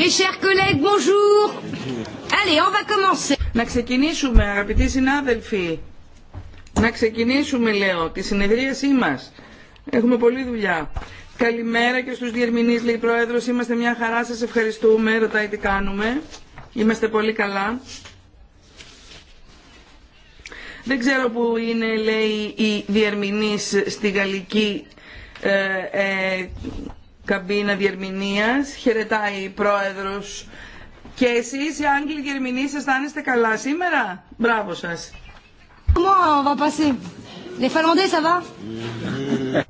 Mes chers collègues, bonjour. Allez, on va commencer. Να ξεκινήσουμε, αγαπητοί συνάδελφοι. Να ξεκινήσουμε, λέω, τη συνεδρίασή μα. Έχουμε πολλή δουλειά. Καλημέρα και στου διερμηνεί, λέει η Πρόεδρος. Είμαστε μια χαρά, σα ευχαριστούμε. Ρωτάει τι κάνουμε. Είμαστε πολύ καλά. Δεν ξέρω που είναι, λέει, οι Διερμηνεί στη γαλλική ε, ε, καμπίνα διερμηνίας. Χαιρετάει η πρόεδρος. Και εσείς οι Άγγλοι διερμηνείς αισθάνεστε καλά σήμερα. Μπράβο σας.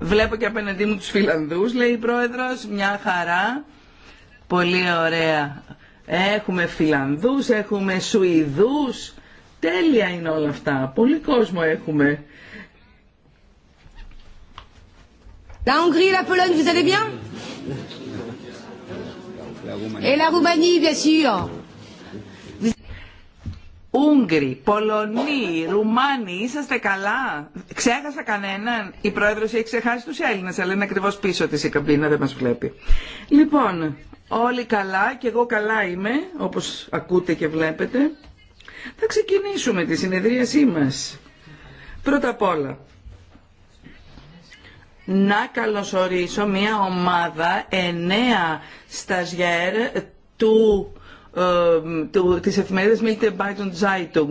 Βλέπω και απέναντί μου τους Φιλανδούς, λέει η πρόεδρος. Μια χαρά. Πολύ ωραία. Έχουμε Φιλανδούς, έχουμε Σουηδούς. Τέλεια είναι όλα αυτά. Πολύ κόσμο έχουμε. La Hongrie, la Pologne, vous allez bien Et la Roumanie, bien sûr. Ούγγροι, Πολωνοί, Ρουμάνοι, είσαστε καλά. Ξέχασα κανέναν. Η πρόεδρος έχει ξεχάσει τους Έλληνες, αλλά είναι ακριβώ πίσω της η καμπίνα, δεν μας βλέπει. Λοιπόν, όλοι καλά και εγώ καλά είμαι, όπως ακούτε και βλέπετε. Θα ξεκινήσουμε τη συνεδρίασή μας. Πρώτα απ' όλα, να καλωσορίσω μια ομάδα εννέα σταζιέρ του, ε, του, της εφημερίδας Μίλτε Μπάιτον Zeitung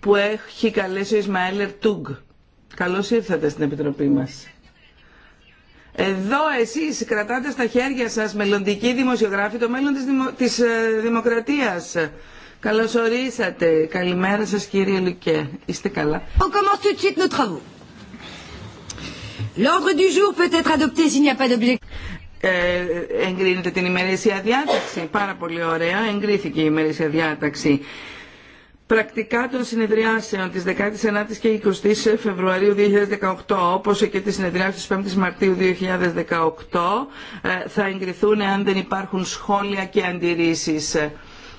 που έχει καλέσει ο Ισμαέλερ Τουγκ. Καλώς ήρθατε στην Επιτροπή μας. Εδώ εσείς κρατάτε στα χέρια σας μελλοντική δημοσιογράφοι το μέλλον της, δημο, της ε, δημοκρατίας. Καλώς ορίσατε. Καλημέρα σας κύριε Λουκέ. Είστε καλά. L'ordre du jour peut être adopté s'il n'y a pas d'objection. Ε, εγκρίνεται την ημερήσια διάταξη. Πάρα πολύ ωραία. Εγκρίθηκε η ημερήσια διάταξη. Πρακτικά των συνεδριάσεων της 19ης και 20ης Φεβρουαρίου 2018 όπως και της συνεδριάσεως της 5 5η Μαρτίου 2018 ε, θα εγκριθούν αν δεν υπάρχουν σχόλια και αντιρρήσεις.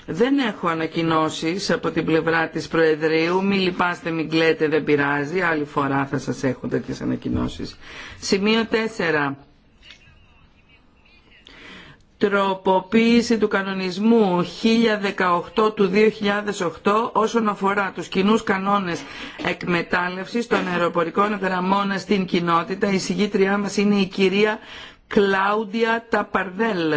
Δεν έχω ανακοινώσει από την πλευρά τη Προεδρείου. Μην λυπάστε, μην κλαίτε, δεν πειράζει. Άλλη φορά θα σα έχω τέτοιε ανακοινώσει. Σημείο 4 τροποποίηση του κανονισμού 1018 του 2008 όσον αφορά τους κοινού κανόνες εκμετάλλευσης των αεροπορικών δραμών στην κοινότητα. Η συγγήτριά μας είναι η κυρία Κλάουντια Ταπαρδέλ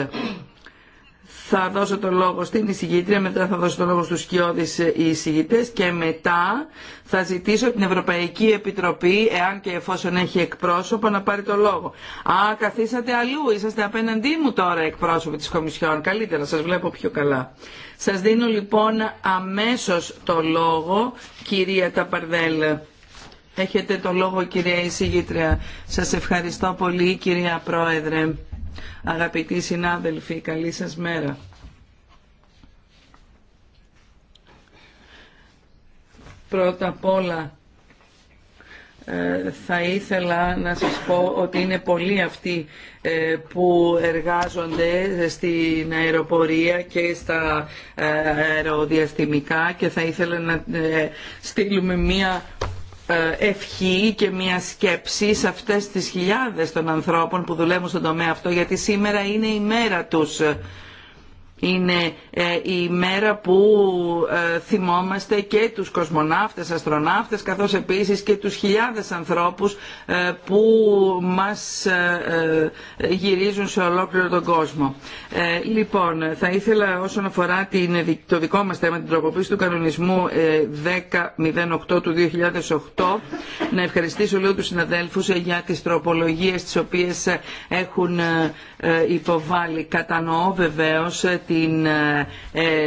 θα δώσω το λόγο στην εισηγήτρια, μετά θα δώσω το λόγο στους σκιώδεις ε, εισηγητές και μετά θα ζητήσω την Ευρωπαϊκή Επιτροπή, εάν και εφόσον έχει εκπρόσωπο, να πάρει το λόγο. Α, καθίσατε αλλού, είσαστε απέναντί μου τώρα εκπρόσωποι της Κομισιόν. Καλύτερα, σας βλέπω πιο καλά. Σας δίνω λοιπόν αμέσως το λόγο, κυρία Ταπαρδέλ. Έχετε το λόγο κυρία εισηγήτρια. Σας ευχαριστώ πολύ κυρία Πρόεδρε. Αγαπητοί συνάδελφοι, καλή σας μέρα. Πρώτα απ' όλα ε, θα ήθελα να σας πω ότι είναι πολλοί αυτοί ε, που εργάζονται στην αεροπορία και στα ε, αεροδιαστημικά και θα ήθελα να στείλουμε μία ε, ευχή και μια σκέψη σε αυτές τις χιλιάδες των ανθρώπων που δουλεύουν στον τομέα αυτό γιατί σήμερα είναι η μέρα τους είναι ε, η μέρα που ε, θυμόμαστε και τους κοσμοναύτες, αστροναύτες, καθώς επίσης και τους χιλιάδες ανθρώπους ε, που μας γυρίζουν σε ολόκληρο τον κόσμο. Λοιπόν, θα ήθελα όσον αφορά το δικό μας θέμα, την τροποποίηση του κανονισμού 10.08 του 2008, να ευχαριστήσω λίγο τους συναδέλφους για τις τροπολογίες τις οποίες έχουν υποβάλει. Κατανοώ βεβαίως την ε, ε,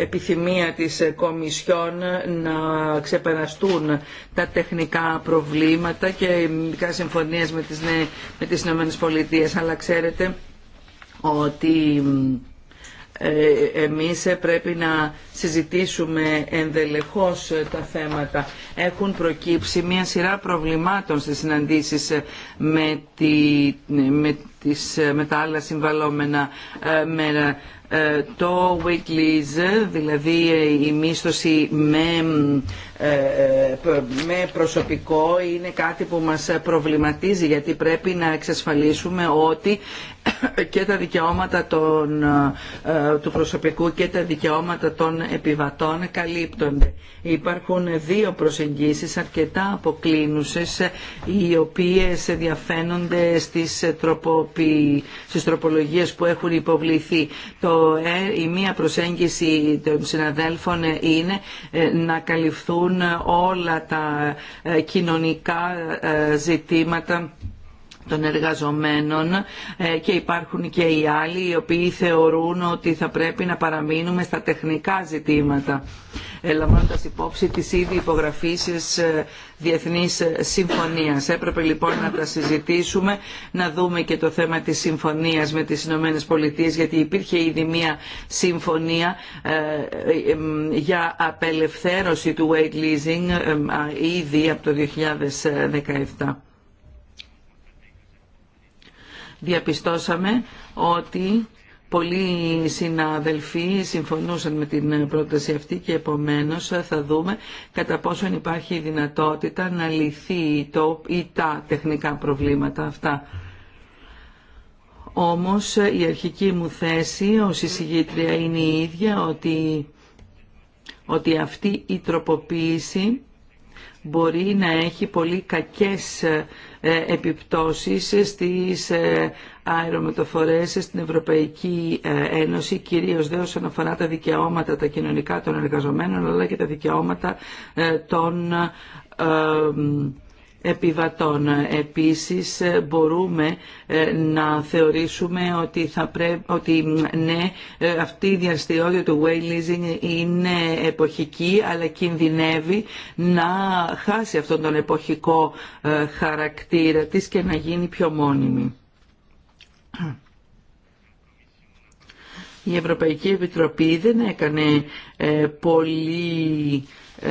επιθυμία της Κομισιόν να ξεπεραστούν τα τεχνικά προβλήματα και οι συμφωνίες με τις, με τις Ηνωμένες Αλλά ξέρετε ότι ε, εμείς πρέπει να συζητήσουμε ενδελεχώς τα θέματα. Έχουν προκύψει μια σειρά προβλημάτων στις συναντήσεις με, τη, με, τις, με τα άλλα συμβαλόμενα ε, μέρα. Ε, το weeklies, δηλαδή η μίσθωση με ε, ε, με προσωπικό είναι κάτι που μας προβληματίζει γιατί πρέπει να εξασφαλίσουμε ότι και τα δικαιώματα των, ε, του προσωπικού και τα δικαιώματα των επιβατών καλύπτονται. Υπάρχουν δύο προσεγγίσεις αρκετά αποκλίνουσες οι οποίες διαφαίνονται στις, στις τροπολογίες που έχουν υποβληθεί. Το, η μία προσέγγιση των συναδέλφων είναι να καλυφθούν όλα τα ε, κοινωνικά ε, ζητήματα των εργαζομένων ε, και υπάρχουν και οι άλλοι οι οποίοι θεωρούν ότι θα πρέπει να παραμείνουμε στα τεχνικά ζητήματα ε, λαμβάνοντα υπόψη τις ήδη υπογραφήσεις ε, διεθνής συμφωνίας. Έπρεπε λοιπόν να τα συζητήσουμε, να δούμε και το θέμα της συμφωνίας με τις Ηνωμένε Πολιτείες, γιατί υπήρχε ήδη μια συμφωνία για απελευθέρωση του weight leasing ήδη από το 2017 διαπιστώσαμε ότι πολλοί συναδελφοί συμφωνούσαν με την πρόταση αυτή και επομένως θα δούμε κατά πόσο υπάρχει δυνατότητα να λυθεί το ή τα τεχνικά προβλήματα αυτά. Όμως η αρχική μου θέση ως εισηγήτρια είναι η ίδια ότι, ότι αυτή η τροποποίηση μπορεί να έχει πολύ κακές ε, επιπτώσεις στις ε, αερομεταφορές στην Ευρωπαϊκή ε, Ένωση, κυρίως δε όσον αφορά τα δικαιώματα τα κοινωνικά των εργαζομένων, αλλά και τα δικαιώματα των επιβατών. Επίσης μπορούμε ε, να θεωρήσουμε ότι, θα ότι ναι, ε, αυτή η διαστηριότητα του way leasing είναι εποχική αλλά κινδυνεύει να χάσει αυτόν τον εποχικό ε, χαρακτήρα της και να γίνει πιο μόνιμη. Η Ευρωπαϊκή Επιτροπή δεν έκανε πολύ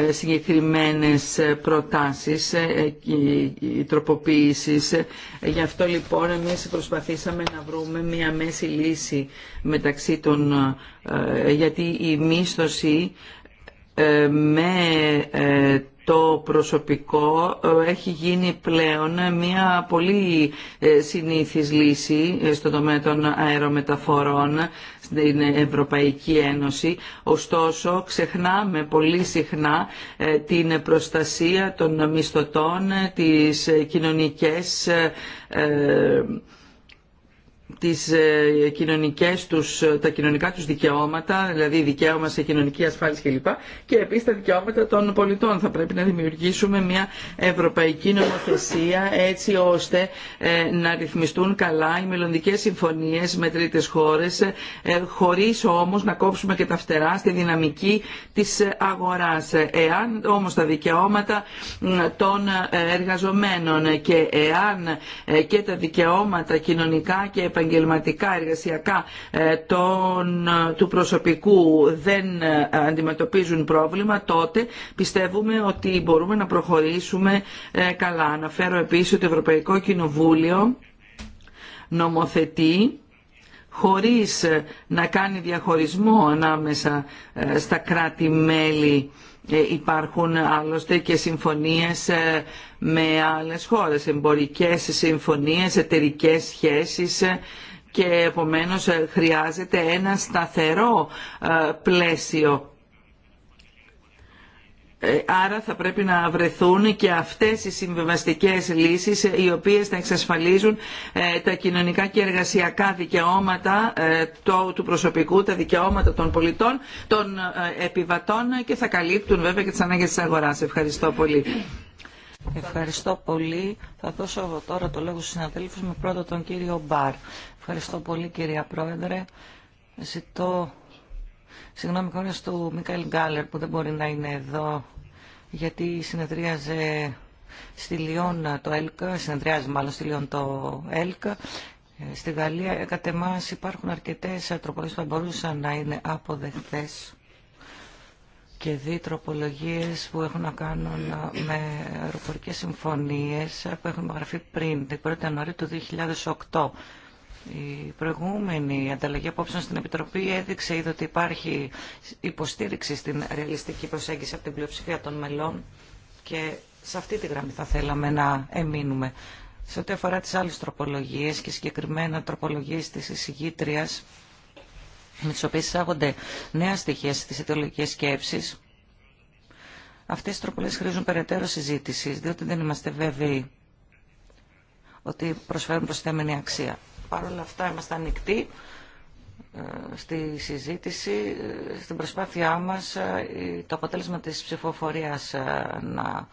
συγκεκριμένες προτάσεις και ε, ε, ε, τροποποίησεις. Γι' αυτό λοιπόν εμείς προσπαθήσαμε να βρούμε μια μέση λύση μεταξύ των... γιατί η μίσθωση με το προσωπικό έχει γίνει πλέον μια πολύ συνήθις λύση στον τομέα των αερομεταφορών στην Ευρωπαϊκή Ένωση, ωστόσο ξεχνάμε πολύ συχνά ε, την προστασία των μισθωτών, ε, τις ε, κοινωνικές τις ε, τους, ε, τα κοινωνικά τους δικαιώματα, δηλαδή δικαίωμα σε κοινωνική ασφάλιση κλπ. Και επίσης τα δικαιώματα των πολιτών. Θα πρέπει να δημιουργήσουμε μια ευρωπαϊκή νομοθεσία έτσι ώστε ε, να ρυθμιστούν καλά οι μελλοντικέ συμφωνίες με τρίτες χώρες χωρίς όμως να κόψουμε και τα φτερά στη δυναμική της αγοράς. Εάν όμως τα δικαιώματα των εργαζομένων και εάν και τα δικαιώματα κοινωνικά και επαγγελματικά επαγγελματικά, εργασιακά ε, τον, ε, του προσωπικού δεν ε, αντιμετωπίζουν πρόβλημα, τότε πιστεύουμε ότι μπορούμε να προχωρήσουμε καλά. Αναφέρω επίσης ότι το Ευρωπαϊκό Κοινοβούλιο νομοθετεί χωρίς να κάνει διαχωρισμό ανάμεσα στα κράτη-μέλη ε, υπάρχουν άλλωστε και συμφωνίες ε, με άλλες χώρες, εμπορικές συμφωνίες, εταιρικέ σχέσεις ε, και επομένως χρειάζεται ένα σταθερό πλαίσιο ε, άρα θα πρέπει να βρεθούν και αυτές οι συμβιβαστικές λύσεις ε, οι οποίες θα εξασφαλίζουν ε, τα κοινωνικά και εργασιακά δικαιώματα του προσωπικού, τα δικαιώματα των πολιτών, των επιβατών και θα καλύπτουν βέβαια και τις ανάγκες της αγοράς. Ευχαριστώ πολύ. Ευχαριστώ πολύ. Θα δώσω τώρα το λόγο στους συναδέλφους με πρώτο τον κύριο Μπάρ. Ευχαριστώ πολύ κυρία Πρόεδρε. Ζητώ Συγγνώμη κόρες του Μικαήλ Γκάλερ που δεν μπορεί να είναι εδώ γιατί συνεδρίαζε στη Λιόν το ΕΛΚΑ, συνεδριάζει μάλλον στη Λιόν το ΕΛΚΑ. Ε, στη Γαλλία, κατά εμάς υπάρχουν αρκετές τροπολογίες που μπορούσαν να είναι αποδεχτές και δει τροπολογίες που έχουν να κάνουν με αεροπορικές συμφωνίες που έχουν υπογραφεί πριν την 1η Ιανουαρίου του 2008 η προηγούμενη ανταλλαγή απόψεων στην Επιτροπή έδειξε ήδη ότι υπάρχει υποστήριξη στην ρεαλιστική προσέγγιση από την πλειοψηφία των μελών και σε αυτή τη γραμμή θα θέλαμε να εμείνουμε. Σε ό,τι αφορά τις άλλες τροπολογίες και συγκεκριμένα τροπολογίες της εισηγήτριας με τις οποίες εισάγονται νέα στοιχεία στις ιδεολογικές σκέψεις, αυτές οι τροπολογίες χρήζουν περαιτέρω συζήτηση, διότι δεν είμαστε βέβαιοι ότι προσφέρουν προσθέμενη αξία. Παρ' όλα αυτά είμαστε ανοιχτοί ε, στη συζήτηση, ε, στην προσπάθειά μας ε, το αποτέλεσμα της ψηφοφορίας να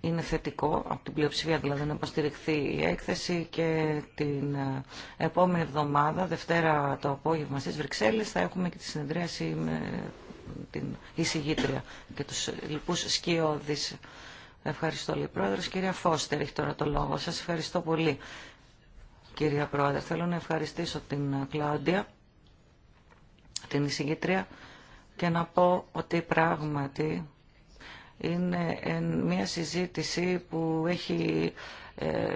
είναι θετικό, από την πλειοψηφία δηλαδή να υποστηριχθεί η έκθεση και την επόμενη εβδομάδα, Δευτέρα το απόγευμα στις Βρυξέλλες, θα έχουμε και τη συνεδρίαση με την εισηγήτρια και τους λοιπούς σκιώδεις. Ευχαριστώ, λοιπόν Κυρία Φώστερ έχει τώρα το λόγο. Σας ευχαριστώ πολύ, κυρία Πρόεδρε. Θέλω να ευχαριστήσω την Κλάουντια, την εισηγήτρια, και να πω ότι πράγματι είναι μια συζήτηση που έχει ε,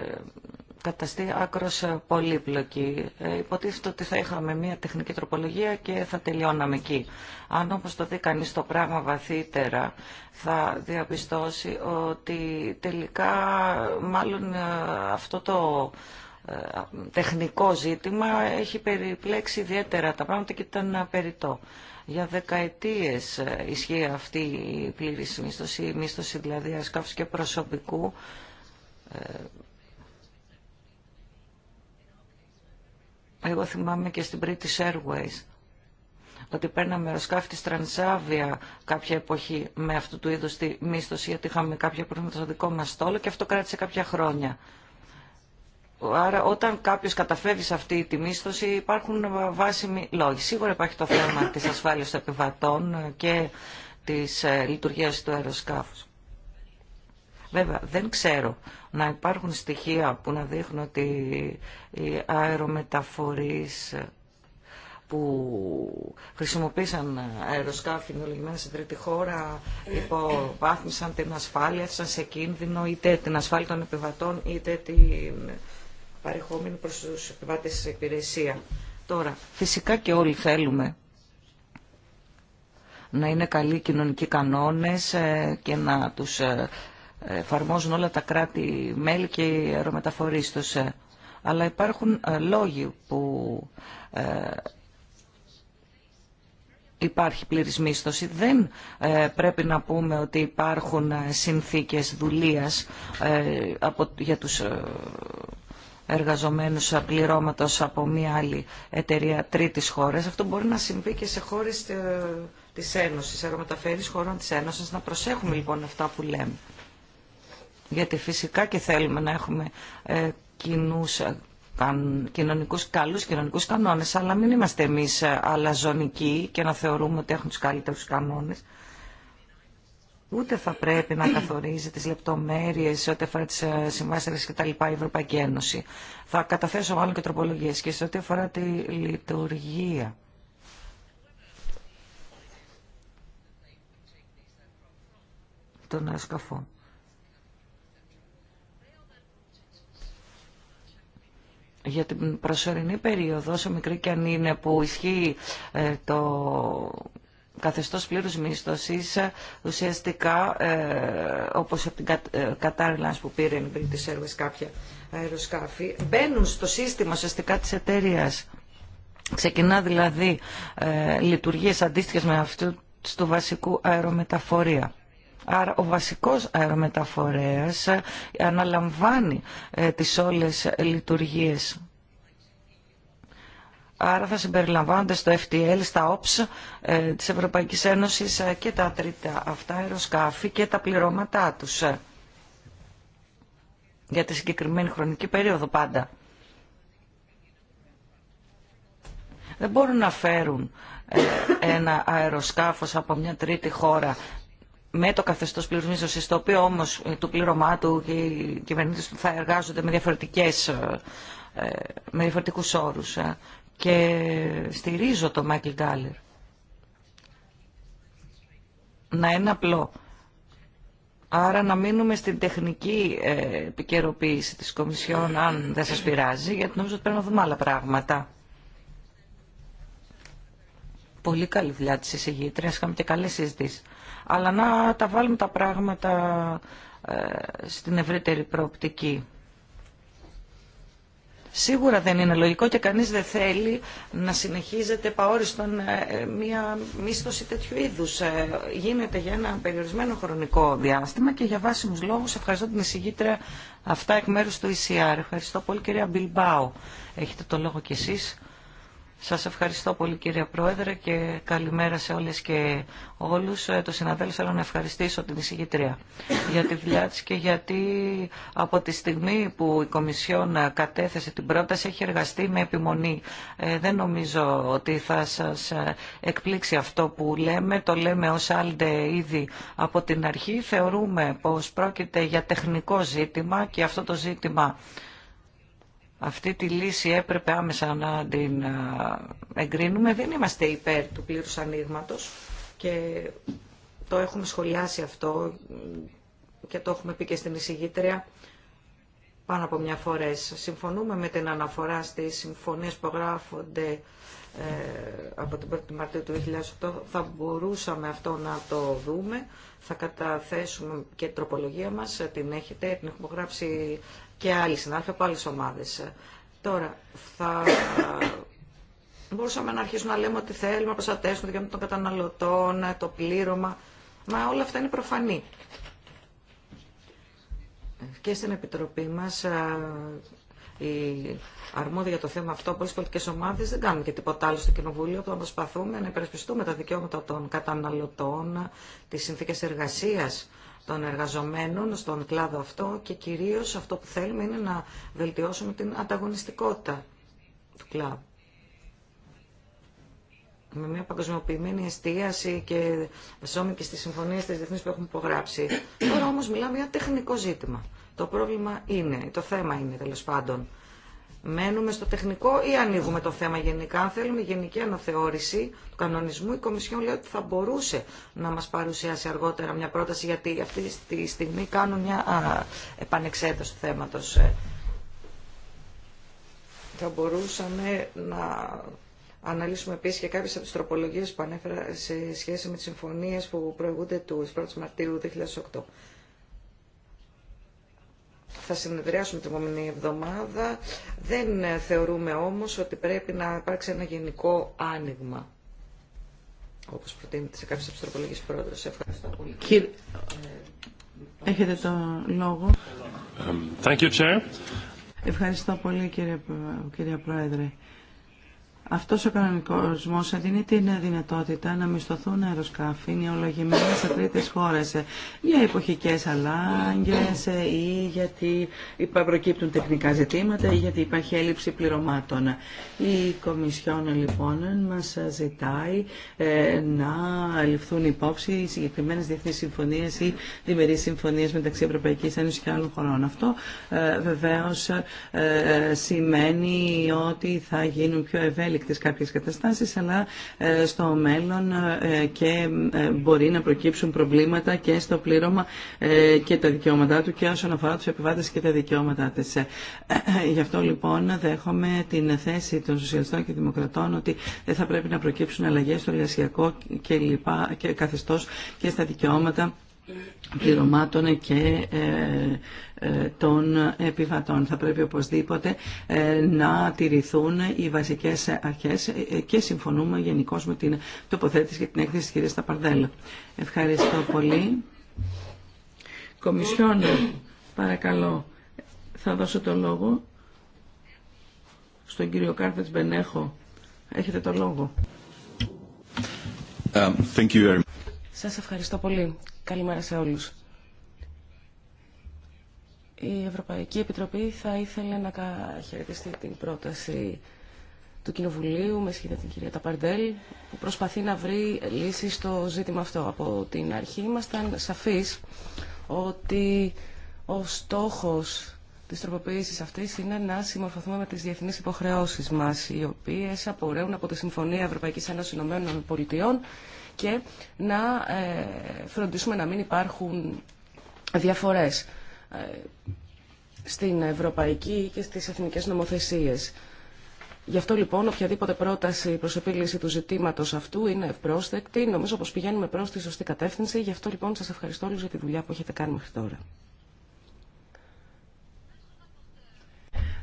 καταστεί άκρος πολύπλοκη. Ε, υποτίθεται ότι θα είχαμε μια τεχνική τροπολογία και θα τελειώναμε εκεί. Αν όπως το δει κανείς το πράγμα βαθύτερα, θα διαπιστώσει ότι τελικά μάλλον ε, αυτό το τεχνικό ζήτημα έχει περιπλέξει ιδιαίτερα τα πράγματα και ήταν απεριτό Για δεκαετίες ισχύει αυτή η πλήρη μίσθωση, η μίσθωση δηλαδή ασκάφους και προσωπικού. Ε, εγώ θυμάμαι και στην British Airways ότι παίρναμε αεροσκάφη τη Τρανσάβια κάποια εποχή με αυτού του είδους τη μίσθωση γιατί είχαμε κάποια προβλήματα στο δικό μας στόλο και αυτό κράτησε κάποια χρόνια. Άρα όταν κάποιος καταφεύγει σε αυτή τη μίσθωση υπάρχουν βάσιμοι λόγοι. Σίγουρα υπάρχει το θέμα της ασφάλειας των επιβατών και της ε, λειτουργίας του αεροσκάφους. Βέβαια, δεν ξέρω να υπάρχουν στοιχεία που να δείχνουν ότι οι αερομεταφορείς που χρησιμοποίησαν αεροσκάφη νεολογημένα σε τρίτη χώρα υποβάθμισαν την ασφάλεια, σε κίνδυνο είτε την ασφάλεια των επιβατών είτε την παρεχόμενη προς τους επιβάτες της υπηρεσία. Τώρα, φυσικά και όλοι θέλουμε να είναι καλοί κοινωνικοί κανόνες ε, και να τους ε, εφαρμόζουν όλα τα κράτη-μέλη και οι αερομεταφορείς τους. Ε. Αλλά υπάρχουν λόγοι που υπάρχει πλήρης μίσθωση. Δεν πρέπει να πούμε ότι υπάρχουν συνθήκες δουλείας από, για τους εργαζομένους πληρώματος από μία άλλη εταιρεία τρίτης χώρας. Αυτό μπορεί να συμβεί και σε χώρες ε, της Ένωσης, μεταφέρει χωρών της Ένωσης. Να προσέχουμε λοιπόν αυτά που λέμε. Γιατί φυσικά και θέλουμε να έχουμε ε, κοινούς, ε, καν, κοινωνικούς, καλούς κοινωνικούς κανόνες, αλλά μην είμαστε εμείς ε, αλαζονικοί και να θεωρούμε ότι έχουν τους καλύτερους κανόνες ούτε θα πρέπει να καθορίζει τις λεπτομέρειες ό,τι αφορά τι ε, συμβάσεις και η Ευρωπαϊκή Ένωση. Θα καταθέσω μάλλον και τροπολογίε και σε ό,τι αφορά τη λειτουργία. των ασκαφών. για την προσωρινή περίοδο, όσο μικρή και αν είναι, που ισχύει ε, το καθεστώς πλήρους μίσθωσης ε, ουσιαστικά ε, όπως από την Κα, ε, που πήρε η British Airways κάποια αεροσκάφη μπαίνουν στο σύστημα ουσιαστικά της εταιρεία. Ξεκινά δηλαδή ε, λειτουργίες αντίστοιχες με αυτού του βασικού αερομεταφορία. Άρα ο βασικός αερομεταφορέας ε, αναλαμβάνει ε, τις όλες λειτουργίες Άρα θα συμπεριλαμβάνονται στο FTL, στα OPS ε, της Ευρωπαϊκής Ένωσης ε, και τα τρίτα αυτά αεροσκάφη και τα πληρώματά τους. Ε, για τη συγκεκριμένη χρονική περίοδο πάντα. Δεν μπορούν να φέρουν ένα αεροσκάφος από μια τρίτη χώρα με το καθεστώ πληρωμίσωση, το οποίο όμως του πληρωμάτου και οι κυβερνήτε του θα εργάζονται με, με διαφορετικού όρου και στηρίζω το Μάικλ Γκάλερ. Να είναι απλό. Άρα να μείνουμε στην τεχνική ε, επικαιροποίηση της Κομισιόν, αν δεν σας πειράζει, γιατί νομίζω ότι πρέπει να δούμε άλλα πράγματα. Πολύ καλή δουλειά της εισηγήτριας, είχαμε και καλές συζητήσεις. Αλλά να τα βάλουμε τα πράγματα ε, στην ευρύτερη προοπτική. Σίγουρα δεν είναι λογικό και κανείς δεν θέλει να συνεχίζεται παόριστον ε, μια μίσθωση τέτοιου είδους. Ε, γίνεται για ένα περιορισμένο χρονικό διάστημα και για βάσιμους λόγους ευχαριστώ την εισηγήτρια αυτά εκ μέρους του ECR. Ευχαριστώ πολύ κυρία Μπιλμπάου. Έχετε το λόγο κι εσείς. Σας ευχαριστώ πολύ κύριε Πρόεδρε και καλημέρα σε όλες και όλους. Ε, το συναδέλφο θέλω να ευχαριστήσω την εισηγητρία για τη δουλειά της και γιατί από τη στιγμή που η Κομισιόν κατέθεσε την πρόταση έχει εργαστεί με επιμονή. Ε, δεν νομίζω ότι θα σας ε, εκπλήξει αυτό που λέμε. Το λέμε ως άλντε ήδη από την αρχή. Θεωρούμε πως πρόκειται για τεχνικό ζήτημα και αυτό το ζήτημα αυτή τη λύση έπρεπε άμεσα να την εγκρίνουμε. Δεν είμαστε υπέρ του πλήρους ανοίγματο και το έχουμε σχολιάσει αυτό και το έχουμε πει και στην εισηγήτρια πάνω από μια φορές. Συμφωνούμε με την αναφορά στις συμφωνίες που γράφονται ε, από την 1η Μαρτίου του 2008. Θα μπορούσαμε αυτό να το δούμε. Θα καταθέσουμε και την τροπολογία μας. Την έχετε, την έχουμε γράψει και άλλοι συνάδελφοι από άλλε ομάδε. Τώρα, θα ε, μπορούσαμε να αρχίσουμε να λέμε ότι θέλουμε να προστατεύσουμε το δικαίωμα των καταναλωτών, ε, το πλήρωμα, μα όλα αυτά είναι προφανή. Και στην Επιτροπή μας ε, οι αρμόδιοι για το θέμα αυτό από τις πολιτικές ομάδες δεν κάνουν και τίποτα άλλο στο Κοινοβούλιο που να προσπαθούμε να υπερασπιστούμε τα δικαιώματα των καταναλωτών, τις συνθήκες εργασίας των εργαζομένων στον κλάδο αυτό και κυρίως αυτό που θέλουμε είναι να βελτιώσουμε την ανταγωνιστικότητα του κλάδου. Με μια παγκοσμιοποιημένη εστίαση και και στις συμφωνίες της διεθνής που έχουμε υπογράψει. Τώρα όμως μιλάμε για τεχνικό ζήτημα. Το πρόβλημα είναι, το θέμα είναι τέλο πάντων, Μένουμε στο τεχνικό ή ανοίγουμε το θέμα γενικά. Αν θέλουμε γενική αναθεώρηση του κανονισμού, η Κομισιόν λέει ότι θα μπορούσε να μας παρουσιάσει αργότερα μια πρόταση, γιατί αυτή τη στιγμή κάνουν μια επανεξέταση του θέματος. Ε. Θα μπορούσαμε να αναλύσουμε επίση και κάποιες από τις τροπολογίες που ανέφερα σε σχέση με τι συμφωνίε που προηγούνται του 1 Μαρτίου 2008 θα συνεδριάσουμε την επόμενη εβδομάδα. Δεν θεωρούμε όμως ότι πρέπει να υπάρξει ένα γενικό άνοιγμα. Όπως προτείνεται σε κάποιες τροπολογίες πρόεδρε. Ευχαριστώ πολύ. Έχετε το λόγο. Thank you, Chair. Ευχαριστώ πολύ κύριε, κύριε Πρόεδρε. Αυτός ο κανονικοσμός δίνει την δυνατότητα να μισθωθούν αεροσκάφη νεολογημένα σε τρίτες χώρες για εποχικές αλλάγκες ή γιατί προκύπτουν τεχνικά ζητήματα ή γιατί υπάρχει έλλειψη πληρωμάτων. Η Κομισιόν λοιπόν μας ζητάει ε, να ληφθούν υπόψη οι συγκεκριμένες διεθνείς συμφωνίες ή διμερείς συμφωνίες μεταξύ Ευρωπαϊκής Ένωσης και άλλων χωρών. Αυτό ε, βεβαίως ε, σημαίνει ότι θα γίνουν πιο ευέλικτες κάποιες καταστάσεις, αλλά ε, στο μέλλον ε, και ε, μπορεί να προκύψουν προβλήματα και στο πλήρωμα και τα δικαιώματά του και όσον αφορά τους επιβάτες και τα δικαιώματά της. Γι' αυτό λοιπόν δέχομαι την θέση των Σοσιαλιστών και Δημοκρατών ότι δεν θα πρέπει να προκύψουν αλλαγές στο εργασιακό και, λοιπά, και καθεστώς και στα δικαιώματα πληρωμάτων και ε, ε, των επιβατών. Θα πρέπει οπωσδήποτε ε, να τηρηθούν οι βασικές αρχές και συμφωνούμε γενικώ με την τοποθέτηση και την έκθεση της κυρίας Σταπαρδέλα. Ευχαριστώ πολύ. Κομισιόν, παρακαλώ, θα δώσω το λόγο στον κύριο Κάρτετς Μπενέχο. Έχετε το λόγο. Um, thank you very Σας ευχαριστώ πολύ. Καλημέρα σε όλους. Η Ευρωπαϊκή Επιτροπή θα ήθελε να χαιρετιστεί την πρόταση του Κοινοβουλίου με σχέδια την κυρία Ταπαρντέλ που προσπαθεί να βρει λύση στο ζήτημα αυτό. Από την αρχή ήμασταν σαφείς ότι ο στόχος της τροποποίησης αυτής είναι να συμμορφωθούμε με τις διεθνείς υποχρεώσεις μας οι οποίες απορρέουν από τη Συμφωνία Ευρωπαϊκής Ένωσης Ηνωμένων Πολιτειών και να ε, φροντίσουμε να μην υπάρχουν διαφορές ε, στην ευρωπαϊκή και στις εθνικές νομοθεσίες. Γι' αυτό λοιπόν οποιαδήποτε πρόταση προς επίλυση του ζητήματος αυτού είναι ευπρόσδεκτη. Νομίζω πω πηγαίνουμε προς τη σωστή κατεύθυνση. Γι' αυτό λοιπόν σας ευχαριστώ όλους για τη δουλειά που έχετε κάνει μέχρι τώρα.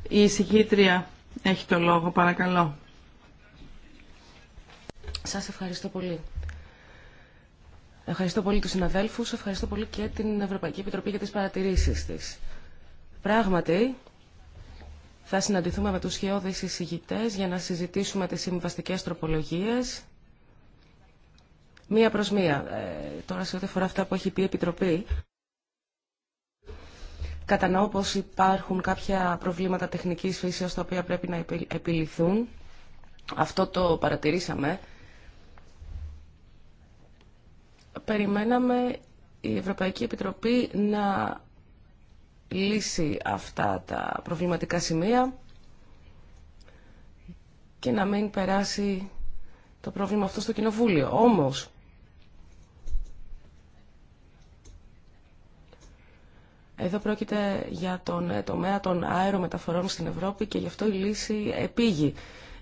Η εισηγήτρια έχει το λόγο, παρακαλώ. Σας ευχαριστώ πολύ. Ευχαριστώ πολύ τους συναδέλφους, ευχαριστώ πολύ και την Ευρωπαϊκή Επιτροπή για τις παρατηρήσεις της. Πράγματι, θα συναντηθούμε με τους σχεώδεις εισηγητές για να συζητήσουμε τις συμβαστικές τροπολογίες. Μία προς μία. Ε, τώρα σε ό,τι αφορά αυτά που έχει πει η Επιτροπή, κατανοώ πως υπάρχουν κάποια προβλήματα τεχνικής φύσεως τα οποία πρέπει να επιληθούν. Αυτό το παρατηρήσαμε περιμέναμε η Ευρωπαϊκή Επιτροπή να λύσει αυτά τα προβληματικά σημεία και να μην περάσει το πρόβλημα αυτό στο Κοινοβούλιο. Όμως, εδώ πρόκειται για τον τομέα των αερομεταφορών στην Ευρώπη και γι' αυτό η λύση επήγει.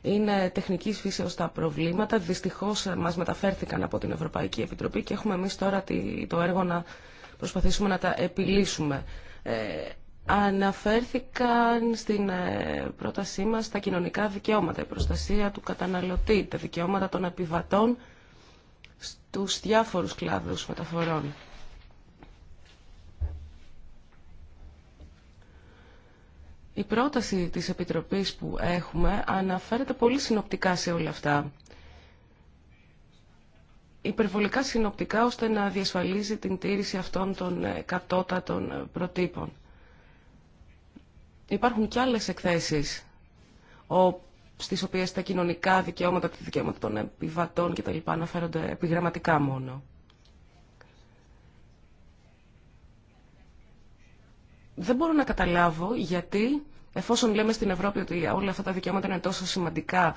Είναι τεχνικής φύσεως τα προβλήματα. Δυστυχώς ε, μας μεταφέρθηκαν από την Ευρωπαϊκή Επιτροπή και έχουμε εμείς τώρα το έργο να προσπαθήσουμε να τα επιλύσουμε. Ε, αναφέρθηκαν στην ε, πρότασή μας τα κοινωνικά δικαιώματα, η προστασία του καταναλωτή, τα δικαιώματα των επιβατών στους διάφορους κλάδους μεταφορών. Η πρόταση της Επιτροπής που έχουμε αναφέρεται πολύ συνοπτικά σε όλα αυτά. Υπερβολικά συνοπτικά ώστε να διασφαλίζει την τήρηση αυτών των κατώτατων προτύπων. Υπάρχουν και άλλες εκθέσεις στις οποίες τα κοινωνικά δικαιώματα, τα δικαιώματα των επιβατών κτλ. αναφέρονται επιγραμματικά μόνο. δεν μπορώ να καταλάβω γιατί, εφόσον λέμε στην Ευρώπη ότι όλα αυτά τα δικαιώματα είναι τόσο σημαντικά,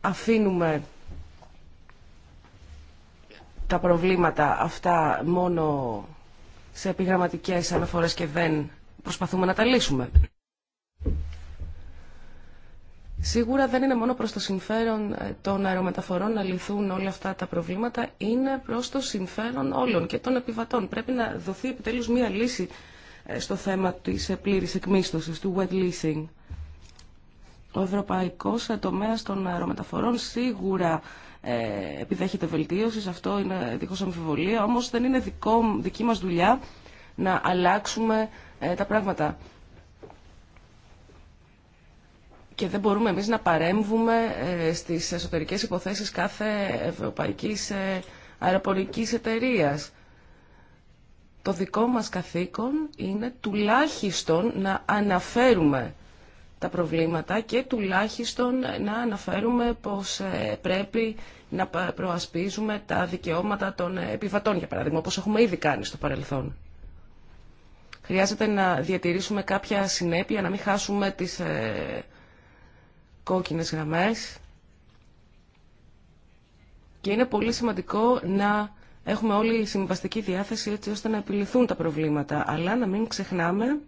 αφήνουμε τα προβλήματα αυτά μόνο σε επιγραμματικές αναφορές και δεν προσπαθούμε να τα λύσουμε. Σίγουρα δεν είναι μόνο προς το συμφέρον ε, των αερομεταφορών να λυθούν όλα αυτά τα προβλήματα, είναι προς το συμφέρον όλων και των επιβατών. Πρέπει να δοθεί επιτέλους μία λύση ε, στο θέμα της ε, πλήρης εκμίσθωσης, του wet leasing. Ο ευρωπαϊκός ε, τομέας των αερομεταφορών σίγουρα επιδέχεται βελτίωση, αυτό είναι δίχως αμφιβολία, όμως δεν είναι δικό, δική μας δουλειά να αλλάξουμε τα πράγματα. Και δεν μπορούμε εμείς να παρέμβουμε στις εσωτερικές υποθέσεις κάθε ευρωπαϊκής αεροπορικής εταιρείας το δικό μας καθήκον είναι τουλάχιστον να αναφέρουμε τα προβλήματα και τουλάχιστον να αναφέρουμε πως ε, πρέπει να προασπίζουμε τα δικαιώματα των ε, επιβατών, για παράδειγμα, όπως έχουμε ήδη κάνει στο παρελθόν. Χρειάζεται να διατηρήσουμε κάποια συνέπεια, να μην χάσουμε τις ε, κόκκινες γραμμές και είναι πολύ σημαντικό να έχουμε όλοι συμβαστική διάθεση έτσι ώστε να επιληθούν τα προβλήματα. Αλλά να μην ξεχνάμε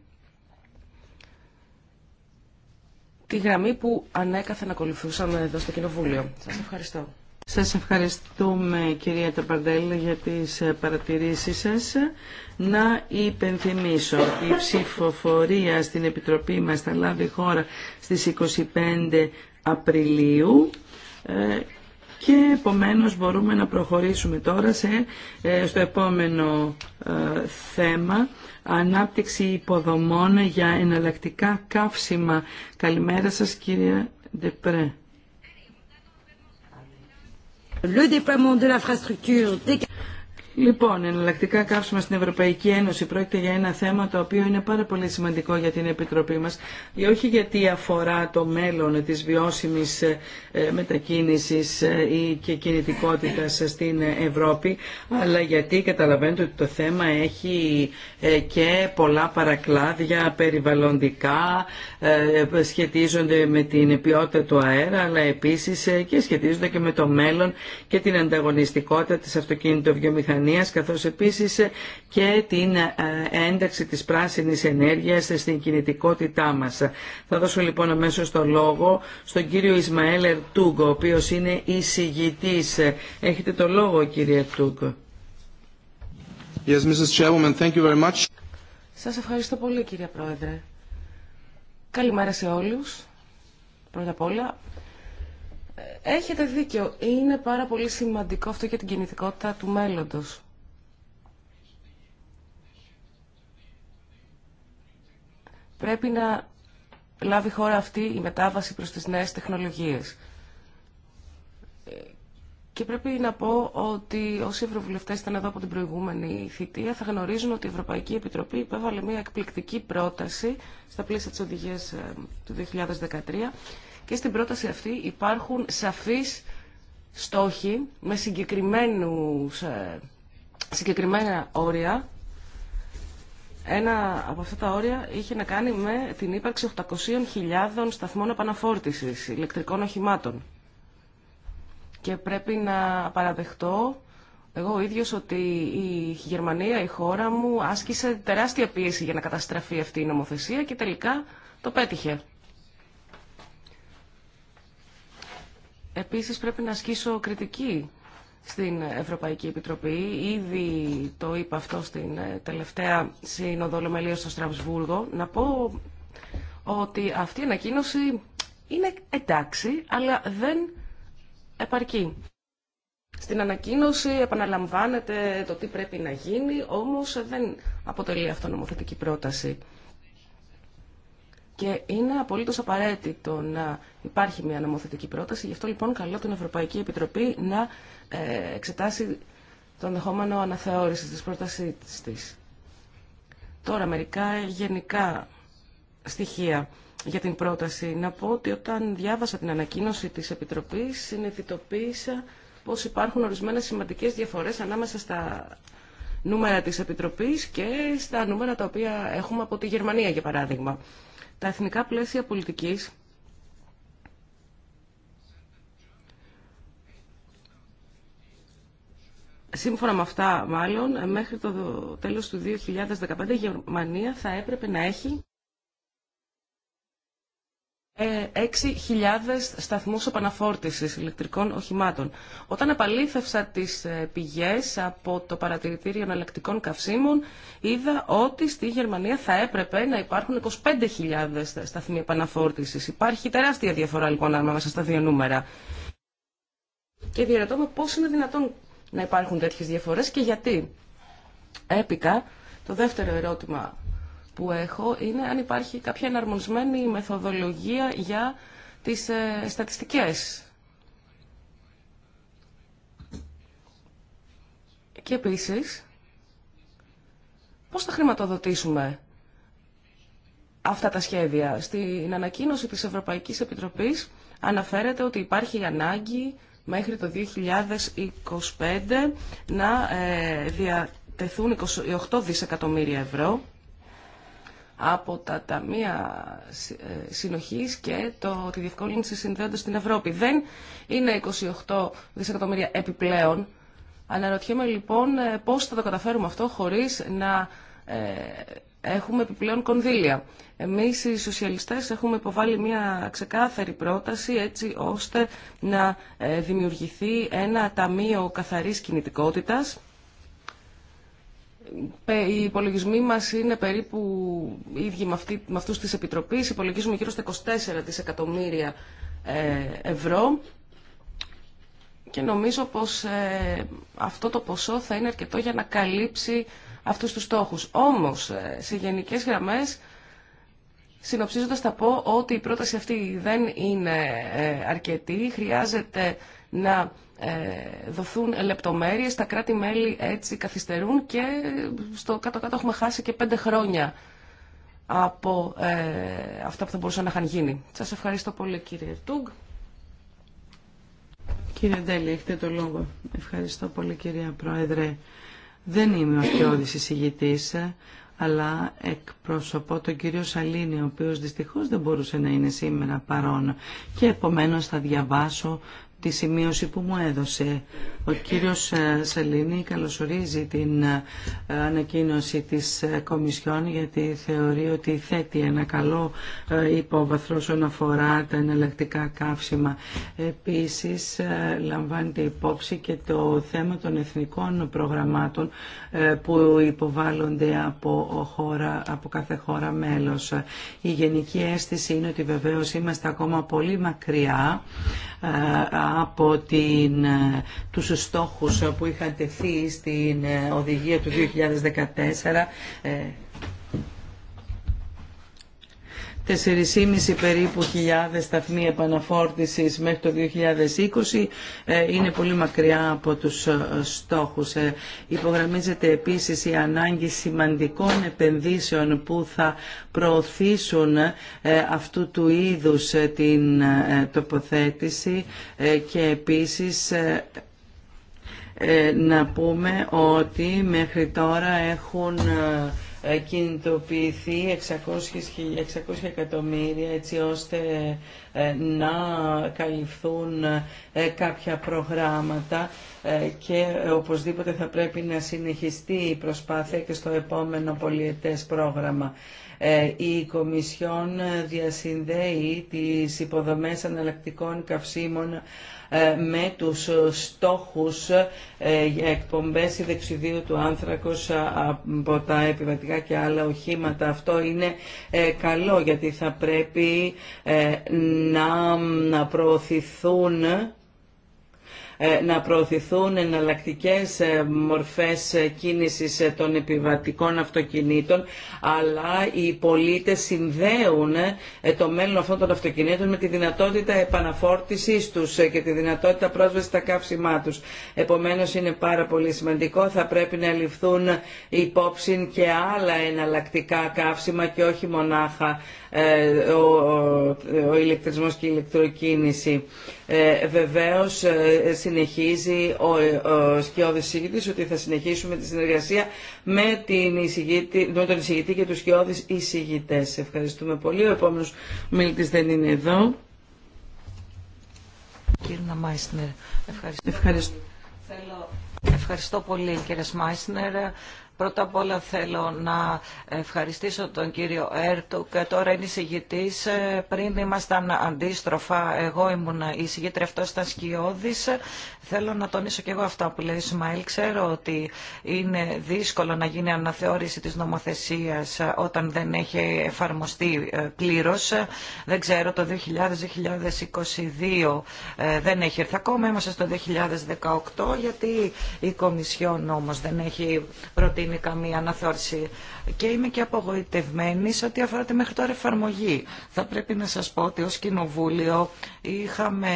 τη γραμμή που ανέκαθεν ακολουθούσαμε εδώ στο Κοινοβούλιο. Σας ευχαριστώ. Σας ευχαριστούμε κυρία Ταπαρντέλ για τις ε, παρατηρήσεις σας. Να υπενθυμίσω ότι η ψηφοφορία στην Επιτροπή μας θα λάβει χώρα στις 25 Απριλίου ε, και επομένως μπορούμε να προχωρήσουμε τώρα σε, ε, στο επόμενο ε, θέμα ανάπτυξη υποδομών για εναλλακτικά καύσιμα. Καλημέρα σας κύριε Ντεπρέ. Le déploiement de Λοιπόν, εναλλακτικά κάψουμε στην Ευρωπαϊκή Ένωση. Πρόκειται για ένα θέμα το οποίο είναι πάρα πολύ σημαντικό για την Επιτροπή μας. Όχι γιατί αφορά το μέλλον της βιώσιμης ε, μετακίνησης ε, ή και κινητικότητας στην Ευρώπη, αλλά γιατί καταλαβαίνετε ότι το θέμα έχει ε, και πολλά παρακλάδια περιβαλλοντικά, ε, σχετίζονται με την ποιότητα του αέρα αλλά επίσης ε, και σχετίζονται και με το μέλλον και την ανταγωνιστικότητα της αυτοκινητοβιομηχανίας καθώς επίσης ε, και την ένταξη της πράσινης ενέργειας στην κινητικότητά μας. Θα δώσω λοιπόν αμέσω το λόγο στον κύριο Ισμαέλ Ερτούγκο, ο οποίος είναι εισηγητής. Έχετε το λόγο κύριε Ερτούγκο. Yes, Mrs. thank you very much. Σας ευχαριστώ πολύ κύριε Πρόεδρε. Καλημέρα σε όλους. Πρώτα απ' όλα, έχετε δίκιο. Είναι πάρα πολύ σημαντικό αυτό για την κινητικότητα του μέλλοντος. Πρέπει να λάβει χώρα αυτή η μετάβαση προς τις νέες τεχνολογίες. Και πρέπει να πω ότι όσοι ευρωβουλευτέ ήταν εδώ από την προηγούμενη θητεία θα γνωρίζουν ότι η Ευρωπαϊκή Επιτροπή υπέβαλε μια εκπληκτική πρόταση στα πλαίσια τη οδηγία ε, του 2013 και στην πρόταση αυτή υπάρχουν σαφείς στόχοι με συγκεκριμένους, ε, συγκεκριμένα όρια. Ένα από αυτά τα όρια είχε να κάνει με την ύπαρξη 800.000 σταθμών επαναφόρτησης ηλεκτρικών οχημάτων. Και πρέπει να παραδεχτώ εγώ ο ίδιος ότι η Γερμανία, η χώρα μου, άσκησε τεράστια πίεση για να καταστραφεί αυτή η νομοθεσία και τελικά το πέτυχε. Επίσης πρέπει να ασκήσω κριτική στην Ευρωπαϊκή Επιτροπή. Ήδη το είπα αυτό στην ε, τελευταία σύνοδο στο Στραμσβούργο. Να πω ότι αυτή η ανακοίνωση είναι εντάξει, αλλά δεν επαρκεί. Στην ανακοίνωση επαναλαμβάνεται το τι πρέπει να γίνει, όμως δεν αποτελεί αυτό νομοθετική πρόταση. Και είναι απολύτως απαραίτητο να υπάρχει μια νομοθετική πρόταση. Γι' αυτό λοιπόν καλώ την Ευρωπαϊκή Επιτροπή να ε, εξετάσει το ενδεχόμενο αναθεώρηση της πρότασής της. Τώρα μερικά γενικά στοιχεία για την πρόταση. Να πω ότι όταν διάβασα την ανακοίνωση της Επιτροπής συνειδητοποίησα πως υπάρχουν ορισμένες σημαντικές διαφορές ανάμεσα στα νούμερα της Επιτροπής και στα νούμερα τα οποία έχουμε από τη Γερμανία, για παράδειγμα. Τα εθνικά πλαίσια πολιτικής Σύμφωνα με αυτά, μάλλον, μέχρι το τέλος του 2015 η Γερμανία θα έπρεπε να έχει 6.000 ε, σταθμούς επαναφόρτηση ηλεκτρικών οχημάτων. Όταν επαλήθευσα τις ε, πηγές από το παρατηρητήριο εναλλακτικών καυσίμων, είδα ότι στη Γερμανία θα έπρεπε να υπάρχουν 25.000 σταθμοί επαναφόρτηση. Υπάρχει τεράστια διαφορά λοιπόν ανάμεσα στα δύο νούμερα. Και διαρωτώ με πώς είναι δυνατόν να υπάρχουν τέτοιες διαφορές και γιατί. Έπειτα, το δεύτερο ερώτημα που έχω είναι αν υπάρχει κάποια εναρμονισμένη μεθοδολογία για τις ε, στατιστικές. Και επίσης, πώς θα χρηματοδοτήσουμε αυτά τα σχέδια. Στην ανακοίνωση της Ευρωπαϊκής Επιτροπής αναφέρεται ότι υπάρχει ανάγκη μέχρι το 2025 να ε, διατεθούν 28 δισεκατομμύρια ευρώ από τα Ταμεία ε, Συνοχής και το, τη διευκόλυνση συνδέοντας στην Ευρώπη. Δεν είναι 28 δισεκατομμύρια επιπλέον. Αναρωτιέμαι λοιπόν ε, πώς θα το καταφέρουμε αυτό χωρίς να ε, έχουμε επιπλέον κονδύλια. Εμείς οι σοσιαλιστές έχουμε υποβάλει μια ξεκάθαρη πρόταση έτσι ώστε να δημιουργηθεί ένα ταμείο καθαρής κινητικότητας οι υπολογισμοί μα είναι περίπου ίδιοι με, με αυτούς της Επιτροπής. Υπολογίζουμε γύρω στα 24 δισεκατομμύρια ε, ευρώ και νομίζω πως ε, αυτό το ποσό θα είναι αρκετό για να καλύψει αυτούς τους στόχους. Όμως, ε, σε γενικές γραμμές, συνοψίζοντα θα πω ότι η πρόταση αυτή δεν είναι αρκετή. Χρειάζεται να ε, δοθούν λεπτομέρειες, τα κράτη-μέλη έτσι καθυστερούν και στο κάτω-κάτω έχουμε χάσει και πέντε χρόνια από ε, αυτά που θα μπορούσαν να είχαν γίνει. Σας ευχαριστώ πολύ κύριε Ερτούγκ Κύριε Ντέλη, έχετε το λόγο. Ευχαριστώ πολύ κυρία Πρόεδρε. Δεν είμαι ο αρχαιώδης εισηγητής, αλλά εκπροσωπώ τον κύριο Σαλίνη, ο οποίος δυστυχώς δεν μπορούσε να είναι σήμερα παρόν και επομένως θα διαβάσω τη σημείωση που μου έδωσε. Ο κύριος ε, Σελήνη καλωσορίζει την ε, ανακοίνωση της ε, Κομισιόν γιατί θεωρεί ότι θέτει ένα καλό υπόβαθρο όσον αφορά τα εναλλακτικά καύσιμα. Επίσης λαμβάνεται υπόψη και το θέμα των εθνικών προγραμμάτων που υποβάλλονται από, χώρα, από κάθε χώρα μέλος. Η γενική αίσθηση είναι ότι βεβαίως είμαστε ακόμα πολύ μακριά από την, ε, τους στόχους που είχαν τεθεί στην ε, οδηγία του 2014 4,5 περίπου χιλιάδες σταθμοί επαναφόρτησης μέχρι το 2020 ε, είναι πολύ μακριά από τους ε, στόχους. Ε, υπογραμμίζεται επίσης η ανάγκη σημαντικών επενδύσεων που θα προωθήσουν αυτού του είδους την τοποθέτηση και επίσης να πούμε ότι μέχρι τώρα έχουν ε, κινητοποιηθεί 600, εκατομμύρια έτσι ώστε ε, να καλυφθούν ε, κάποια προγράμματα και οπωσδήποτε θα πρέπει να συνεχιστεί η προσπάθεια και στο επόμενο πολιετές πρόγραμμα. Ε, η Κομισιόν διασυνδέει τις υποδομές αναλλακτικών καυσίμων ε, με τους στόχους ε, για εκπομπές ιδεξιδίου του άνθρακος από τα επιβατικά και άλλα οχήματα. Αυτό είναι καλό γιατί θα πρέπει να προωθηθούν ε, να προωθηθούν εναλλακτικές ε, μορφές ε, κίνησης των επιβατικών αυτοκινήτων, αλλά οι πολίτες συνδέουν το μέλλον αυτών των αυτοκινήτων με τη δυνατότητα επαναφόρτισης τους και τη δυνατότητα πρόσβασης στα καύσιμά τους. Επομένως είναι πάρα πολύ σημαντικό, θα πρέπει να ληφθούν υπόψη και άλλα εναλλακτικά καύσιμα και όχι μονάχα ο, ο, ηλεκτρισμός και η ηλεκτροκίνηση. Ε, βεβαίως ε, συνεχίζει ο, ο σκιώδης ότι θα συνεχίσουμε τη συνεργασία με, την εισηγητή, με τον εισηγητή και τους σκιώδης εισηγητές. Ευχαριστούμε πολύ. Ο επόμενος μιλητής δεν είναι εδώ. Κύριε Μάισνερ, ευχαριστώ. Ευχαριστώ. Θέλω... Ευχαριστώ πολύ κύριε Σμάισνερ. Πρώτα απ' όλα θέλω να ευχαριστήσω τον κύριο Έρτουκ. τώρα είναι η εισηγητής. Ε, πριν ήμασταν αντίστροφα, εγώ ήμουν εισηγήτρια, αυτός ήταν σκιώδης. Θέλω να τονίσω και εγώ αυτά που λέει Ισμαήλ. Ξέρω ότι είναι δύσκολο να γίνει αναθεώρηση της νομοθεσίας όταν δεν έχει εφαρμοστεί ε, πλήρως. Δεν ξέρω, το 2000-2022 ε, δεν έχει έρθει ακόμα, είμαστε στο 2018 γιατί η Κομισιόν όμως δεν έχει προτείνει είναι καμία αναθεώρηση και είμαι και απογοητευμένη σε ό,τι αφορά τη μέχρι τώρα εφαρμογή. Θα πρέπει να σας πω ότι ως Κοινοβούλιο είχαμε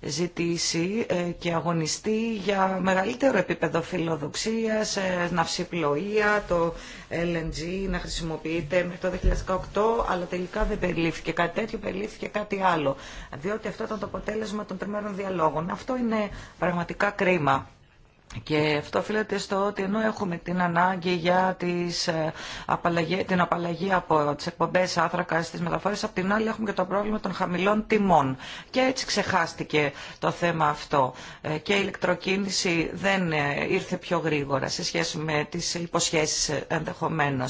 ζητήσει ε, και αγωνιστεί για μεγαλύτερο επίπεδο φιλοδοξίας, ε, ναυσιπλοεία, το LNG να χρησιμοποιείται μέχρι το 2018, αλλά τελικά δεν περιλήφθηκε κάτι τέτοιο, περιλήφθηκε κάτι άλλο. Διότι αυτό ήταν το αποτέλεσμα των τριμέρων διαλόγων. Αυτό είναι πραγματικά κρίμα. Και αυτό οφείλεται στο ότι ενώ έχουμε την ανάγκη για τις ε, απαλλαγή, την απαλλαγή από τι εκπομπέ άθρακα στι μεταφόρε, απ' την άλλη έχουμε και το πρόβλημα των χαμηλών τιμών. Και έτσι ξεχάστηκε το θέμα αυτό. Ε, και η ηλεκτροκίνηση δεν ε, ήρθε πιο γρήγορα σε σχέση με τι υποσχέσει ενδεχομένω.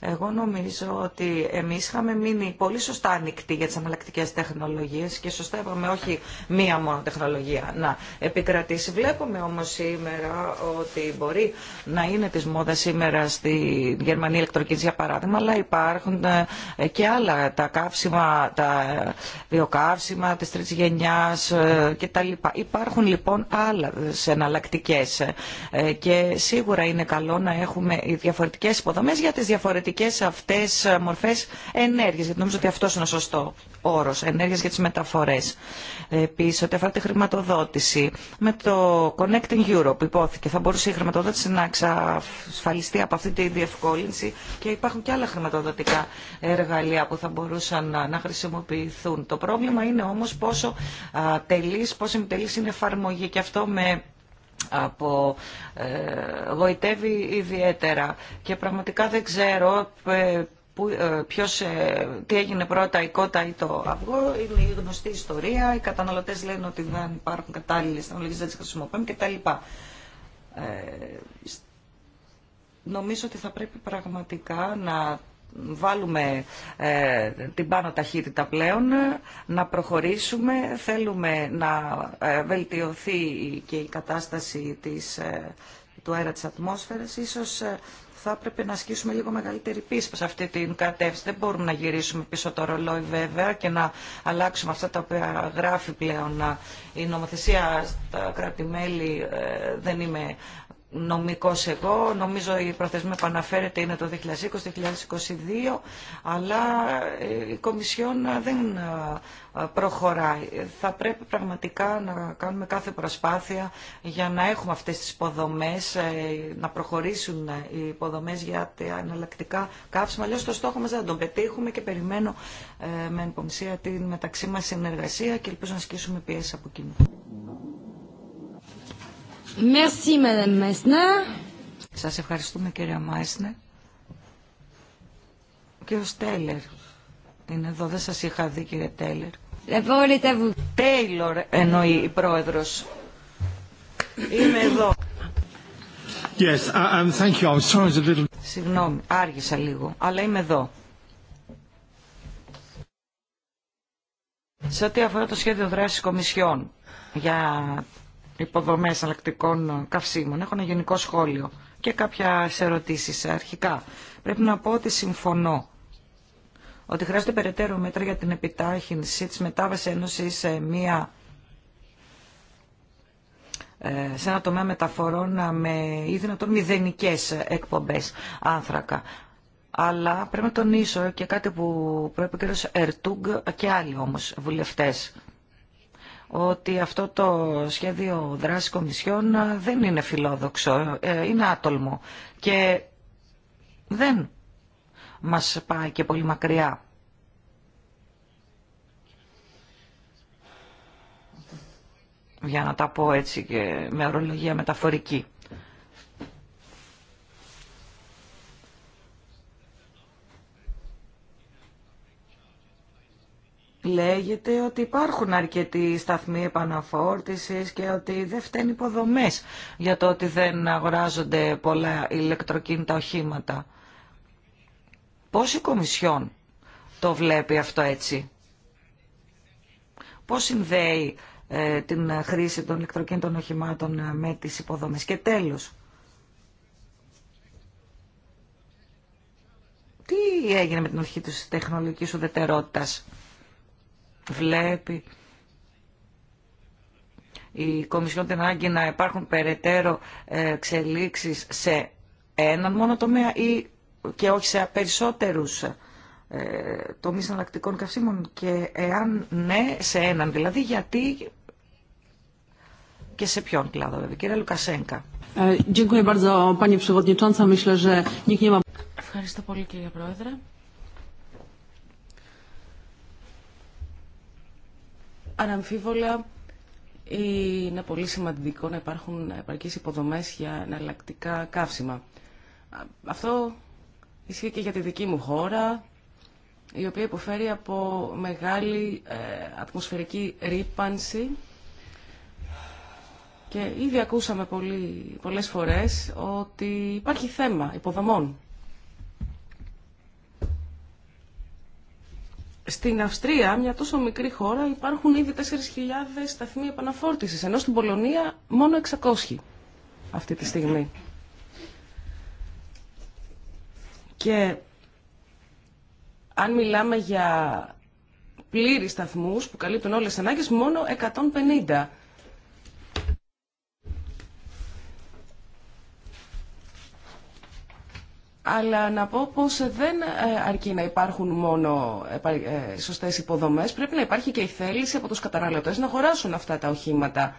Εγώ νομίζω ότι εμεί είχαμε μείνει πολύ σωστά ανοιχτοί για τι αναλλακτικέ τεχνολογίε και σωστά είπαμε όχι μία μόνο τεχνολογία να επικρατήσει. Βλέπουμε όμω σήμερα ότι μπορεί να είναι της μόδας σήμερα στη Γερμανία ηλεκτροκίνηση για παράδειγμα, αλλά υπάρχουν ε, και άλλα τα καύσιμα, τα βιοκαύσιμα της τρίτης γενιάς ε, κτλ. Υπάρχουν λοιπόν άλλες εναλλακτικέ ε, και σίγουρα είναι καλό να έχουμε διαφορετικές υποδομές για τις διαφορετικές αυτές μορφές ενέργειας, γιατί νομίζω ότι αυτός είναι ο σωστό όρος, ενέργειας για τις μεταφορές. Επίσης, ότι αφορά τη χρηματοδότηση, με το Connecting Europe υπόθηκε. Θα μπορούσε η χρηματοδότηση να εξασφαλιστεί από αυτή τη διευκόλυνση και υπάρχουν και άλλα χρηματοδοτικά εργαλεία που θα μπορούσαν να χρησιμοποιηθούν. Το πρόβλημα είναι όμως πόσο τελής, πόσο ημιτελής είναι εφαρμογή και αυτό με από ε, γοητεύει ιδιαίτερα και πραγματικά δεν ξέρω ε, που, ε, ποιος, ε, τι έγινε πρώτα η κότα ή το αυγό είναι η γνωστή ιστορία οι καταναλωτές λένε ότι δεν υπάρχουν κατάλληλες τεχνολογίες δεν τις χρησιμοποιούμε κτλ. Ε, νομίζω ότι θα πρέπει πραγματικά να βάλουμε ε, την πάνω ταχύτητα πλέον, να προχωρήσουμε. Θέλουμε να ε, βελτιωθεί και η κατάσταση της, του αέρα της ατμόσφαιρας. Ίσως θα έπρεπε να ασκήσουμε λίγο μεγαλύτερη πίστη σε αυτή την κατεύθυνση. Δεν μπορούμε να γυρίσουμε πίσω το ρολόι βέβαια και να αλλάξουμε αυτά τα οποία γράφει πλέον ε, η νομοθεσία στα κράτη-μέλη. Ε, δεν είμαι Νομικό εγώ. Νομίζω η προθεσμία που αναφέρεται είναι το 2020-2022, αλλά ε, η Κομισιόν ε, δεν ε, προχωράει. Θα πρέπει πραγματικά να κάνουμε κάθε προσπάθεια για να έχουμε αυτές τις υποδομές, να προχωρήσουν οι υποδομές για τα εναλλακτικά καύσιμα. Αλλιώς το στόχο μας δεν τον πετύχουμε και περιμένω με ενπομισία την μεταξύ μας συνεργασία και ελπίζω να ασκήσουμε πιέσεις από κοινού. Merci, Σας ευχαριστούμε κύριε Μάισνερ. Και ο Στέλλερ είναι εδώ, δεν σας είχα δει κύριε Τέιλερ. Τέιλορ εννοεί η πρόεδρος. Είμαι εδώ. Yes, thank you. sorry a little... Συγγνώμη, άργησα λίγο, αλλά είμαι εδώ. Σε ό,τι αφορά το σχέδιο δράσης κομισιών για υποδομέ αλλακτικών καυσίμων. Έχω ένα γενικό σχόλιο και κάποια ερωτήσεις αρχικά. Πρέπει να πω ότι συμφωνώ ότι χρειάζεται περαιτέρω μέτρα για την επιτάχυνση της μετάβασης Ένωση σε, μια, ε, σε ένα τομέα μεταφορών με ή δυνατόν μηδενικές εκπομπές άνθρακα. Αλλά πρέπει να τονίσω και κάτι που πρέπει ο κ. Ερτούγκ και άλλοι όμως βουλευτές ότι αυτό το σχέδιο δράση κομισιών δεν είναι φιλόδοξο, ε, είναι άτολμο και δεν μας πάει και πολύ μακριά. Για να τα πω έτσι και με ορολογία μεταφορική. λέγεται ότι υπάρχουν αρκετοί σταθμοί επαναφόρτησης και ότι δεν φταίνουν υποδομές για το ότι δεν αγοράζονται πολλά ηλεκτροκίνητα οχήματα. Πώς η Κομισιόν το βλέπει αυτό έτσι. Πώς συνδέει ε, την χρήση των ηλεκτροκίνητων οχημάτων ε, με τις υποδομές. Και τέλος, τι έγινε με την αρχή της τεχνολογικής ουδετερότητας βλέπει η Κομισιόν την ανάγκη να υπάρχουν περαιτέρω ε, εξελίξεις σε έναν μόνο τομέα ή και όχι σε περισσότερους ε, τομείς ανακτικών καυσίμων και εάν ναι σε έναν δηλαδή γιατί και σε ποιον κλάδο Κύριε Λουκασέγκα. Ε, Ευχαριστώ πολύ κύριε Πρόεδρε. Αναμφίβολα είναι πολύ σημαντικό να υπάρχουν επαρκείς υποδομές για εναλλακτικά καύσιμα. Αυτό ισχύει και για τη δική μου χώρα, η οποία υποφέρει από μεγάλη ε, ατμοσφαιρική ρήπανση και ήδη ακούσαμε πολύ, πολλές φορές ότι υπάρχει θέμα υποδομών. Στην Αυστρία, μια τόσο μικρή χώρα, υπάρχουν ήδη 4.000 σταθμοί επαναφόρτηση, ενώ στην Πολωνία μόνο 600 αυτή τη στιγμή. Και αν μιλάμε για πλήρη σταθμούς που καλύπτουν όλες τις ανάγκες, μόνο 150. Αλλά να πω πως δεν ε, αρκεί να υπάρχουν μόνο ε, ε, σωστές υποδομές, πρέπει να υπάρχει και η θέληση από τους καταναλωτές να αγοράσουν αυτά τα οχήματα.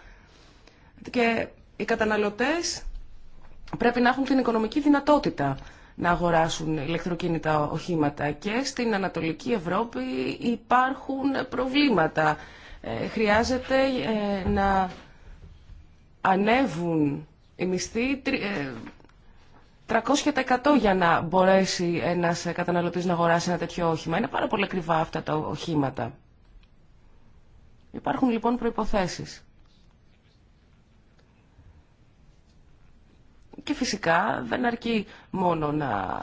Και οι καταναλωτές πρέπει να έχουν την οικονομική δυνατότητα να αγοράσουν ηλεκτροκίνητα οχήματα. Και στην Ανατολική Ευρώπη υπάρχουν προβλήματα. Χρειάζεται να ανέβουν οι μισθοί 300% για να μπορέσει ένας καταναλωτής να αγοράσει ένα τέτοιο όχημα. Είναι πάρα πολύ ακριβά αυτά τα οχήματα. Υπάρχουν λοιπόν προϋποθέσεις. Και φυσικά δεν αρκεί μόνο να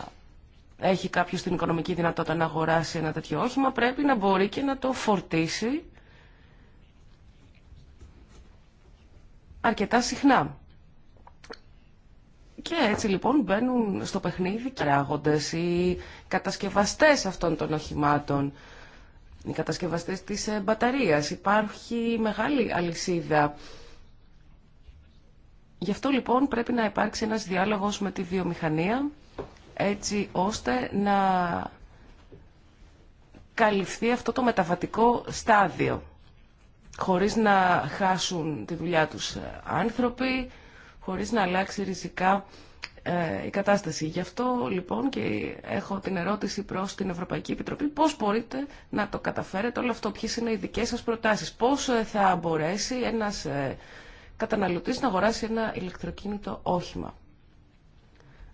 έχει κάποιο την οικονομική δυνατότητα να αγοράσει ένα τέτοιο όχημα, πρέπει να μπορεί και να το φορτίσει αρκετά συχνά. Και έτσι λοιπόν μπαίνουν στο παιχνίδι και οι κατασκευαστές αυτών των οχημάτων, οι κατασκευαστές της ε, μπαταρίας. Υπάρχει μεγάλη αλυσίδα. Γι' αυτό λοιπόν πρέπει να υπάρξει ένας διάλογος με τη βιομηχανία, έτσι ώστε να καλυφθεί αυτό το μεταβατικό στάδιο, χωρίς να χάσουν τη δουλειά τους ε, άνθρωποι, χωρίς να αλλάξει ριζικά ε, η κατάσταση. Γι' αυτό λοιπόν και έχω την ερώτηση προς την Ευρωπαϊκή Επιτροπή πώς μπορείτε να το καταφέρετε όλο αυτό, ποιες είναι οι δικές σας προτάσεις, πώς ε, θα μπορέσει ένας ε, καταναλωτής να αγοράσει ένα ηλεκτροκίνητο όχημα.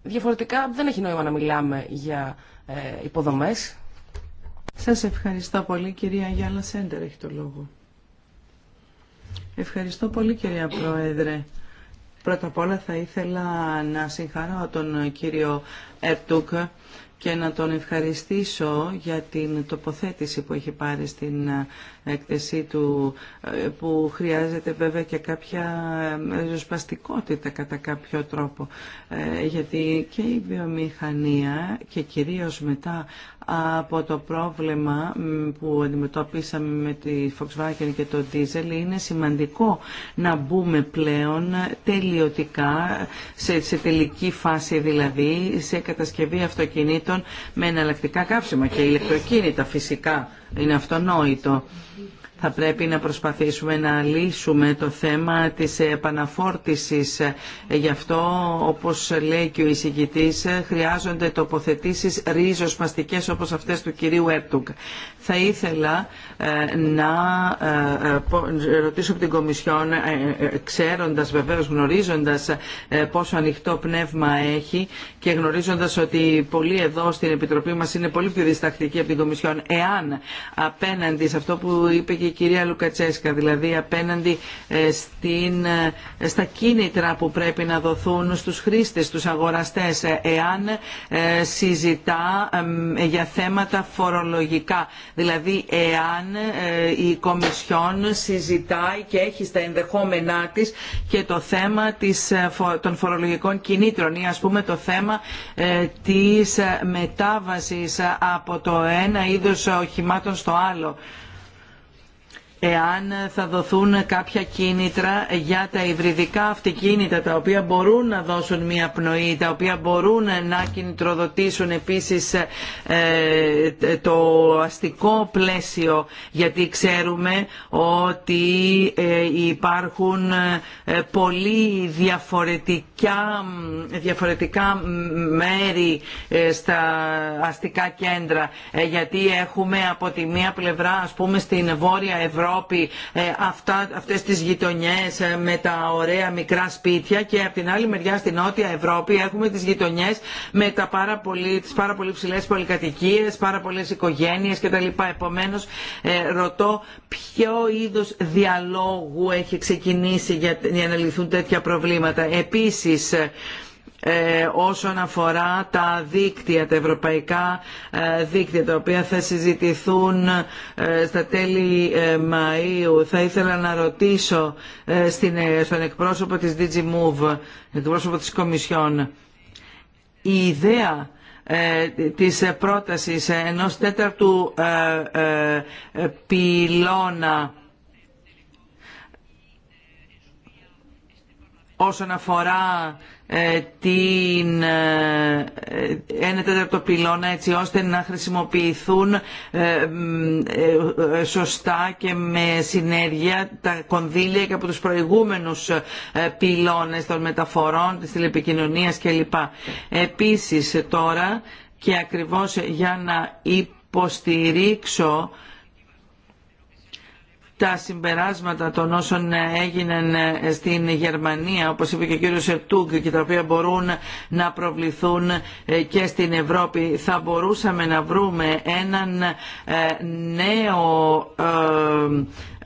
Διαφορετικά δεν έχει νόημα να μιλάμε για υποδομές. Σας ευχαριστώ πολύ κυρία Γιάννα Σέντερ έχει το λόγο. Ευχαριστώ πολύ κυρία Πρόεδρε. Πρώτα απ' όλα θα ήθελα να συγχαρώ τον κύριο Ερτούκ και να τον ευχαριστήσω για την τοποθέτηση που έχει πάρει στην ε, έκθεσή του ε, που χρειάζεται βέβαια και κάποια ε, ριζοσπαστικότητα κατά κάποιο τρόπο γιατί και η βιομηχανία και κυρίως μετά από το πρόβλημα που αντιμετώπισαμε με τη Volkswagen και το Diesel είναι σημαντικό να μπούμε πλέον τελειωτικά σε, σε τελική φάση δηλαδή σε κατασκευή αυτοκινήτων με εναλλακτικά καύσιμα και ηλεκτροκίνητα φυσικά είναι αυτονόητο θα πρέπει να προσπαθήσουμε να λύσουμε το θέμα της επαναφόρτισης. Γι' αυτό, όπως λέει και ο εισηγητής, χρειάζονται τοποθετήσεις ρίζοσπαστικές όπως αυτές του κυρίου Έρτουγκ. Θα ήθελα ε, να ε, ε, ρωτήσω από την Κομισιόν, ξέροντας βεβαίως, γνωρίζοντας πόσο ανοιχτό πνεύμα έχει και γνωρίζοντας ότι πολλοί εδώ στην Επιτροπή μας είναι πολύ πιο διστακτικοί από την Κομισιόν, εάν απέναντι σε αυτό που είπε και η κυρία Λουκατσέσκα, δηλαδή απέναντι ε, στην, ε, στα κίνητρα που πρέπει να δοθούν στους χρήστες, στους αγοραστές, ε, εάν συζητά για θέματα φορολογικά. Δηλαδή, εάν η Κομισιόν συζητάει και έχει στα ενδεχόμενά της και το θέμα της, των φορολογικών κινήτρων ή ας πούμε το θέμα της μετάβασης από το ένα είδος οχημάτων στο άλλο εάν θα δοθούν κάποια κίνητρα για τα υβριδικά αυτοκίνητα τα οποία μπορούν να δώσουν μια πνοή, τα οποία μπορούν να κινητροδοτήσουν επίσης ε, το αστικό πλαίσιο γιατί ξέρουμε ότι ε, υπάρχουν ε, πολύ διαφορετικά, διαφορετικά μέρη στα αστικά κέντρα γιατί έχουμε από τη μία πλευρά ας πούμε στην Βόρεια Ευρώπη Ευρώπη ε, αυτά, αυτές τις γειτονιές ε, με τα ωραία μικρά σπίτια και από την άλλη μεριά στην Νότια Ευρώπη έχουμε τις γειτονιές με τα πάρα πολύ, τις πάρα πολύ ψηλές πολυκατοικίες, πάρα πολλές οικογένειες κτλ. Επομένως ε, ρωτώ ποιο είδος διαλόγου έχει ξεκινήσει για, να λυθούν τέτοια προβλήματα. Επίσης, ε, όσον αφορά τα δίκτυα, τα ευρωπαϊκά ε, δίκτυα, τα οποία θα συζητηθούν ε, στα τέλη Μαΐου. Θα ήθελα να ρωτήσω στον εκπρόσωπο της τον εκπρόσωπο της Κομισιόν, η ιδέα της πρότασης ενός τέταρτου πυλώνα όσον αφορά ε, την, ε, ε, ένα τέταρτο πυλώνα έτσι ώστε να χρησιμοποιηθούν σωστά και με συνέργεια τα κονδύλια και από τους προηγούμενους πυλώνες των μεταφορών, της τηλεπικοινωνίας κλπ. Επίσης τώρα και ακριβώς για να υποστηρίξω τα συμπεράσματα των όσων έγιναν ε, στην Γερμανία, όπως είπε και ο κύριος Ερτούγκ, και τα οποία μπορούν να προβληθούν ε, και στην Ευρώπη, θα μπορούσαμε να βρούμε έναν ε, νέο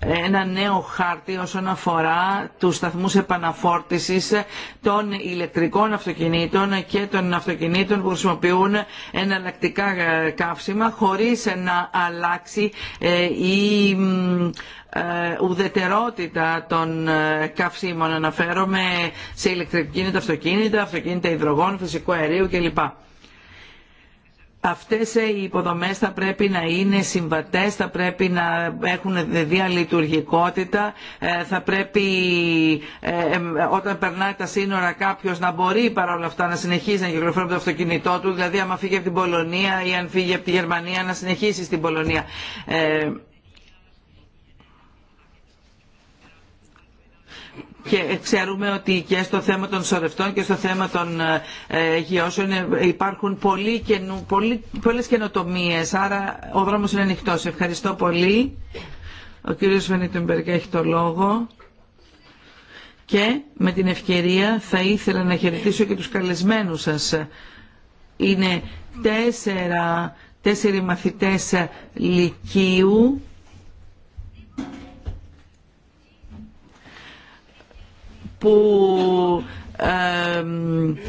ένα νέο χάρτη όσον αφορά τους σταθμούς επαναφόρτισης των ηλεκτρικών αυτοκινήτων και των αυτοκινήτων που χρησιμοποιούν εναλλακτικά ε, καύσιμα χωρίς να αλλάξει ε, η ε, ουδετερότητα των καυσίμων. Αναφέρομαι σε ηλεκτροκίνητα αυτοκίνητα, αυτοκίνητα υδρογόνου, φυσικού αερίου κλπ. Αυτές ε, οι υποδομές θα πρέπει να είναι συμβατές, θα πρέπει να έχουν διαλειτουργικότητα, ε, θα πρέπει ε, όταν περνάει τα σύνορα κάποιος να μπορεί παρόλα αυτά να συνεχίζει να κυκλοφορεί με το αυτοκίνητό του, δηλαδή άμα φύγει από την Πολωνία ή αν φύγει από τη Γερμανία να συνεχίσει στην Πολωνία. Και ξέρουμε ότι και στο θέμα των σορευτών και στο θέμα των ε, γεώσεων ε, υπάρχουν καινου, πολλές καινοτομίες. Άρα ο δρόμος είναι ανοιχτό. Ευχαριστώ πολύ. Ο κύριος Βενιτουμπερκ έχει το λόγο. Και με την ευκαιρία θα ήθελα να χαιρετήσω και τους καλεσμένους σας. Είναι τέσσερα, τέσσερι μαθητές λυκείου που ε,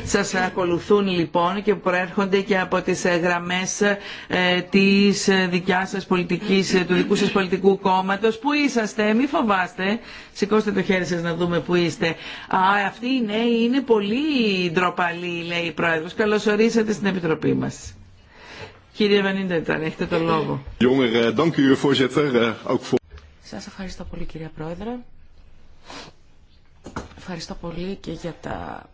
σας ακολουθούν λοιπόν και που προέρχονται και από τις ε, γραμμές ε, της ε, δικιάς σας πολιτικής, του δικού σας πολιτικού κόμματος. Πού είσαστε, μη φοβάστε, σηκώστε το χέρι σας να δούμε πού είστε. Α, αυτοί οι νέοι είναι πολύ ντροπαλοί, λέει η Πρόεδρος. Καλώς ορίσατε στην Επιτροπή μας. Κύριε αν έχετε το λόγο. Eh, eh, σας ευχαριστώ πολύ κύριε Πρόεδρε. Ευχαριστώ πολύ και για τα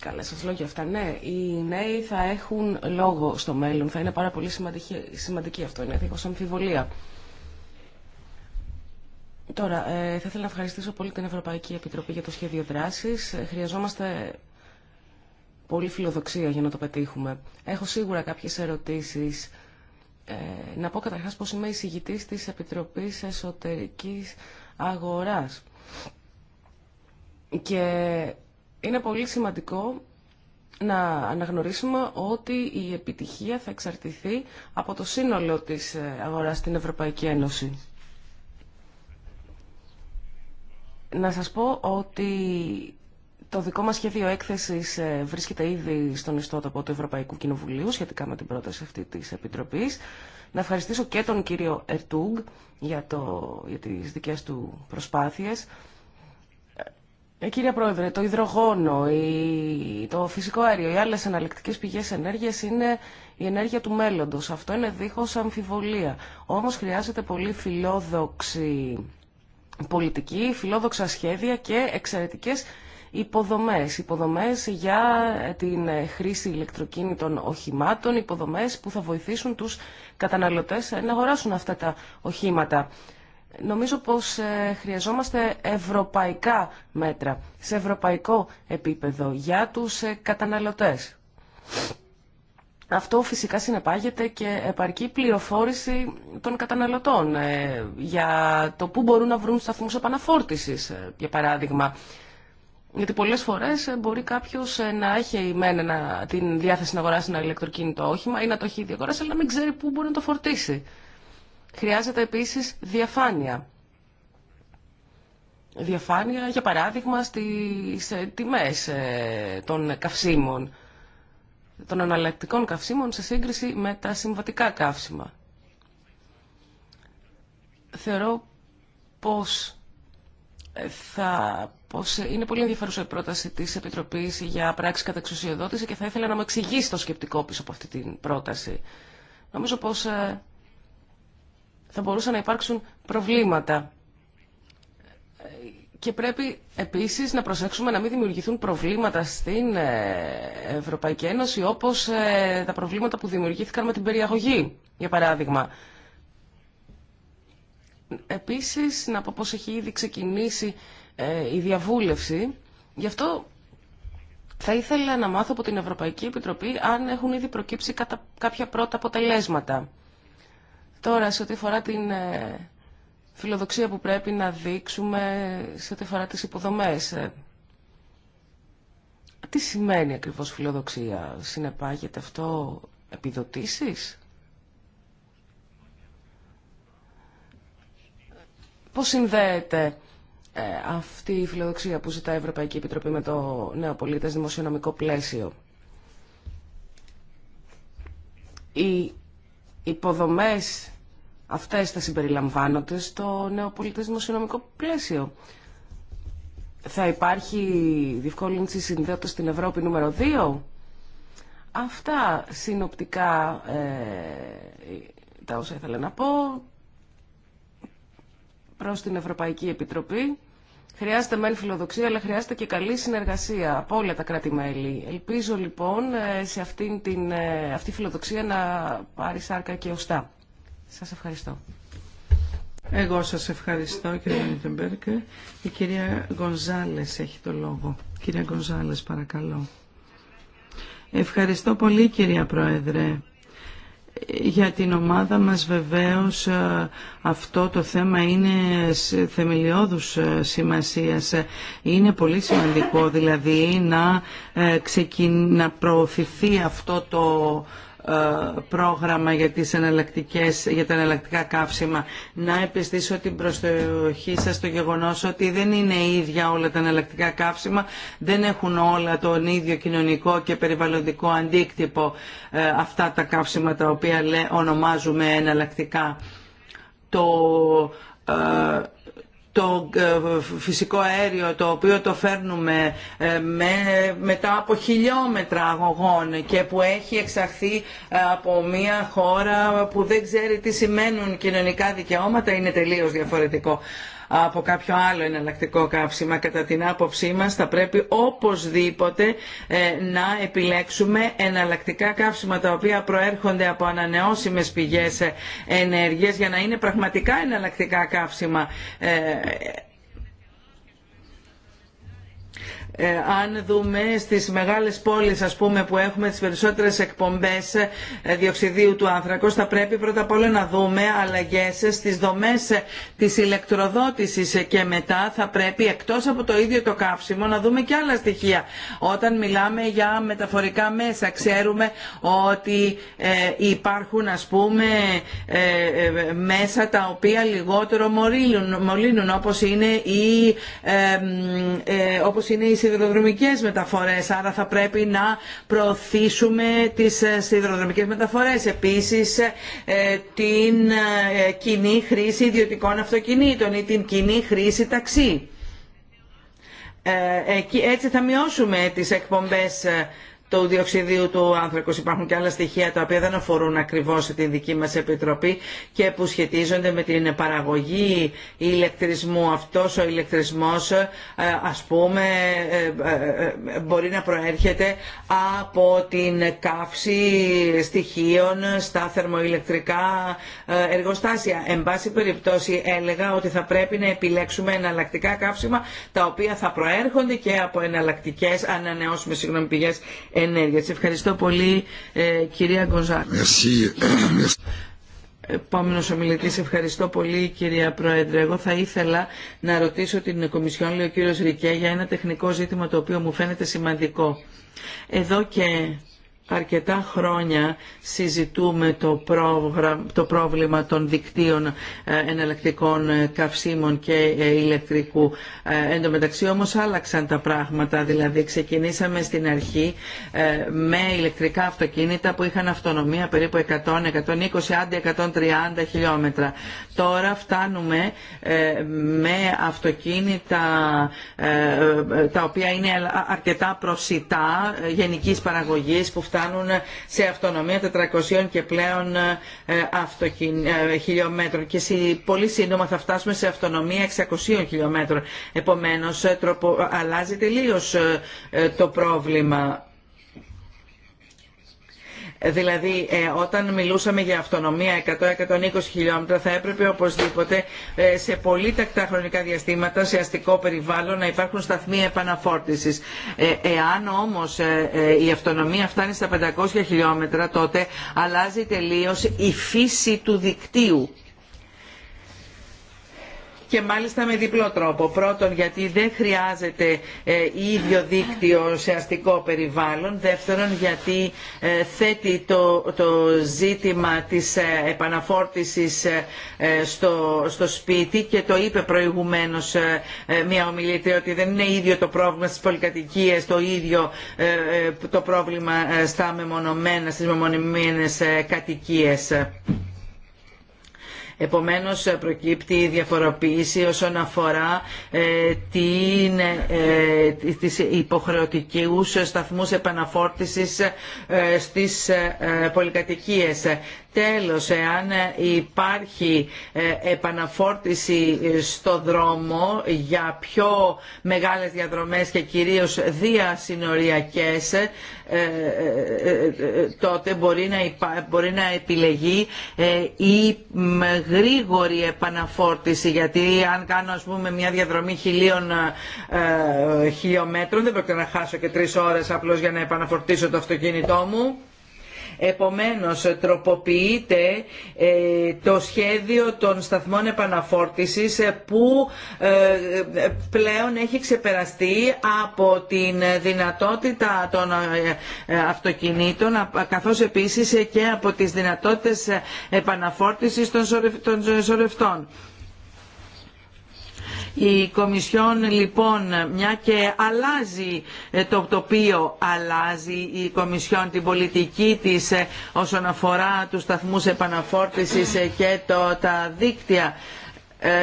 καλά σας λόγια αυτά. Ναι, οι νέοι θα έχουν λόγο στο μέλλον. Θα είναι πάρα πολύ σημαντική, σημαντική αυτό. Είναι δίχως αμφιβολία. Τώρα, ε, θα ήθελα να ευχαριστήσω πολύ την Ευρωπαϊκή Επιτροπή για το σχέδιο δράσης. Ε, χρειαζόμαστε πολύ φιλοδοξία για να το πετύχουμε. Έχω σίγουρα κάποιες ερωτήσεις. Ε, να πω καταρχάς πως είμαι εισηγητής της Επιτροπής Εσωτερικής Αγοράς. Και είναι πολύ σημαντικό να αναγνωρίσουμε ότι η επιτυχία θα εξαρτηθεί από το σύνολο της ε, αγοράς στην Ευρωπαϊκή Ένωση. Να σας πω ότι το δικό μας σχέδιο έκθεσης ε, βρίσκεται ήδη στον ιστότοπο του Ευρωπαϊκού Κοινοβουλίου σχετικά με την πρόταση αυτή της Επιτροπής. Να ευχαριστήσω και τον κύριο Ερτούγκ για, το, για τις δικές του προσπάθειες ε, κύριε Πρόεδρε, το υδρογόνο, η... το φυσικό αέριο, οι άλλες εναλλακτικές πηγές ενέργειας είναι η ενέργεια του μέλλοντος. Αυτό είναι δίχως αμφιβολία. Όμως χρειάζεται πολύ φιλόδοξη πολιτική, φιλόδοξα σχέδια και εξαιρετικές υποδομές. Υποδομές για την χρήση ηλεκτροκίνητων οχημάτων, υποδομές που θα βοηθήσουν τους καταναλωτές να αγοράσουν αυτά τα οχήματα. Νομίζω πως ε, χρειαζόμαστε ευρωπαϊκά μέτρα, σε ευρωπαϊκό επίπεδο, για τους ε, καταναλωτές. Αυτό φυσικά συνεπάγεται και επαρκή πληροφόρηση των καταναλωτών ε, για το πού μπορούν να βρουν σταθμούς επαναφόρτησης, για παράδειγμα. Γιατί πολλές φορές μπορεί κάποιος να έχει μεν την διάθεση να αγοράσει ένα ηλεκτροκίνητο όχημα ή να το έχει ήδη αγοράσει, αλλά να μην ξέρει πού μπορεί να το φορτίσει. Χρειάζεται επίσης διαφάνεια. Διαφάνεια, για παράδειγμα, στις ε, τιμές ε, των καυσίμων, των αναλλακτικών καυσίμων σε σύγκριση με τα συμβατικά καύσιμα. Θεωρώ πως, ε, θα, πως είναι πολύ ενδιαφέρουσα η πρόταση της Επιτροπής για πράξη κατά εξουσιοδότηση και θα ήθελα να μου εξηγήσει το σκεπτικό πίσω από αυτή την πρόταση. Νομίζω πως θα μπορούσαν να υπάρξουν προβλήματα. Και πρέπει επίσης να προσέξουμε να μην δημιουργηθούν προβλήματα στην ε, Ευρωπαϊκή Ένωση όπως ε, τα προβλήματα που δημιουργήθηκαν με την περιαγωγή, για παράδειγμα. Επίσης, να πω πως έχει ήδη ξεκινήσει ε, η διαβούλευση. Γι' αυτό θα ήθελα να μάθω από την Ευρωπαϊκή Επιτροπή αν έχουν ήδη προκύψει κάποια πρώτα αποτελέσματα. Τώρα, σε ό,τι αφορά την ε, φιλοδοξία που πρέπει να δείξουμε, σε ό,τι αφορά τις υποδομές, ε, τι σημαίνει ακριβώς φιλοδοξία, συνεπάγεται αυτό επιδοτήσεις, πώς συνδέεται ε, αυτή η φιλοδοξία που ζητά η Ευρωπαϊκή Επιτροπή με το νέο πολίτες δημοσιονομικό πλαίσιο. Οι υποδομές Αυτές θα συμπεριλαμβάνονται στο νέο πολιτισμό συνομικό πλαίσιο. Θα υπάρχει διευκόλυνση συνδέοντας στην Ευρώπη νούμερο 2. Αυτά συνοπτικά ε, τα όσα ήθελα να πω προς την Ευρωπαϊκή Επιτροπή. Χρειάζεται μεν φιλοδοξία, αλλά χρειάζεται και καλή συνεργασία από όλα τα κράτη-μέλη. Ελπίζω λοιπόν ε, σε την, ε, αυτή τη φιλοδοξία να πάρει σάρκα και οστά. Σας ευχαριστώ. Εγώ σας ευχαριστώ κύριε Νιτεμπέρκε. Η κυρία Γκονζάλες έχει το λόγο. Κυρία Γκονζάλες παρακαλώ. Ευχαριστώ πολύ κυρία Πρόεδρε. Για την ομάδα μας βεβαίως ε, αυτό το θέμα είναι θεμελιώδους ε, σημασίας. Είναι πολύ σημαντικό δηλαδή να, ε, ξεκι... να προωθηθεί αυτό το πρόγραμμα για, τις για τα εναλλακτικά καύσιμα. Να επιστήσω την προσοχή σας στο γεγονός ότι δεν είναι ίδια όλα τα εναλλακτικά καύσιμα, δεν έχουν όλα τον ίδιο κοινωνικό και περιβαλλοντικό αντίκτυπο ε, αυτά τα καύσιμα τα οποία ονομάζουμε εναλλακτικά. Το ε, το ε, φυσικό αέριο το οποίο το φέρνουμε ε, μετά από χιλιόμετρα αγωγών και που έχει εξαχθεί ε, από μια χώρα που δεν ξέρει τι σημαίνουν κοινωνικά δικαιώματα είναι τελείως διαφορετικό από κάποιο άλλο εναλλακτικό καύσιμα. Κατά την άποψή μας θα πρέπει οπωσδήποτε ε, να επιλέξουμε εναλλακτικά καύσιμα τα οποία προέρχονται από ανανεώσιμες πηγές ε, ενέργειας για να είναι πραγματικά εναλλακτικά καύσιμα ε, ε, αν δούμε στις μεγάλες πόλεις ας πούμε, που έχουμε τις περισσότερες εκπομπές ε, διοξιδίου του άνθρακος θα πρέπει πρώτα απ' όλα να δούμε αλλαγές στις δομές ε, της ηλεκτροδότησης και μετά θα πρέπει εκτός από το ίδιο το καύσιμο να δούμε και άλλα στοιχεία. Όταν μιλάμε για μεταφορικά μέσα ξέρουμε ότι ε, υπάρχουν ας πούμε μέσα τα οποία λιγότερο μολύνουν, όπως είναι η, όπως σιδηροδρομικές μεταφορές, άρα θα πρέπει να προωθήσουμε τις ε, σιδηροδρομικές μεταφορές. Επίσης ε, την ε, κοινή χρήση ιδιωτικών αυτοκινήτων ή την κοινή χρήση ταξί. Έτσι θα μειώσουμε τις εκπομπές του διοξιδίου του άνθρακος. Υπάρχουν και άλλα στοιχεία τα οποία δεν αφορούν ακριβώς την δική μας Επιτροπή και που σχετίζονται με την παραγωγή ηλεκτρισμού. Αυτός ο ηλεκτρισμός ε, ας πούμε ε, ε, μπορεί να προέρχεται από την καύση στοιχείων στα θερμοηλεκτρικά εργοστάσια. Εν πάση περιπτώσει έλεγα ότι θα πρέπει να επιλέξουμε εναλλακτικά καύσιμα τα οποία θα προέρχονται και από εναλλακτικέ ανανεώσιμε πηγέ Ευχαριστώ πολύ ε, κυρία Γκοζάκ. Επόμενο ομιλητή, ευχαριστώ πολύ κυρία Πρόεδρε. Εγώ θα ήθελα να ρωτήσω την Κομισιόν, λέει ο κύριο Ρικέ, για ένα τεχνικό ζήτημα το οποίο μου φαίνεται σημαντικό. Εδώ και αρκετά χρόνια συζητούμε το, το πρόβλημα των δικτύων ε, εναλλακτικών ε, καυσίμων και ε, ηλεκτρικού. Εν τω μεταξύ όμως άλλαξαν τα πράγματα, δηλαδή ξεκινήσαμε στην αρχή με ηλεκτρικά αυτοκίνητα που είχαν αυτονομία περίπου 100, 120, άντε 130 χιλιόμετρα. Τώρα φτάνουμε με αυτοκίνητα τα οποία είναι αρκετά προσιτά γενικής παραγωγής φτάνουν σε αυτονομία 400 και πλέον ε, ε, χιλιόμετρων και πολύ σύντομα θα φτάσουμε σε αυτονομία 600 χιλιόμετρων. Επομένως ε, αλλάζει τελείως το πρόβλημα ε, δηλαδή ε, όταν μιλούσαμε για αυτονομία 100-120 χιλιόμετρα θα έπρεπε οπωσδήποτε ε, σε πολύ τακτά χρονικά διαστήματα σε αστικό περιβάλλον να υπάρχουν σταθμοί επαναφόρτησης. Εάν όμως η αυτονομία φτάνει στα 500 χιλιόμετρα τότε αλλάζει τελείως η φύση του δικτύου και μάλιστα με διπλό τρόπο. Πρώτον γιατί δεν χρειάζεται ε, ίδιο δίκτυο σε αστικό περιβάλλον. Δεύτερον γιατί ε, θέτει το, το ζήτημα της ε, επαναφόρτισης στο, σπίτι και το είπε προηγουμένως μια ομιλήτρια ότι δεν είναι ίδιο το πρόβλημα στις πολυκατοικίες, το ίδιο το πρόβλημα στα μεμονωμένα, στις μεμονωμένες κατοικίες. Επομένως προκύπτει η διαφοροποίηση όσον αφορά ε, την, ε, ε, τις υποχρεωτικούς σταθμούς επαναφόρτισης στις πολυκατοικίες. Τέλος, εάν υπάρχει ε, επαναφόρτιση ε, στο δρόμο για πιο μεγάλες διαδρομές και κυρίως διασυνοριακές, ε, τότε μπορεί να, να επιλεγεί η γρήγορη επαναφόρτιση. Γιατί αν κάνω ας πούμε μια διαδρομή χιλίων χιλιόμετρων δεν πρέπει να χάσω και τρεις ώρες απλώς για να επαναφορτήσω το αυτοκίνητό μου. Επομένως τροποποιείται ε, το σχέδιο των σταθμών επαναφόρτισης ε, που ε, πλέον έχει ξεπεραστεί από την δυνατότητα των αυτοκινήτων καθώς επίσης και από τις δυνατότητες επαναφόρτισης των σωρευτών. Η Κομισιόν λοιπόν μια και αλλάζει ε, το τοπίο, αλλάζει η Κομισιόν την πολιτική της ε, όσον αφορά τους σταθμούς επαναφόρτησης ε, και τα δίκτυα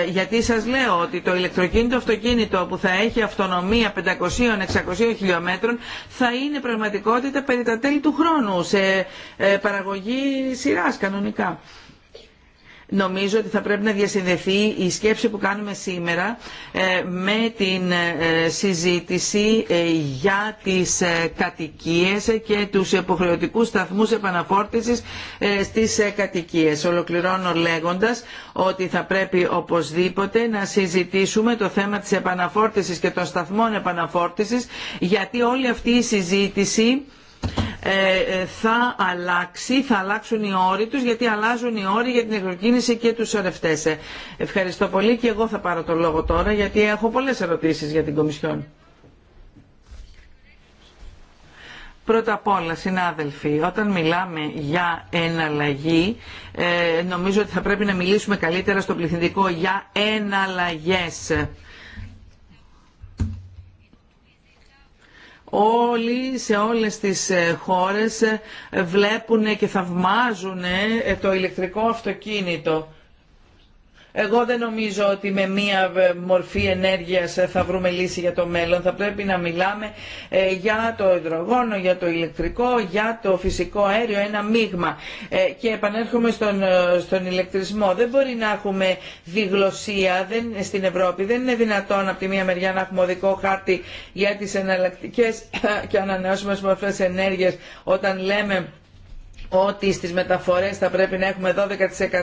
γιατί σας λέω ότι το ηλεκτροκίνητο αυτοκίνητο που θα έχει αυτονομία 500-600 χιλιόμετρων θα είναι πραγματικότητα περί τα τέλη του χρόνου σε παραγωγή σειράς κανονικά νομίζω ότι θα πρέπει να διασυνδεθεί η σκέψη που κάνουμε σήμερα ε, με την ε, συζήτηση ε, για τις κατοικίες και τους υποχρεωτικούς σταθμούς επαναφόρτισης στις κατοικίες. Ολοκληρώνω λέγοντας ότι θα πρέπει οπωσδήποτε να συζητήσουμε το θέμα της επαναφόρτισης και των σταθμών επαναφόρτισης γιατί όλη αυτή η συζήτηση ε, ε, θα αλλάξει, θα αλλάξουν οι όροι τους γιατί αλλάζουν οι όροι για την εκδοκίνηση και τους ορευτές. Ε, ευχαριστώ πολύ και εγώ θα πάρω το λόγο τώρα γιατί έχω πολλές ερωτήσεις για την Κομισιόν. Πρώτα απ' όλα, συνάδελφοι, όταν μιλάμε για εναλλαγή, νομίζω ότι θα πρέπει να μιλήσουμε καλύτερα στο πληθυντικό για εναλλαγές όλοι σε όλες τις ε, χώρες ε, βλέπουν και θαυμάζουν ε, το ηλεκτρικό αυτοκίνητο. Εγώ δεν νομίζω ότι με μία ε, μορφή ενέργειας ε, θα βρούμε λύση για το μέλλον. Θα πρέπει να μιλάμε ε, για το υδρογόνο, για το ηλεκτρικό, για το φυσικό αέριο, ένα μείγμα. Και επανέρχομαι στον, ηλεκτρισμό. Δεν μπορεί να έχουμε διγλωσία δεν, στην Ευρώπη. Δεν είναι δυνατόν από τη μία μεριά να έχουμε οδικό χάρτη για τις εναλλακτικές και ανανεώσιμες μορφές ενέργειας όταν λέμε ότι στις μεταφορές θα πρέπει να έχουμε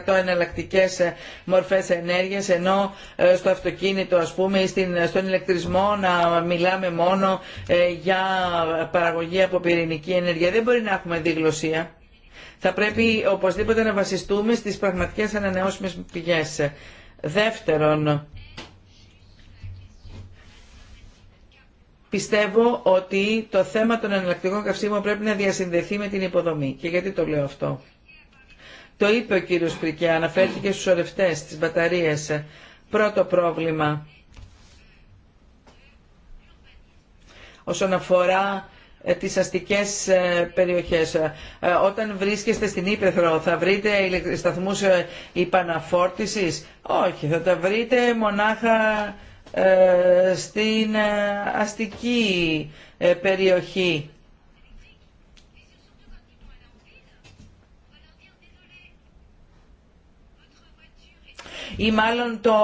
12% εναλλακτικές ε, μορφές ενέργειας ενώ ε, στο αυτοκίνητο ας πούμε ή στον ηλεκτρισμό να μιλάμε μόνο ε, για παραγωγή από πυρηνική ενέργεια. Δεν μπορεί να έχουμε δίγλωσία. Θα πρέπει οπωσδήποτε να βασιστούμε στις πραγματικές ανανεώσιμες πηγές. Δεύτερον, πιστεύω ότι το θέμα των εναλλακτικών καυσίμων πρέπει να διασυνδεθεί με την υποδομή. Και γιατί το λέω αυτό. Το είπε ο κύριος Πρικέα, αναφέρθηκε στους ορευτές, στις μπαταρίες. Πρώτο πρόβλημα. Όσον αφορά ε, τις αστικές ε, περιοχές. Ε, όταν βρίσκεστε στην Ήπεθρο θα βρείτε σταθμούς υπαναφόρτησης. Όχι, θα τα βρείτε μονάχα ε, στην ε, αστική ε, περιοχή. Ή μάλλον το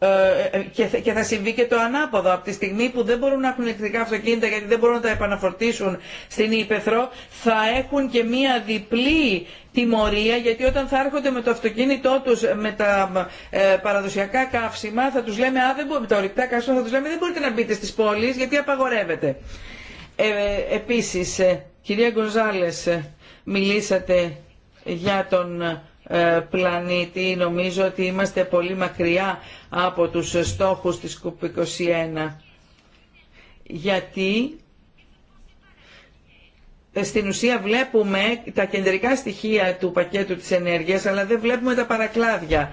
ε, ε, και θα συμβεί και το ανάποδο. Από τη στιγμή που δεν μπορούν να έχουν ηλεκτρικά αυτοκίνητα γιατί δεν μπορούν να τα επαναφορτήσουν στην Ήπεθρο, θα έχουν και μία διπλή τιμωρία γιατί όταν θα έρχονται με το αυτοκίνητό του με τα ε, παραδοσιακά καύσιμα θα του λέμε, α, δεν τα ορυκτά καύσιμα θα του λέμε δεν μπορείτε να μπείτε στι πόλει γιατί απαγορεύεται. Ε, επίσης, κυρία Γκοζάλες, μιλήσατε για τον πλανήτη. Νομίζω ότι είμαστε πολύ μακριά από τους στόχους της ΚΟΠ 21 Γιατί στην ουσία βλέπουμε τα κεντρικά στοιχεία του πακέτου της ενέργειας, αλλά δεν βλέπουμε τα παρακλάδια.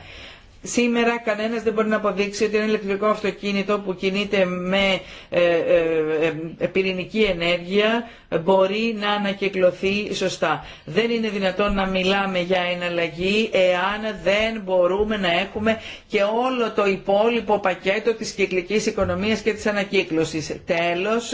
Σήμερα κανένας δεν μπορεί να αποδείξει ότι ένα ηλεκτρικό αυτοκίνητο που κινείται με ε, ε, ε, πυρηνική ενέργεια μπορεί να ανακυκλωθεί σωστά. Δεν είναι δυνατόν να μιλάμε για εναλλαγή εάν δεν μπορούμε να έχουμε και όλο το υπόλοιπο πακέτο της κυκλικής οικονομίας και της ανακύκλωσης. Τέλος,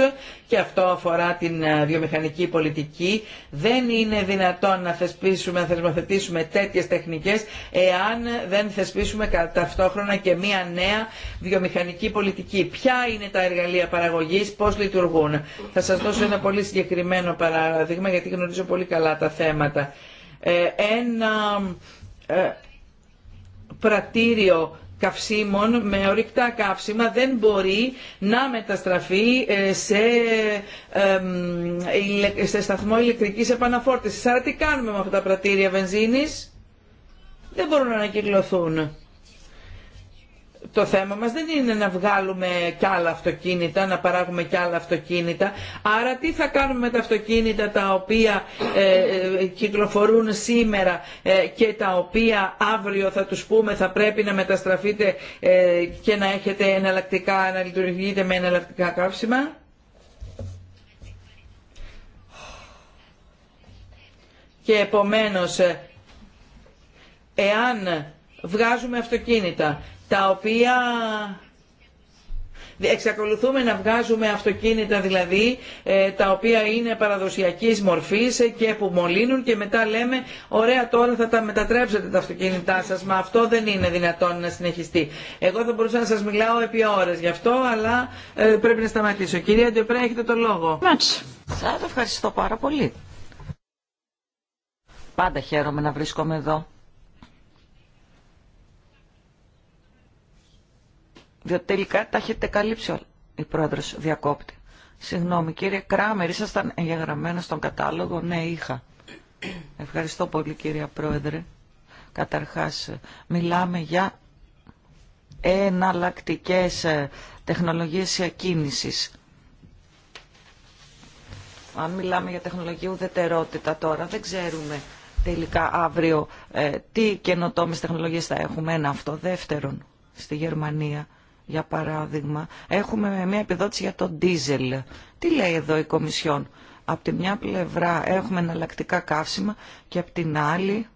και αυτό αφορά την βιομηχανική πολιτική, δεν είναι δυνατόν να θεσπίσουμε, να θεσμοθετήσουμε τέτοιες τεχνικές εάν δεν θεσπίσουμε ταυτόχρονα και μια νέα βιομηχανική πολιτική. Ποια είναι τα εργαλεία παραγωγή πώ λειτουργούν. Θα σα δώσω ένα πολύ συγκεκριμένο παράδειγμα γιατί γνωρίζω πολύ καλά τα θέματα. Ε, ένα ε, πρατήριο καυσίμων με ορυκτά καύσιμα δεν μπορεί να μεταστραφεί ε, σε, σε σταθμό ηλεκτρικής επαναφόρτησης. Άρα τι κάνουμε με αυτά τα πρατήρια βενζίνης. Δεν μπορούν να ανακυκλωθούν το θέμα μας δεν είναι να βγάλουμε κι άλλα αυτοκίνητα, να παράγουμε κι άλλα αυτοκίνητα. Άρα τι θα κάνουμε με τα αυτοκίνητα τα οποία ε, ε, κυκλοφορούν σήμερα ε, και τα οποία αύριο θα τους πούμε θα πρέπει να μεταστραφείτε και να έχετε εναλλακτικά, να λειτουργείτε με εναλλακτικά καύσιμα. Και επομένως, εάν βγάζουμε αυτοκίνητα τα οποία εξακολουθούμε να βγάζουμε αυτοκίνητα δηλαδή ε, τα οποία είναι παραδοσιακής μορφής ε, και που μολύνουν και μετά λέμε ωραία τώρα θα τα μετατρέψετε τα αυτοκίνητά σας μα αυτό δεν είναι δυνατόν να συνεχιστεί. Εγώ θα μπορούσα να σας μιλάω επί ώρες γι' αυτό αλλά ε, πρέπει να σταματήσω. Κυρία Ντεπρέ έχετε το λόγο. Σα ευχαριστώ πάρα πολύ. Πάντα χαίρομαι να βρίσκομαι εδώ Διότι τελικά τα έχετε καλύψει όλα. Η πρόεδρος διακόπτη. Συγγνώμη κύριε Κράμερ, ήσασταν εγγεγραμμένο στον κατάλογο. Ναι, είχα. Ευχαριστώ πολύ κύριε πρόεδρε. Καταρχάς, μιλάμε για εναλλακτικέ ε, τεχνολογίες κίνησης. Αν μιλάμε για τεχνολογία ουδετερότητα τώρα, δεν ξέρουμε τελικά αύριο ε, τι καινοτόμες τεχνολογίες θα έχουμε. Ένα αυτό. Δεύτερον, στη Γερμανία για παράδειγμα, έχουμε μια επιδότηση για το ντίζελ. Τι λέει εδώ η Κομισιόν. Από τη μια πλευρά έχουμε εναλλακτικά καύσιμα και από την άλλη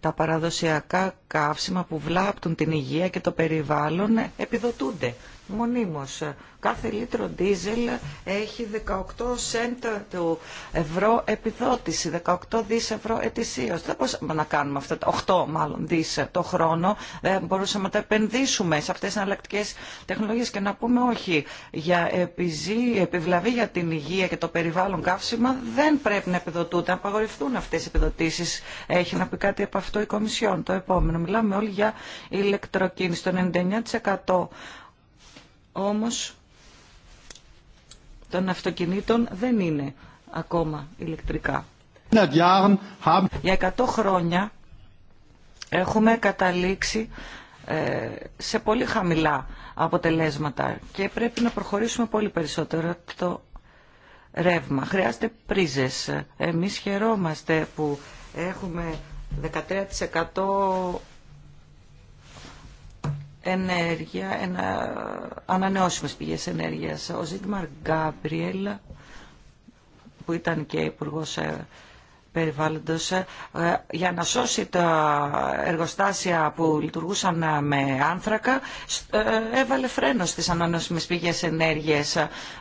τα παραδοσιακά καύσιμα που βλάπτουν την υγεία και το περιβάλλον επιδοτούνται μονίμως. Κάθε λίτρο ντίζελ έχει 18 σέντ του ευρώ επιδότηση, 18 δις ευρώ ετησίως. Δεν μπορούσαμε να κάνουμε αυτά, 8 μάλλον δις το χρόνο, δεν μπορούσαμε να τα επενδύσουμε σε αυτές τις εναλλακτικέ τεχνολογίες και να πούμε όχι. Για επιζή, επιβλαβή για την υγεία και το περιβάλλον καύσιμα δεν πρέπει να επιδοτούνται, να απαγορευτούν αυτές οι επιδοτήσεις. Έχει να πει κάτι από αυτό η Κομισιόν. Το επόμενο, μιλάμε όλοι για ηλεκτροκίνηση. Το 99% όμως των αυτοκινήτων δεν είναι ακόμα ηλεκτρικά. Για 100 χρόνια έχουμε καταλήξει ε, σε πολύ χαμηλά αποτελέσματα και πρέπει να προχωρήσουμε πολύ περισσότερο το ρεύμα. Χρειάζεται πρίζες. Εμείς χαιρόμαστε που έχουμε 13% ενέργεια, ένα, ανανεώσιμες πηγές ενέργειας. Ο Ζίγμαρ Γκάμπριελ, που ήταν και υπουργό ε, περιβάλλοντος ε, για να σώσει τα εργοστάσια που λειτουργούσαν ε, με άνθρακα ε, έβαλε φρένο στις ανανεώσιμες πηγές ενέργειας.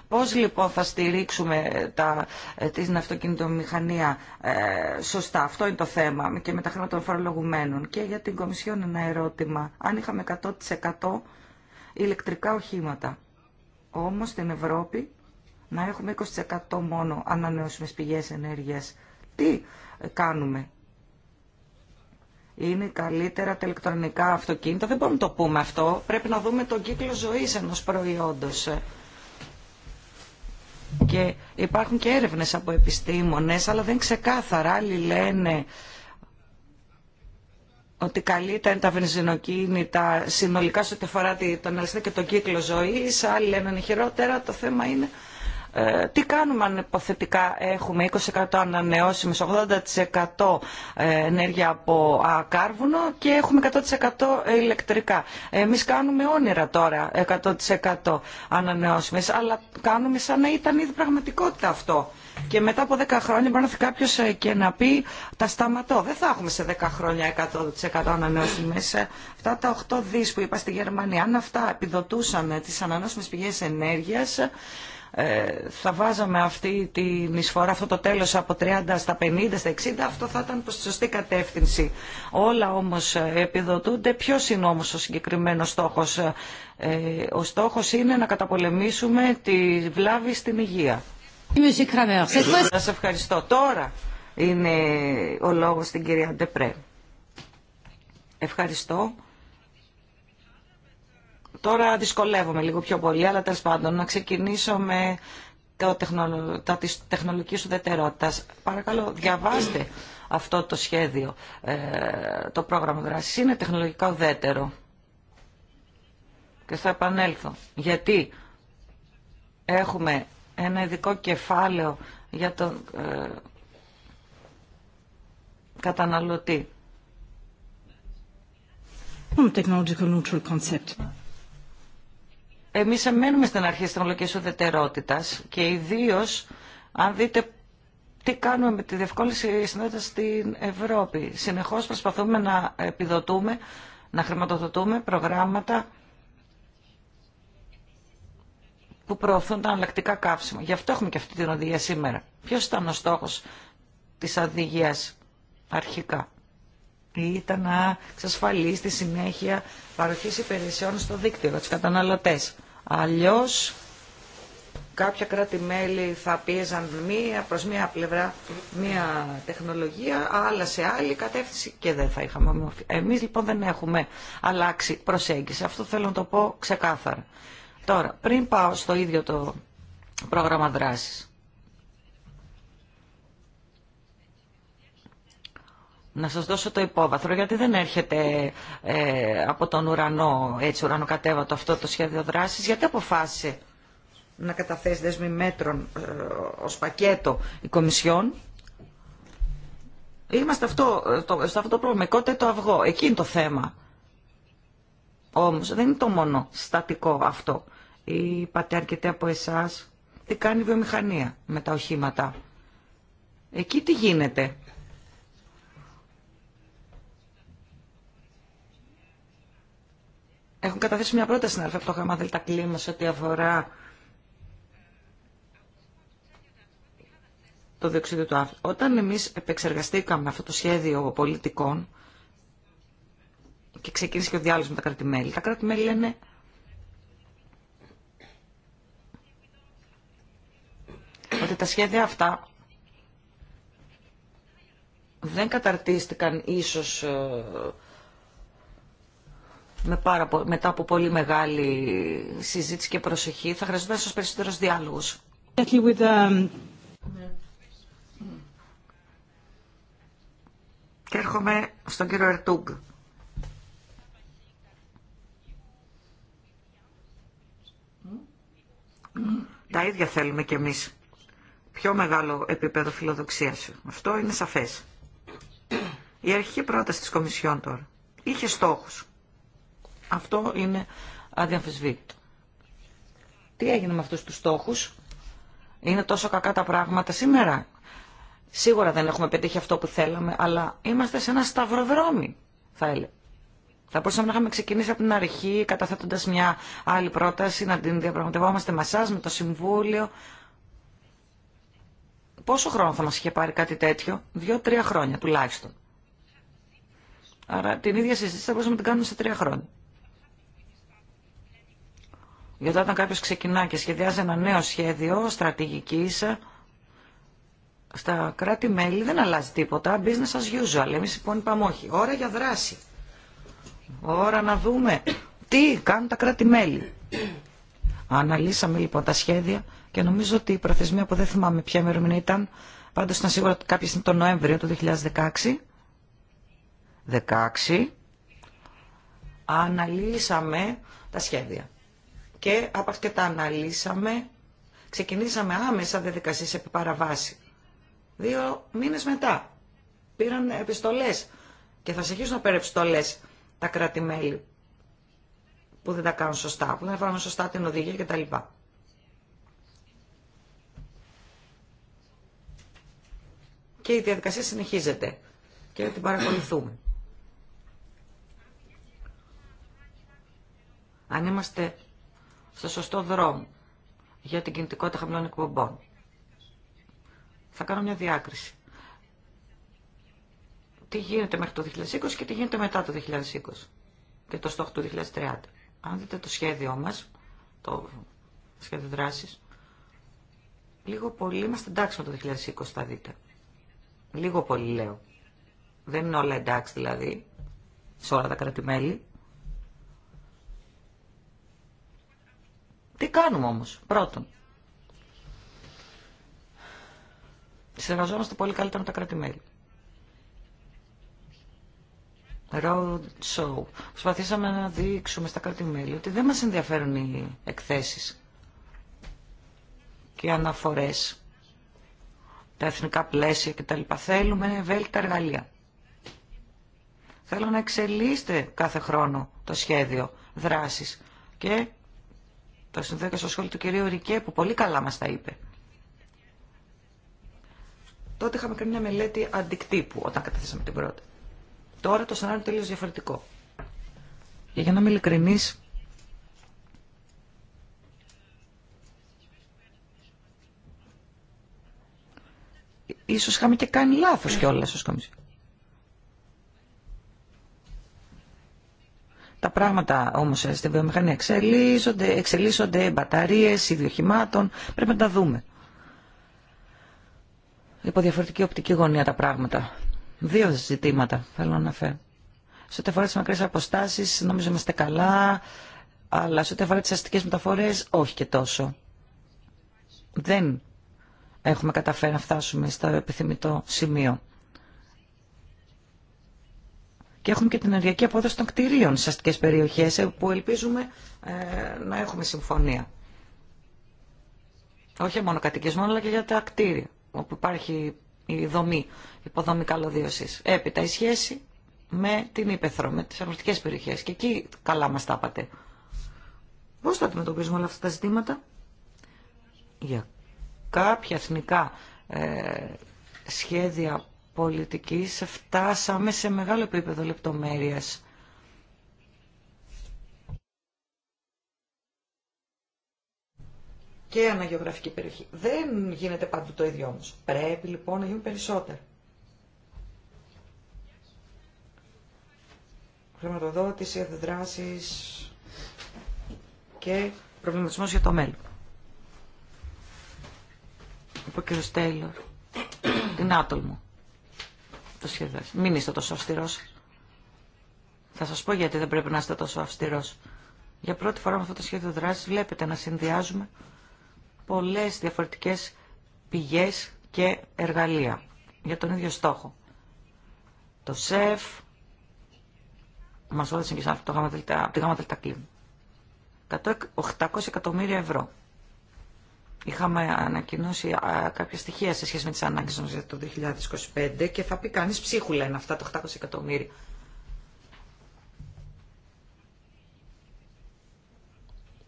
Πώς λοιπόν θα στηρίξουμε τα, την αυτοκινητομηχανία σωστά. Αυτό είναι το θέμα και με τα χρήματα των φορολογουμένων. Και για την Κομισιόν ένα ερώτημα. Αν είχαμε 100% ηλεκτρικά οχήματα, όμως στην Ευρώπη να έχουμε 20% μόνο ανανεώσιμες πηγές ενέργειας τι κάνουμε. Είναι καλύτερα τα ηλεκτρονικά αυτοκίνητα. Δεν μπορούμε να το πούμε αυτό. Πρέπει να δούμε τον κύκλο ζωής ενός προϊόντος. Και υπάρχουν και έρευνες από επιστήμονες, αλλά δεν ξεκάθαρα. Άλλοι λένε ότι καλύτερα είναι τα βενζινοκίνητα συνολικά σε ό,τι αφορά τον αλυσίδα και τον κύκλο ζωής. Άλλοι λένε είναι χειρότερα. Το θέμα είναι ε, τι κάνουμε αν υποθετικά έχουμε 20% ανανεώσιμες, 80% ε, ενέργεια από κάρβουνο και έχουμε 100% ηλεκτρικά. Εμείς κάνουμε όνειρα τώρα 100% ανανεώσιμες, αλλά κάνουμε σαν να ήταν ήδη πραγματικότητα αυτό. Και μετά από 10 χρόνια μπορεί να έρθει κάποιο ε, και να πει τα σταματώ. Δεν θα έχουμε σε 10 χρόνια 100% ανανεώσιμε. Αυτά τα 8 δι που είπα στη Γερμανία, αν αυτά επιδοτούσαν τι ανανεώσιμε πηγέ ενέργεια, ε, θα βάζαμε αυτή την εισφορά, αυτό το τέλος από 30 στα 50, στα 60, αυτό θα ήταν προς τη σωστή κατεύθυνση. Όλα όμως ε, επιδοτούνται. Ποιος είναι όμως ο συγκεκριμένος στόχος. Ε, ο στόχος είναι να καταπολεμήσουμε τη βλάβη στην υγεία. Σα ευχαριστώ. Τώρα είναι ο λόγος στην κυρία Ντεπρέ. Ευχαριστώ. Τώρα δυσκολεύομαι λίγο πιο πολύ, αλλά τέλο πάντων να ξεκινήσω με το τεχνολο... τα της τεχνολογικής ουδετερότητας. Παρακαλώ, διαβάστε αυτό το σχέδιο, ε, το πρόγραμμα δράση. Είναι τεχνολογικά ουδέτερο. Και θα επανέλθω. Γιατί έχουμε ένα ειδικό κεφάλαιο για τον ε, καταναλωτή. Technological neutral concept εμείς εμένουμε στην αρχή της ουδετερότητας και ιδίως αν δείτε τι κάνουμε με τη διευκόλυνση συνότητα στην Ευρώπη. Συνεχώς προσπαθούμε να επιδοτούμε, να χρηματοδοτούμε προγράμματα που προωθούν τα αναλλακτικά καύσιμα. Γι' αυτό έχουμε και αυτή την οδηγία σήμερα. Ποιος ήταν ο στόχος της οδηγίας αρχικά. Ήταν να εξασφαλίσει τη συνέχεια παροχής υπηρεσιών στο δίκτυο τους καταναλωτές. Αλλιώς κάποια κράτη-μέλη θα πίεζαν μία προς μία πλευρά μία τεχνολογία, άλλα σε άλλη κατεύθυνση και δεν θα είχαμε Εμείς λοιπόν δεν έχουμε αλλάξει προσέγγιση. Αυτό θέλω να το πω ξεκάθαρα. Τώρα, πριν πάω στο ίδιο το πρόγραμμα δράσης. να σας δώσω το υπόβαθρο, γιατί δεν έρχεται ε, από τον ουρανό, έτσι ουρανοκατέβατο αυτό το σχέδιο δράσης, γιατί αποφάσισε να καταθέσει δέσμη μέτρων ε, ως πακέτο η Κομισιόν. Είμαστε αυτό, ε, το, σε αυτό το πρόβλημα, κότε το αυγό, εκεί είναι το θέμα. Όμως δεν είναι το μόνο στατικό αυτό. Είπατε αρκετά από εσάς τι κάνει η βιομηχανία με τα οχήματα. Εκεί τι γίνεται. Έχουν καταθέσει μια πρόταση να από το γάμα Δελτα Κλίμα σε ό,τι αφορά το διοξείδιο του άνθρακα. Όταν εμείς επεξεργαστήκαμε αυτό το σχέδιο πολιτικών και ξεκίνησε και ο διάλογος με τα κράτη-μέλη, τα κράτη-μέλη λένε ότι τα σχέδια αυτά δεν καταρτίστηκαν ίσως ε, με πάρα, μετά από πολύ μεγάλη συζήτηση και προσοχή, θα χρειαζόταν ίσως περισσότερο διάλογο. Um, και έρχομαι στον κύριο Ερτούγκ. Τα ίδια θέλουμε κι εμείς. Πιο μεγάλο επίπεδο φιλοδοξίας. Αυτό είναι σαφές. Η αρχική πρόταση της Κομισιόν τώρα είχε στόχους. Αυτό είναι αδιαμφισβήτητο. Τι έγινε με αυτούς τους στόχους. Είναι τόσο κακά τα πράγματα σήμερα. Σίγουρα δεν έχουμε πετύχει αυτό που θέλαμε, αλλά είμαστε σε ένα σταυροδρόμι, θα έλεγα. Θα μπορούσαμε να είχαμε ξεκινήσει από την αρχή, καταθέτοντας μια άλλη πρόταση, να την διαπραγματευόμαστε με εσά, με το Συμβούλιο. Πόσο χρόνο θα μας είχε πάρει κάτι τέτοιο, δύο-τρία χρόνια τουλάχιστον. Άρα την ίδια συζήτηση θα μπορούσαμε να την κάνουμε σε τρία χρόνια. Γιατί όταν κάποιος ξεκινά και σχεδιάζει ένα νέο σχέδιο στρατηγικής, στα κράτη-μέλη δεν αλλάζει τίποτα, business as usual. Εμείς λοιπόν είπαμε όχι, ώρα για δράση. Ώρα να δούμε τι κάνουν τα κράτη-μέλη. Αναλύσαμε λοιπόν τα σχέδια και νομίζω ότι η προθεσμία που δεν θυμάμαι ποια ημερομηνία ήταν, πάντως ήταν σίγουρα κάποια είναι τον Νοέμβριο του 2016. 16. Αναλύσαμε τα σχέδια και από τα αναλύσαμε. Ξεκινήσαμε άμεσα διαδικασίες επί παραβάση. Δύο μήνες μετά πήραν επιστολές και θα συνεχίσουν να πέρα επιστολές τα κράτη-μέλη που δεν τα κάνουν σωστά, που δεν εφαρμόζουν σωστά την οδηγία κτλ. Και η διαδικασία συνεχίζεται και την παρακολουθούμε. Αν είμαστε στο σωστό δρόμο για την κινητικότητα χαμηλών εκπομπών. Θα κάνω μια διάκριση. Τι γίνεται μέχρι το 2020 και τι γίνεται μετά το 2020 και το στόχο του 2030. Αν δείτε το σχέδιό μας, το σχέδιο δράσης, λίγο πολύ είμαστε εντάξει με το 2020 θα δείτε. Λίγο πολύ λέω. Δεν είναι όλα εντάξει δηλαδή, σε όλα τα κράτη-μέλη. Τι κάνουμε όμως, πρώτον. Συνεργαζόμαστε πολύ καλύτερα με τα κράτη-μέλη. Road show. Προσπαθήσαμε να δείξουμε στα κρατη ότι δεν μας ενδιαφέρουν οι εκθέσεις και οι αναφορές, τα εθνικά πλαίσια κτλ. Θέλουμε ευέλικτα εργαλεία. Θέλω να εξελίσσετε κάθε χρόνο το σχέδιο δράσης και το συνδέω και στο σχόλιο του κυρίου Ρικέ που πολύ καλά μας τα είπε. Τότε είχαμε κάνει μια μελέτη αντικτύπου όταν καταθέσαμε την πρώτη. Τώρα το σενάριο είναι τελείως διαφορετικό. Και για να είμαι ειλικρινής, ίσως είχαμε και κάνει λάθος όλα ως Τα πράγματα όμως ε, στη βιομηχανία εξελίσσονται, εξελίσσονται μπαταρίες, ιδιοχημάτων, πρέπει να τα δούμε. Υπό διαφορετική οπτική γωνία τα πράγματα. Δύο ζητήματα θέλω να φέρω. Σε ό,τι αφορά τι μακρέ αποστάσει, νομίζω είμαστε καλά, αλλά σε ό,τι αφορά τι αστικέ μεταφορέ, όχι και τόσο. Δεν έχουμε καταφέρει να φτάσουμε στο επιθυμητό σημείο. Και έχουμε και την ενεργειακή απόδοση των κτηρίων στι αστικέ περιοχέ, ε, που ελπίζουμε ε, να έχουμε συμφωνία. Όχι μόνο κατοικισμό, αλλά και για τα κτίρια, όπου υπάρχει η δομή, υποδομή καλωδίωση. Έπειτα η σχέση με την Ήπεθρο, με τι αγροτικέ περιοχέ. Και εκεί καλά μα τα είπατε. Πώ θα αντιμετωπίζουμε όλα αυτά τα ζητήματα, Για κάποια εθνικά ε, σχέδια πολιτικής φτάσαμε σε μεγάλο επίπεδο λεπτομέρειας. και αναγεωγραφική περιοχή. Δεν γίνεται παντού το ίδιο όμως. Πρέπει λοιπόν να γίνουν περισσότερο Χρηματοδότηση, αντιδράσεις και προβληματισμός για το μέλλον. από ο κ. Στέιλορ. την άτολμο το Μην είστε τόσο αυστηρό. Θα σας πω γιατί δεν πρέπει να είστε τόσο αυστηρό. Για πρώτη φορά με αυτό το σχέδιο δράση βλέπετε να συνδυάζουμε πολλές διαφορετικές πηγές και εργαλεία για τον ίδιο στόχο. Το ΣΕΦ, Μα όδησαν και σαν αυτό το γάμα τελτα, 800 εκατομμύρια ευρώ Είχαμε ανακοινώσει κάποια στοιχεία σε σχέση με τις ανάγκες μας για το 2025 και θα πει κανείς ψίχουλα είναι αυτά τα 800 εκατομμύρια.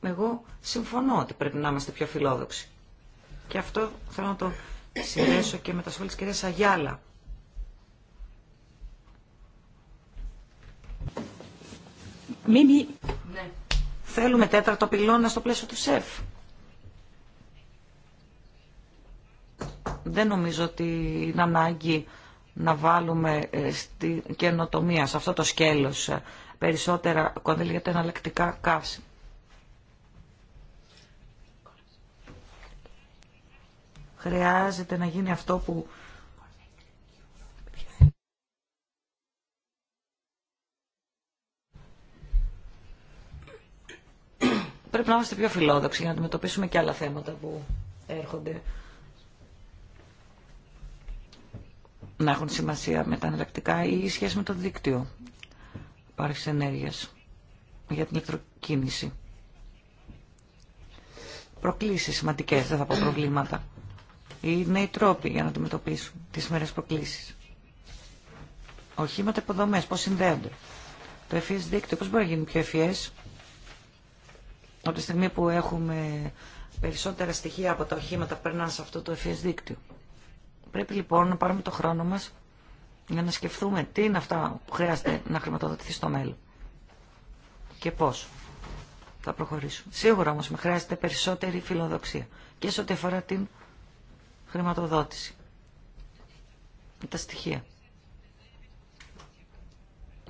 Εγώ συμφωνώ ότι πρέπει να είμαστε πιο φιλόδοξοι. Και αυτό θέλω να το συνδέσω και με τα σχόλια της κυρίας Αγιάλα. Μίμη, θέλουμε τέταρτο πυλώνα στο πλαίσιο του ΣΕΦ. δεν νομίζω ότι είναι ανάγκη να βάλουμε ε, στη καινοτομία, σε αυτό το σκέλος, ε, περισσότερα κονδύλια τα εναλλακτικά καύση. Χρειάζεται να γίνει αυτό που πρέπει να είμαστε πιο φιλόδοξοι για να αντιμετωπίσουμε και άλλα θέματα που έρχονται να έχουν σημασία με τα εναλλακτικά ή η σχέση με το δίκτυο πάρξης ενέργεια για την ηλεκτροκίνηση. Προκλήσεις σημαντικές, δεν θα πω προβλήματα. Οι νέοι τρόποι για να αντιμετωπίσουν τις μερές προκλήσεις. Οχήματα υποδομές, πώς συνδέονται. Το ευφυές δίκτυο, πώς μπορεί να γίνει πιο ευφυές. Από τη στιγμή που έχουμε περισσότερα στοιχεία από τα οχήματα που περνάνε σε αυτό το ευφυές δίκτυο. Πρέπει λοιπόν να πάρουμε το χρόνο μας για να σκεφτούμε τι είναι αυτά που χρειάζεται να χρηματοδοτηθεί στο μέλλον και πώς θα προχωρήσουμε. Σίγουρα όμως με χρειάζεται περισσότερη φιλοδοξία και σε ό,τι αφορά την χρηματοδότηση. Τα στοιχεία.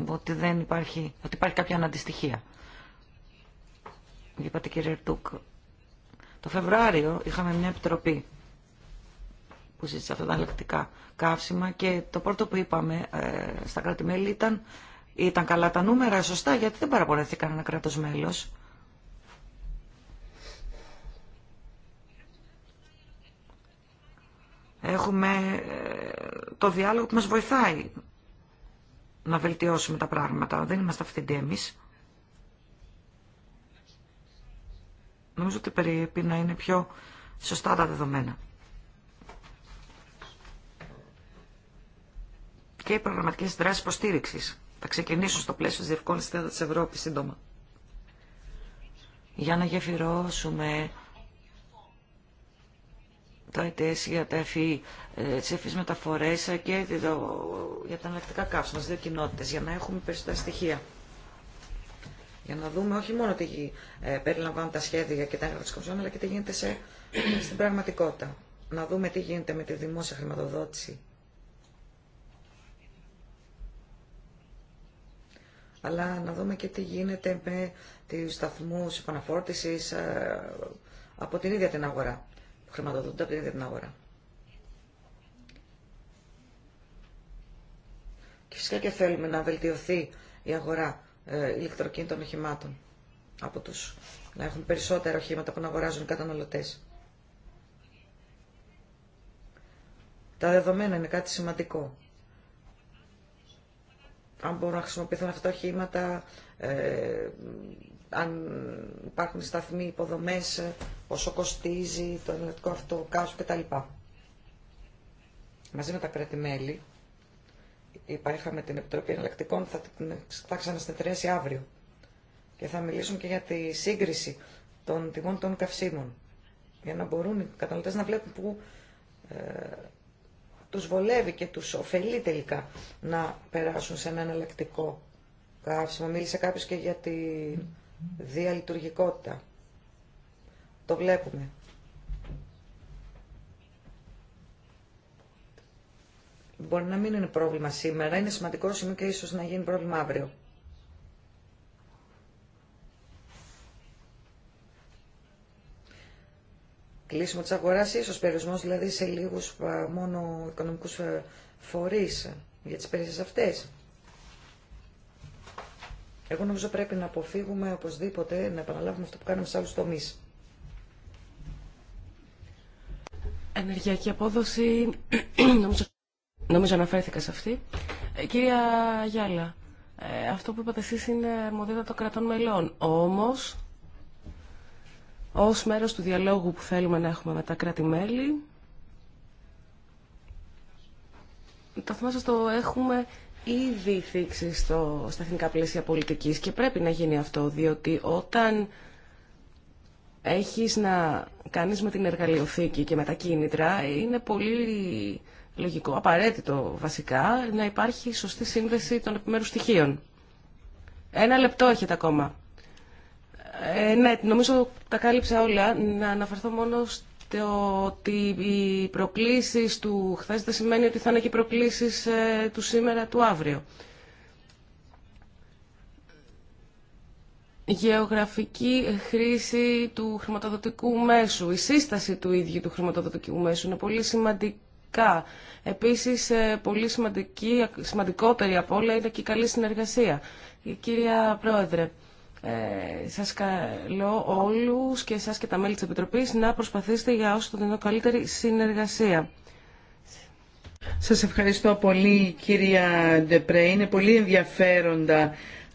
Ότι, δεν υπάρχει, ότι υπάρχει κάποια αναντιστοιχεία. Είπατε κύριε Ερτούκ. Το Φεβρουάριο είχαμε μια επιτροπή που ζήτησε αυτά τα αλλακτικά καύσιμα και το πρώτο που είπαμε ε, στα κράτη-μέλη ήταν ήταν καλά τα νούμερα, σωστά, γιατί δεν παραπονέθηκε κανένα κράτος μέλος. Έχουμε ε, το διάλογο που μας βοηθάει να βελτιώσουμε τα πράγματα. Δεν είμαστε αυθεντοί εμείς. Νομίζω ότι πρέπει να είναι πιο σωστά τα δεδομένα. και οι προγραμματικέ δράσει υποστήριξη θα ξεκινήσουν στο πλαίσιο τη διευκόλυνση τη Ευρώπη σύντομα. Για να γεφυρώσουμε το ΕΤΕΣ για τα ΕΦΗ, ε, τι ΕΦΗ μεταφορέ και για τα αναλυτικά καύσιμα στι δύο κοινότητε, για να έχουμε περισσότερα στοιχεία. Για να δούμε όχι μόνο τι ε, περιλαμβάνουν τα σχέδια και τα έργα τη Κομισιόν, αλλά και τι γίνεται σε, στην πραγματικότητα. Να δούμε τι γίνεται με τη δημόσια χρηματοδότηση αλλά να δούμε και τι γίνεται με του σταθμού επαναφόρτηση ε, από την ίδια την αγορά. Που χρηματοδοτούνται από την ίδια την αγορά. Και φυσικά και θέλουμε να βελτιωθεί η αγορά ε, ηλεκτροκίνητων οχημάτων από τους να έχουν περισσότερα οχήματα που να αγοράζουν οι καταναλωτές. Τα δεδομένα είναι κάτι σημαντικό αν μπορούν να χρησιμοποιηθούν αυτά τα οχήματα, ε, αν υπάρχουν σταθμοί, υποδομές, ε, πόσο κοστίζει το ενεργητικό αυτό κάσου κτλ. Μαζί με τα κράτη-μέλη, υπάρχαμε την Επιτροπή Εναλλακτικών, θα, την 3 αύριο και θα μιλήσουν και για τη σύγκριση των τιμών των καυσίμων για να μπορούν οι καταναλωτές να βλέπουν που ε, τους βολεύει και τους ωφελεί τελικά να περάσουν σε ένα εναλλακτικό καύσιμο. Μίλησε κάποιος και για τη διαλειτουργικότητα. Το βλέπουμε. Μπορεί να μην είναι πρόβλημα σήμερα, είναι σημαντικό σημείο και ίσως να γίνει πρόβλημα αύριο. κλείσιμο της αγοράς, ίσως περιορισμό, δηλαδή σε λίγους μόνο οικονομικούς φορείς για τις υπηρεσίες αυτές. Εγώ νομίζω πρέπει να αποφύγουμε οπωσδήποτε να επαναλάβουμε αυτό που κάνουμε σε άλλους τομείς. Ενεργειακή απόδοση, νομίζω, νομίζω αναφέρθηκα σε αυτή. Ε, κυρία Γιάλα, ε, αυτό που είπατε εσείς είναι αρμοδίδα των κρατών μελών. Όμως, ως μέρος του διαλόγου που θέλουμε να έχουμε με τα κράτη-μέλη. Το θέμα σας το έχουμε ήδη θίξει στο, στα εθνικά πλαίσια πολιτικής και πρέπει να γίνει αυτό, διότι όταν έχεις να κάνεις με την εργαλειοθήκη και με τα κίνητρα, είναι πολύ λογικό, απαραίτητο βασικά, να υπάρχει σωστή σύνδεση των επιμέρους στοιχείων. Ένα λεπτό έχετε ακόμα. Ε, ναι, νομίζω τα κάλυψα όλα. Να αναφερθώ μόνο στο ότι οι προκλήσεις του χθες δεν σημαίνει ότι θα είναι και οι προκλήσεις ε, του σήμερα, του αύριο. Γεωγραφική χρήση του χρηματοδοτικού μέσου, η σύσταση του ίδιου του χρηματοδοτικού μέσου είναι πολύ σημαντικά. Επίσης, ε, πολύ σημαντική, σημαντικότερη από όλα είναι και η καλή συνεργασία. Κυρία Πρόεδρε, ε, σας καλώ όλους και εσάς και τα μέλη της Επιτροπής να προσπαθήσετε για όσο το δυνατόν καλύτερη συνεργασία. Σας ευχαριστώ πολύ κυρία Ντεπρέ. Είναι πολύ ενδιαφέροντα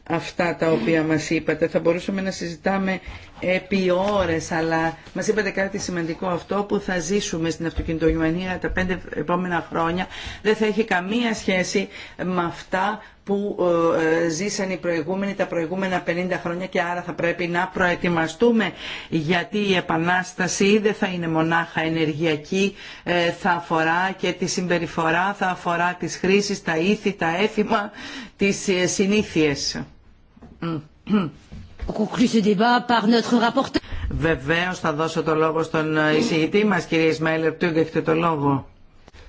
αυτά τα οποία μας είπατε. Θα μπορούσαμε να συζητάμε επί ώρες, αλλά μας είπατε κάτι σημαντικό. Αυτό που θα ζήσουμε στην αυτοκινητογημανία τα πέντε επόμενα χρόνια δεν θα έχει καμία σχέση με αυτά που ε, ε, ζήσαν οι προηγούμενοι τα προηγούμενα 50 χρόνια και άρα θα πρέπει να προετοιμαστούμε γιατί η επανάσταση δεν θα είναι μονάχα ενεργειακή, ε, θα αφορά και τη συμπεριφορά, θα αφορά τις χρήσεις, τα ήθη, τα έθιμα, τις συνήθειες. Βεβαίως θα δώσω το λόγο στον εισηγητή μας, κύριε Ισμαήλ Ερτούγκ, έχετε το λόγο.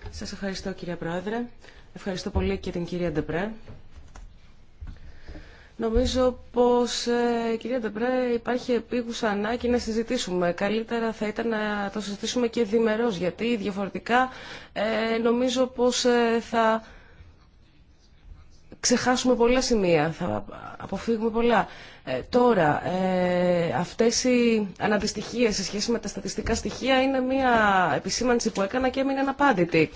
Σας ευχαριστώ κύριε Πρόεδρε. Ευχαριστώ πολύ και την κυρία Ντεπρέ. Νομίζω πως, ε, κυρία Ντεπρέ, υπάρχει επίγουσα ανάγκη να συζητήσουμε. Καλύτερα θα ήταν να το συζητήσουμε και διμερώς, γιατί διαφορετικά ε, νομίζω πως ε, θα ξεχάσουμε πολλά σημεία, θα αποφύγουμε πολλά. τώρα, ε, αυτές οι αναδυστυχίες σε σχέση με τα στατιστικά στοιχεία είναι μια επισήμανση που έκανα και έμεινε απάντητή.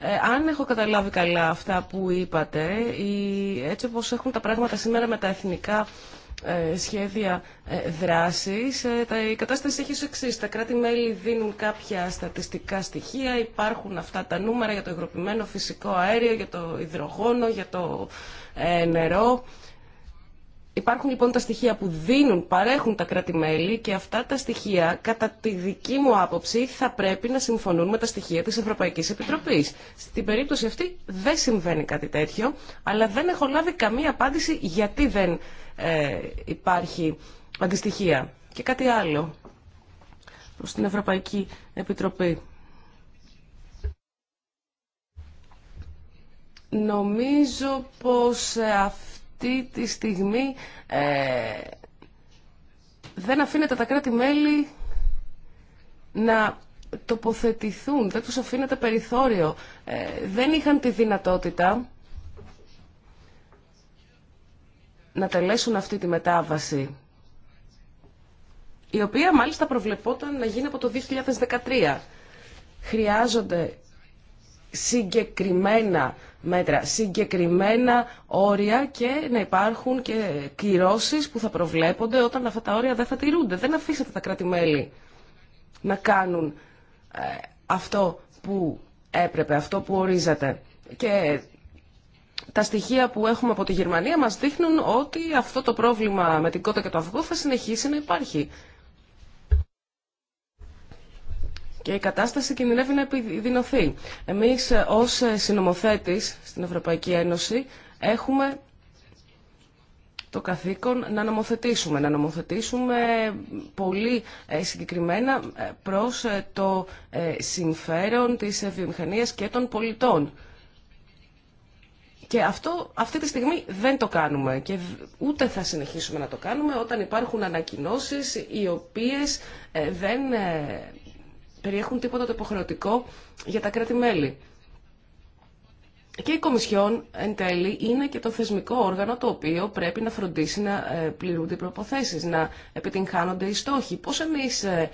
Ε, αν έχω καταλάβει καλά αυτά που είπατε, ή έτσι όπως έχουν τα πράγματα σήμερα με τα εθνικά ε, σχέδια ε, δράσης, ε, τα, η κατάσταση έχει ως Τα κράτη-μέλη δίνουν κάποια στατιστικά στοιχεία, υπάρχουν αυτά τα νούμερα για το υγροποιημένο φυσικό αέριο, για το υδρογόνο, για το νερό. Υπάρχουν λοιπόν τα στοιχεία που δίνουν, παρέχουν τα κράτη-μέλη και αυτά τα στοιχεία, κατά τη δική μου άποψη, θα πρέπει να συμφωνούν με τα στοιχεία της Ευρωπαϊκής Επιτροπής. Στην περίπτωση αυτή δεν συμβαίνει κάτι τέτοιο, αλλά δεν έχω λάβει καμία απάντηση γιατί δεν ε, υπάρχει αντιστοιχεία. Και κάτι άλλο προς την Ευρωπαϊκή Επιτροπή. Νομίζω πως ε, αυτή τη στιγμή ε, δεν αφήνεται τα κράτη-μέλη να τοποθετηθούν, δεν τους αφήνεται περιθώριο. Ε, δεν είχαν τη δυνατότητα να τελέσουν αυτή τη μετάβαση, η οποία μάλιστα προβλεπόταν να γίνει από το 2013. Χρειάζονται συγκεκριμένα μέτρα, συγκεκριμένα όρια και να υπάρχουν και κυρώσεις που θα προβλέπονται όταν αυτά τα όρια δεν θα τηρούνται. Δεν αφήσατε τα κράτη-μέλη να κάνουν ε, αυτό που έπρεπε, αυτό που ορίζατε. Και τα στοιχεία που έχουμε από τη Γερμανία μας δείχνουν ότι αυτό το πρόβλημα με την κότα και το αυγό θα συνεχίσει να υπάρχει και η κατάσταση κινδυνεύει να επιδεινωθεί. Εμείς ε, ως ε, συνομοθέτης στην Ευρωπαϊκή Ένωση έχουμε το καθήκον να νομοθετήσουμε. Να νομοθετήσουμε πολύ ε, συγκεκριμένα προς το συμφέρον της βιομηχανίας και των πολιτών. Και αυτό αυτή τη στιγμή δεν το κάνουμε και ούτε θα συνεχίσουμε να το κάνουμε όταν υπάρχουν ανακοινώσεις οι οποίες δεν περιέχουν τίποτα το υποχρεωτικό για τα κράτη-μέλη. Και η Κομισιόν εν τέλει είναι και το θεσμικό όργανο το οποίο πρέπει να φροντίσει να ε, πληρούνται οι προποθέσεις, να επιτυγχάνονται οι στόχοι. Πώς εμείς ε,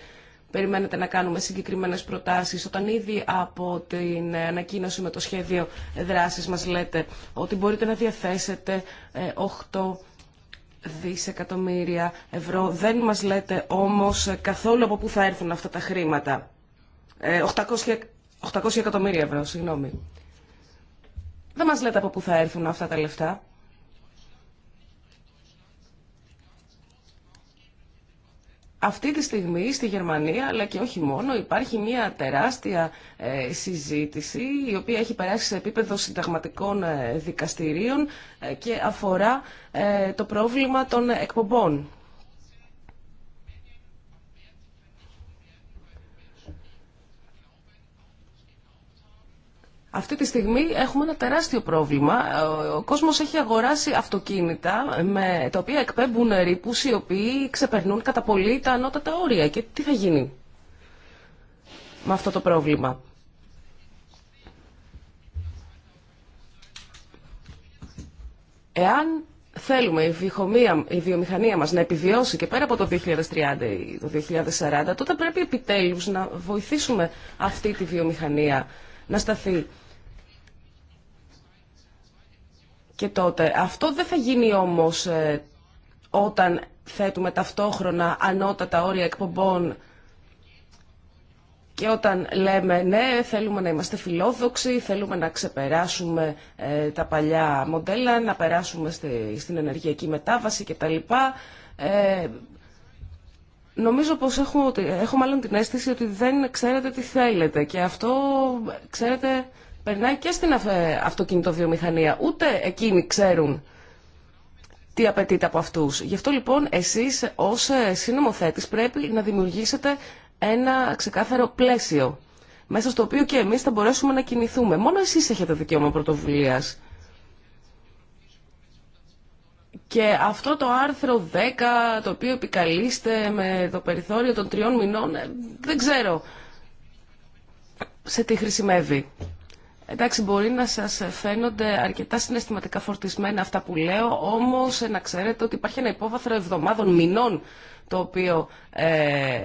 περιμένετε να κάνουμε συγκεκριμένες προτάσεις όταν ήδη από την ανακοίνωση με το σχέδιο δράσης μας λέτε ότι μπορείτε να διαθέσετε 8 ε, δισεκατομμύρια ευρώ. Δεν μας λέτε όμως καθόλου από πού θα έρθουν αυτά τα χρήματα. 800, ε, εκατομμύρια ευρώ, συγγνώμη. Δεν μας λέτε από πού θα έρθουν αυτά τα λεφτά. Αυτή τη στιγμή στη Γερμανία, αλλά και όχι μόνο, υπάρχει μια τεράστια ε, συζήτηση η οποία έχει περάσει σε επίπεδο συνταγματικών ε, δικαστηρίων και αφορά το πρόβλημα των εκπομπών. Αυτή τη στιγμή έχουμε ένα τεράστιο πρόβλημα. Ο κόσμος έχει αγοράσει αυτοκίνητα με τα οποία εκπέμπουν ρήπους οι οποίοι ξεπερνούν κατά πολύ τα ανώτατα όρια. Και τι θα γίνει με αυτό το πρόβλημα. Εάν θέλουμε η, βιομηχανία, η βιομηχανία μας να επιβιώσει και πέρα από το 2030 ή το 2040, τότε πρέπει επιτέλους να βοηθήσουμε αυτή τη βιομηχανία να σταθεί και τότε. Αυτό δεν θα γίνει όμως ε, όταν θέτουμε ταυτόχρονα ανώτατα όρια εκπομπών και όταν λέμε ναι θέλουμε να είμαστε φιλόδοξοι, θέλουμε να ξεπεράσουμε ε, τα παλιά μοντέλα, να περάσουμε στη, στην ενεργειακή μετάβαση κτλ. Ε, νομίζω πως έχω, έχω μάλλον την αίσθηση ότι δεν ξέρετε τι θέλετε και αυτό ξέρετε περνάει και στην ε, αυτοκινητοβιομηχανία. Ούτε εκείνοι ξέρουν τι απαιτείται από αυτού. Γι' αυτό λοιπόν εσείς ω ε, συνομοθέτης πρέπει να δημιουργήσετε ένα ξεκάθαρο πλαίσιο μέσα στο οποίο και εμείς θα μπορέσουμε να κινηθούμε. Μόνο εσείς έχετε δικαίωμα πρωτοβουλίας. Και αυτό το άρθρο 10, το οποίο επικαλείστε με το περιθώριο των τριών μηνών, ε, δεν ξέρω σε τι χρησιμεύει. Εντάξει, μπορεί να σα φαίνονται αρκετά συναισθηματικά φορτισμένα αυτά που λέω, όμως ε, να ξέρετε ότι υπάρχει ένα υπόβαθρο εβδομάδων, μηνών, το οποίο ε,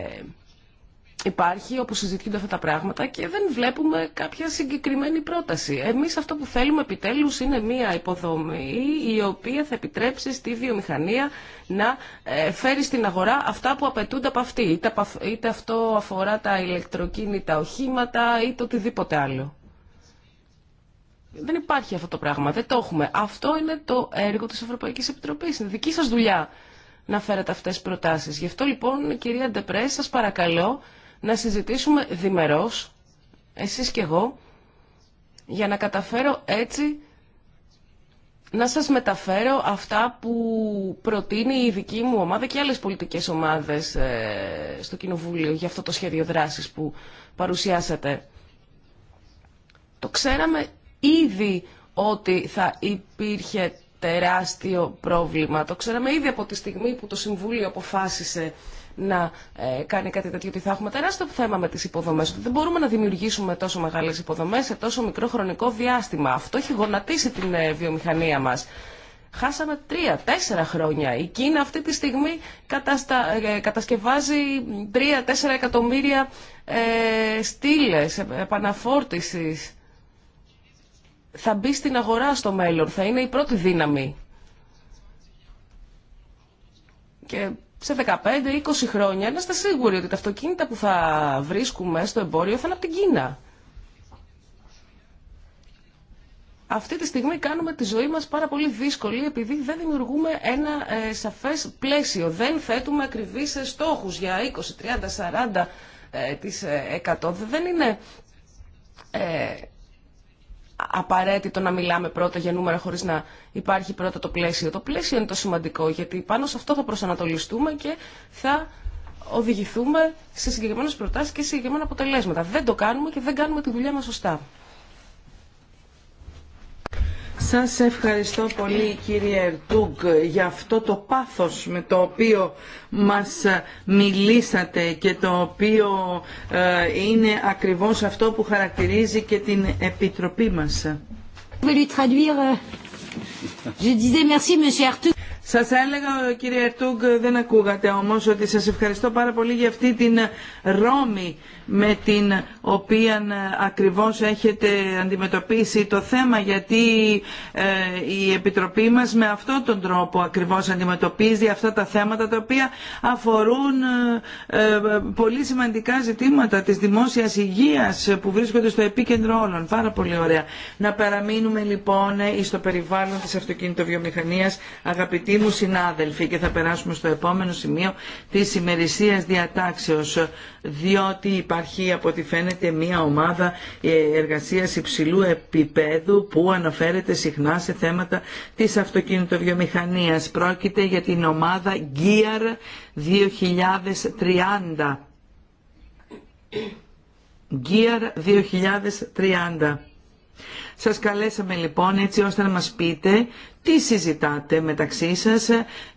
υπάρχει, όπου συζητούνται αυτά τα πράγματα και δεν βλέπουμε κάποια συγκεκριμένη πρόταση. Εμεί αυτό που θέλουμε επιτέλου είναι μία υποδομή η οποία θα επιτρέψει στη βιομηχανία να ε, φέρει στην αγορά αυτά που απαιτούνται από αυτή. Είτε αυτό αφορά τα ηλεκτροκίνητα οχήματα είτε οτιδήποτε άλλο. Δεν υπάρχει αυτό το πράγμα, δεν το έχουμε. Αυτό είναι το έργο τη Ευρωπαϊκής Επιτροπής, είναι δική σας δουλειά να φέρετε αυτές τις προτάσεις. Γι' αυτό λοιπόν, κυρία Ντεπρέ, σας παρακαλώ να συζητήσουμε διμερώς, εσείς και εγώ, για να καταφέρω έτσι να σας μεταφέρω αυτά που προτείνει η δική μου ομάδα και άλλες πολιτικές ομάδες ε, στο Κοινοβούλιο για αυτό το σχέδιο δράσης που παρουσιάσατε. Το ξέραμε ήδη ότι θα υπήρχε τεράστιο πρόβλημα. Το ξέραμε ήδη από τη στιγμή που το Συμβούλιο αποφάσισε να ε, κάνει κάτι τέτοιο, ότι θα έχουμε τεράστιο θέμα με τις υποδομές. δεν μπορούμε να δημιουργήσουμε τόσο μεγάλες υποδομές σε τόσο μικρό χρονικό διάστημα. Αυτό έχει γονατίσει την ε, βιομηχανία μας. Χάσαμε τρία, τέσσερα χρόνια. Η Κίνα αυτή τη στιγμή ε, κατασκευάζει τρία, τέσσερα εκατομμύρια ε, στήλε επαναφόρτηση θα μπει στην αγορά στο μέλλον, θα είναι η πρώτη δύναμη. Και σε 15-20 χρόνια να είστε σίγουροι ότι τα αυτοκίνητα που θα βρίσκουμε στο εμπόριο θα είναι από την Κίνα. Αυτή τη στιγμή κάνουμε τη ζωή μας πάρα πολύ δύσκολη επειδή δεν δημιουργούμε ένα ε, σαφές πλαίσιο. Δεν θέτουμε ακριβείς στόχους για 20, 30, 40% ε, της, ε, 100. Δεν είναι ε, απαραίτητο να μιλάμε πρώτα για νούμερα χωρίς να υπάρχει πρώτα το πλαίσιο. Το πλαίσιο είναι το σημαντικό γιατί πάνω σε αυτό θα προσανατολιστούμε και θα οδηγηθούμε σε συγκεκριμένες προτάσεις και σε συγκεκριμένα αποτελέσματα. Δεν το κάνουμε και δεν κάνουμε τη δουλειά μας σωστά. Σας ευχαριστώ πολύ κύριε Ερτούγκ για αυτό το πάθος με το οποίο μας μιλήσατε και το οποίο ε, είναι ακριβώς αυτό που χαρακτηρίζει και την Επιτροπή μας. Σας έλεγα κύριε Ερτούγκ, δεν ακούγατε όμως, ότι σας ευχαριστώ πάρα πολύ για αυτή την ρόμη με την οποία ακριβώς έχετε αντιμετωπίσει το θέμα, γιατί ε, η Επιτροπή μας με αυτόν τον τρόπο ακριβώς αντιμετωπίζει αυτά τα θέματα τα οποία αφορούν ε, ε, πολύ σημαντικά ζητήματα της δημόσιας υγείας που βρίσκονται στο επίκεντρο όλων. Πάρα πολύ ωραία. Να παραμείνουμε λοιπόν στο περιβάλλον της αυτοκινητοβιομηχανίας αγαπητοί μου συνάδελφοι και θα περάσουμε στο επόμενο σημείο της ημερησίας διατάξεως διότι υπάρχει από ό,τι φαίνεται μια ομάδα ε, εργασίας υψηλού επίπεδου που αναφέρεται συχνά σε θέματα της αυτοκινητοβιομηχανίας. Πρόκειται για την ομάδα Gear 2030. Gear 2030. Σας καλέσαμε λοιπόν έτσι ώστε να μας πείτε τι συζητάτε μεταξύ σας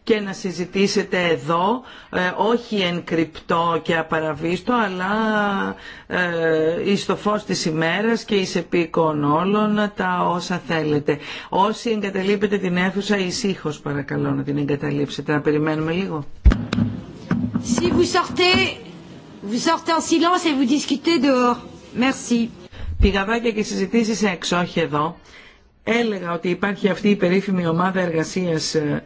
και να συζητήσετε εδώ, ε, όχι εν κρυπτό και απαραβίστο, αλλά ε, εις το φως της ημέρας και εις επίκον όλων τα όσα θέλετε. Όσοι εγκαταλείπετε την αίθουσα, ησύχως παρακαλώ να την εγκαταλείψετε. Να περιμένουμε λίγο. Si vous sortez, vous sortez πηγαδάκια και συζητήσεις έξω, όχι εδώ. Έλεγα ότι υπάρχει αυτή η περίφημη ομάδα εργασίας ε,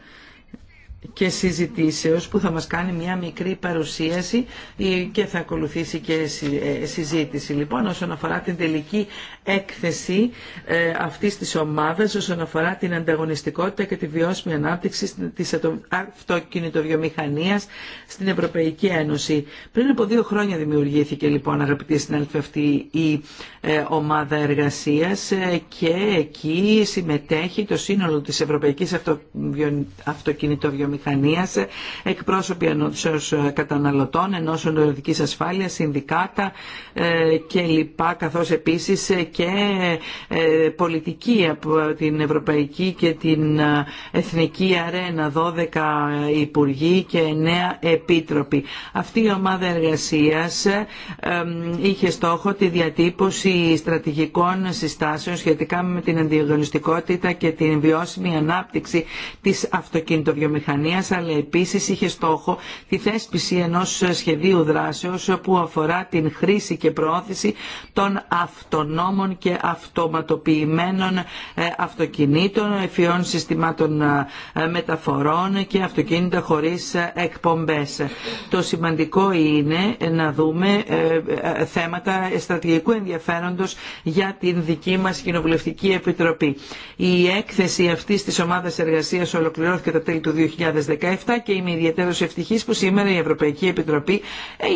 και συζητήσεως που θα μας κάνει μια μικρή παρουσίαση ε, και θα ακολουθήσει και ε, συζήτηση. Λοιπόν, όσον αφορά την τελική έκθεση ε, αυτής της ομάδας όσον αφορά την ανταγωνιστικότητα και τη βιώσιμη ανάπτυξη της αυτοκινητοβιομηχανίας στην Ευρωπαϊκή Ένωση. Πριν από δύο χρόνια δημιουργήθηκε λοιπόν αγαπητοί συνάδελφοι αυτή η ε, ομάδα εργασίας ε, και εκεί συμμετέχει το σύνολο της Ευρωπαϊκής Αυτοκινητοβιομηχανίας εκπρόσωποι ε, καταναλωτών, ενός ασφάλειας, συνδικάτα και λοιπά καθώς επίσης και ε, πολιτική από την Ευρωπαϊκή και την ε, Εθνική Αρένα, 12 Υπουργοί και 9 Επίτροποι. Αυτή η ομάδα εργασίας ε, είχε στόχο τη διατύπωση στρατηγικών συστάσεων σχετικά με την αντιγωνιστικότητα και την βιώσιμη ανάπτυξη της αυτοκινητοβιομηχανίας, αλλά επίσης είχε στόχο τη θέσπιση ενός σχεδίου δράσεως που αφορά την χρήση και προώθηση των αυτονόμων και αυτοματοποιημένων ε, αυτοκινήτων, εφιών συστημάτων ε, μεταφορών και αυτοκίνητα χωρίς ε, εκπομπές. Το σημαντικό είναι να δούμε θέματα στρατηγικού ενδιαφέροντος για την δική μας Κοινοβουλευτική Επιτροπή. Η έκθεση αυτή τη ομάδα εργασία ολοκληρώθηκε τα τέλη του 2017 και είμαι ιδιαίτερο ευτυχής που σήμερα η Ευρωπαϊκή Επιτροπή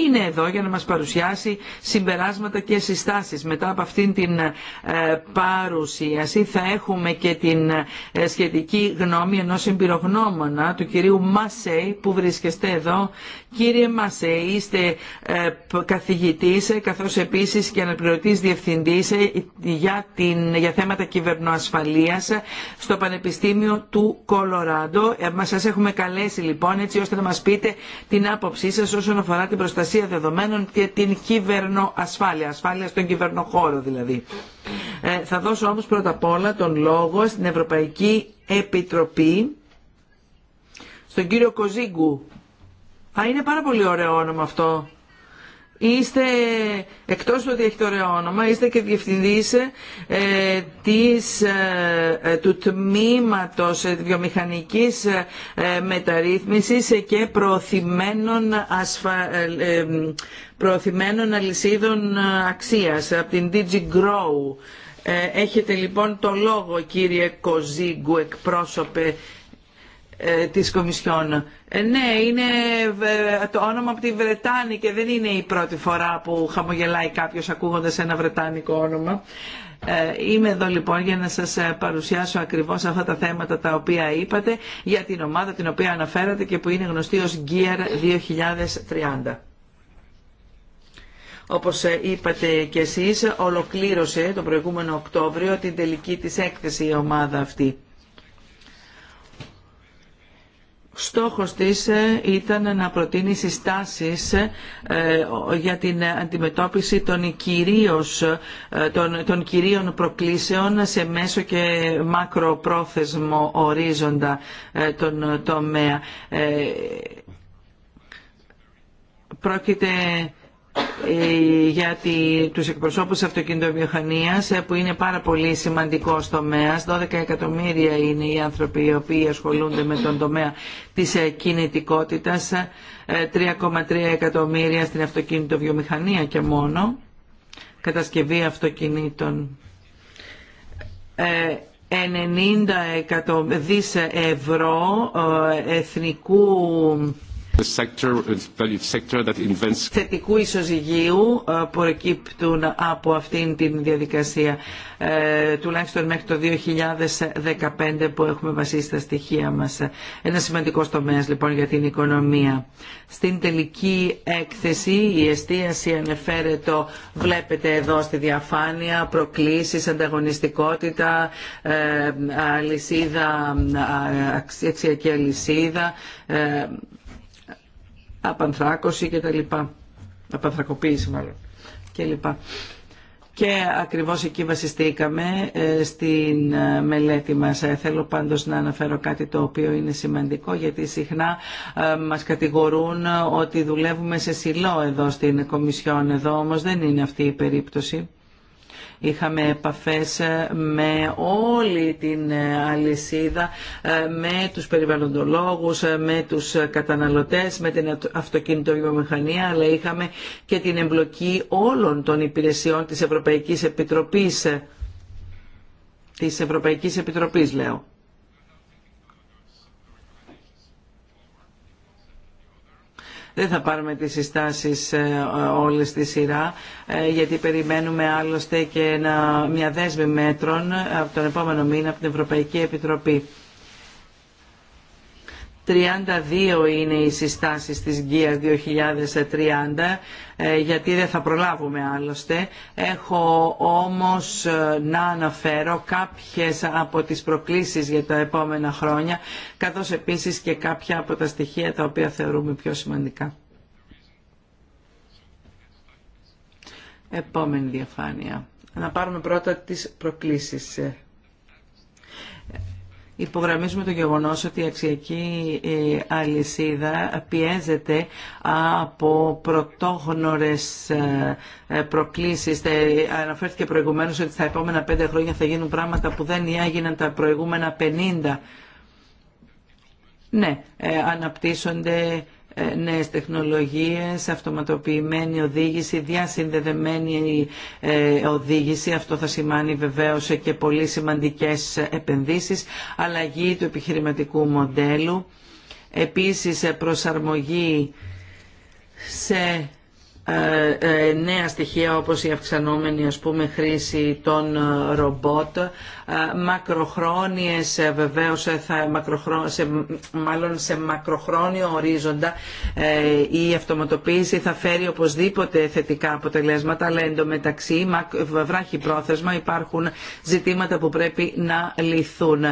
είναι εδώ για να μα παρουσιάσει συμπεράσματα και συστάσει μετά από αυτήν την ε, παρουσίαση θα έχουμε και την ε, σχετική γνώμη ενός εμπειρογνώμονα του κυρίου Μάσεϊ που βρίσκεστε εδώ Κύριε Μασέ, είστε ε, καθηγητής, ε, καθώς επίσης και αναπληρωτής διευθυντής ε, για, για θέματα κυβερνοασφαλείας στο Πανεπιστήμιο του Κολοράντο. Σας έχουμε καλέσει λοιπόν έτσι ώστε να μας πείτε την άποψή σας όσον αφορά την προστασία δεδομένων και την κυβερνοασφάλεια, ασφάλεια στον κυβερνοχώρο δηλαδή. θα δώσω όμως πρώτα απ' όλα τον λόγο στην Ευρωπαϊκή Επιτροπή, στον κύριο Κοζίγκου Α, είναι πάρα πολύ ωραίο όνομα αυτό. Είστε, εκτός του ότι έχετε ωραίο όνομα, είστε και διευθυντής ε, της, ε, ε, του τμήματος ε, βιομηχανικής μεταρρύθμισης και προωθημένων, ασφα, προωθημένων αλυσίδων αξίας από την DigiGrow. Έχετε λοιπόν το λόγο κύριε Κοζίγκου εκπρόσωπε ε, της Κομισιόν. Ε, ναι, είναι ε, το όνομα από τη Βρετάνη και δεν είναι η πρώτη φορά που χαμογελάει κάποιος ακούγοντας ένα βρετάνικο όνομα. Είμαι εδώ λοιπόν για να σας παρουσιάσω ακριβώς αυτά τα θέματα τα οποία είπατε για την ομάδα την οποία αναφέρατε και που είναι γνωστή ως Gear 2030. Όπως είπατε και εσείς, ολοκλήρωσε τον προηγούμενο Οκτώβριο την τελική της έκθεση η ομάδα αυτή. Στόχος της ε, ήταν να προτείνει συστάσεις ε, για την αντιμετώπιση των, κυρίως, ε, των, κυρίων προκλήσεων σε μέσο και μακροπρόθεσμο ορίζοντα τον τομέα. Πρόκειται ε, για τους εκπροσώπους αυτοκινητοβιομηχανίας ε, που είναι πάρα πολύ σημαντικό τομέα. 12 εκατομμύρια είναι οι άνθρωποι οι οποίοι ασχολούνται με τον τομέα της ε, κινητικότητας 3,3 εκατομμύρια στην αυτοκινητοβιομηχανία και μόνο κατασκευή αυτοκινήτων 90 δις ευρώ εθνικού θετικού ισοζυγίου ε, προκύπτουν από αυτήν την διαδικασία ε, τουλάχιστον μέχρι το 2015 που έχουμε βασίσει τα στοιχεία μας. Ένα σημαντικό τομέα λοιπόν για την οικονομία. Στην τελική έκθεση η εστίαση ανεφέρετο βλέπετε εδώ στη διαφάνεια, προκλήσεις, ανταγωνιστικότητα, ε, αλυσίδα, αξιακή αλυσίδα, απανθράκωση και τα λοιπά. Απανθρακοποίηση μάλλον και λοιπά. Και ακριβώς εκεί βασιστήκαμε ε, στην ε, μελέτη μας. Ε, θέλω πάντως να αναφέρω κάτι το οποίο είναι σημαντικό γιατί συχνά μας κατηγορούν ότι δουλεύουμε σε σιλό εδώ στην Κομισιόν. Εδώ όμως δεν είναι αυτή η περίπτωση. Είχαμε επαφές ε, με όλη την ε, αλυσίδα, ε, με τους περιβαλλοντολόγους, με τους καταναλωτές, με την αυτοκινητοβιομηχανία, αλλά είχαμε και την εμπλοκή όλων των υπηρεσιών της Ευρωπαϊκής Επιτροπής. Της Ευρωπαϊκής Επιτροπής λέω. Δεν θα πάρουμε τις συστάσεις ε, όλες στη σειρά, ε, γιατί περιμένουμε άλλωστε και μια δέσμη μέτρων από τον επόμενο μήνα από την Ευρωπαϊκή Επιτροπή. 32 είναι οι συστάσεις της Γκίας 2030 ε, γιατί δεν θα προλάβουμε άλλωστε. Έχω όμως ε, να αναφέρω κάποιες από τις προκλήσεις για τα επόμενα χρόνια καθώς επίσης και κάποια από τα στοιχεία τα οποία θεωρούμε πιο σημαντικά. Επόμενη διαφάνεια. Να πάρουμε πρώτα τις προκλήσεις υπογραμμίζουμε το γεγονός ότι η αξιακή ε, αλυσίδα πιέζεται από πρωτόγνωρες ε, προκλήσεις. Αναφέρθηκε προηγουμένως ότι στα επόμενα πέντε χρόνια θα γίνουν πράγματα που δεν έγιναν τα προηγούμενα 50. Ναι, ε, αναπτύσσονται ε, νέες τεχνολογίες, αυτοματοποιημένη οδήγηση, διασυνδεδεμένη ε, οδήγηση. Αυτό θα σημάνει βεβαίως και πολύ σημαντικές επενδύσεις, αλλαγή του επιχειρηματικού μοντέλου, επίσης ε, προσαρμογή σε ε, ε, νέα στοιχεία όπως η αυξανόμενη ας πούμε, χρήση των ε, ρομπότ, μακροχρόνιες βεβαίως, θα, μακροχρό, μάλλον σε μακροχρόνιο ορίζοντα η αυτοματοποίηση θα φέρει οπωσδήποτε θετικά αποτελέσματα, αλλά εντωμεταξύ βράχει πρόθεσμα υπάρχουν ζητήματα που πρέπει να λυθούν.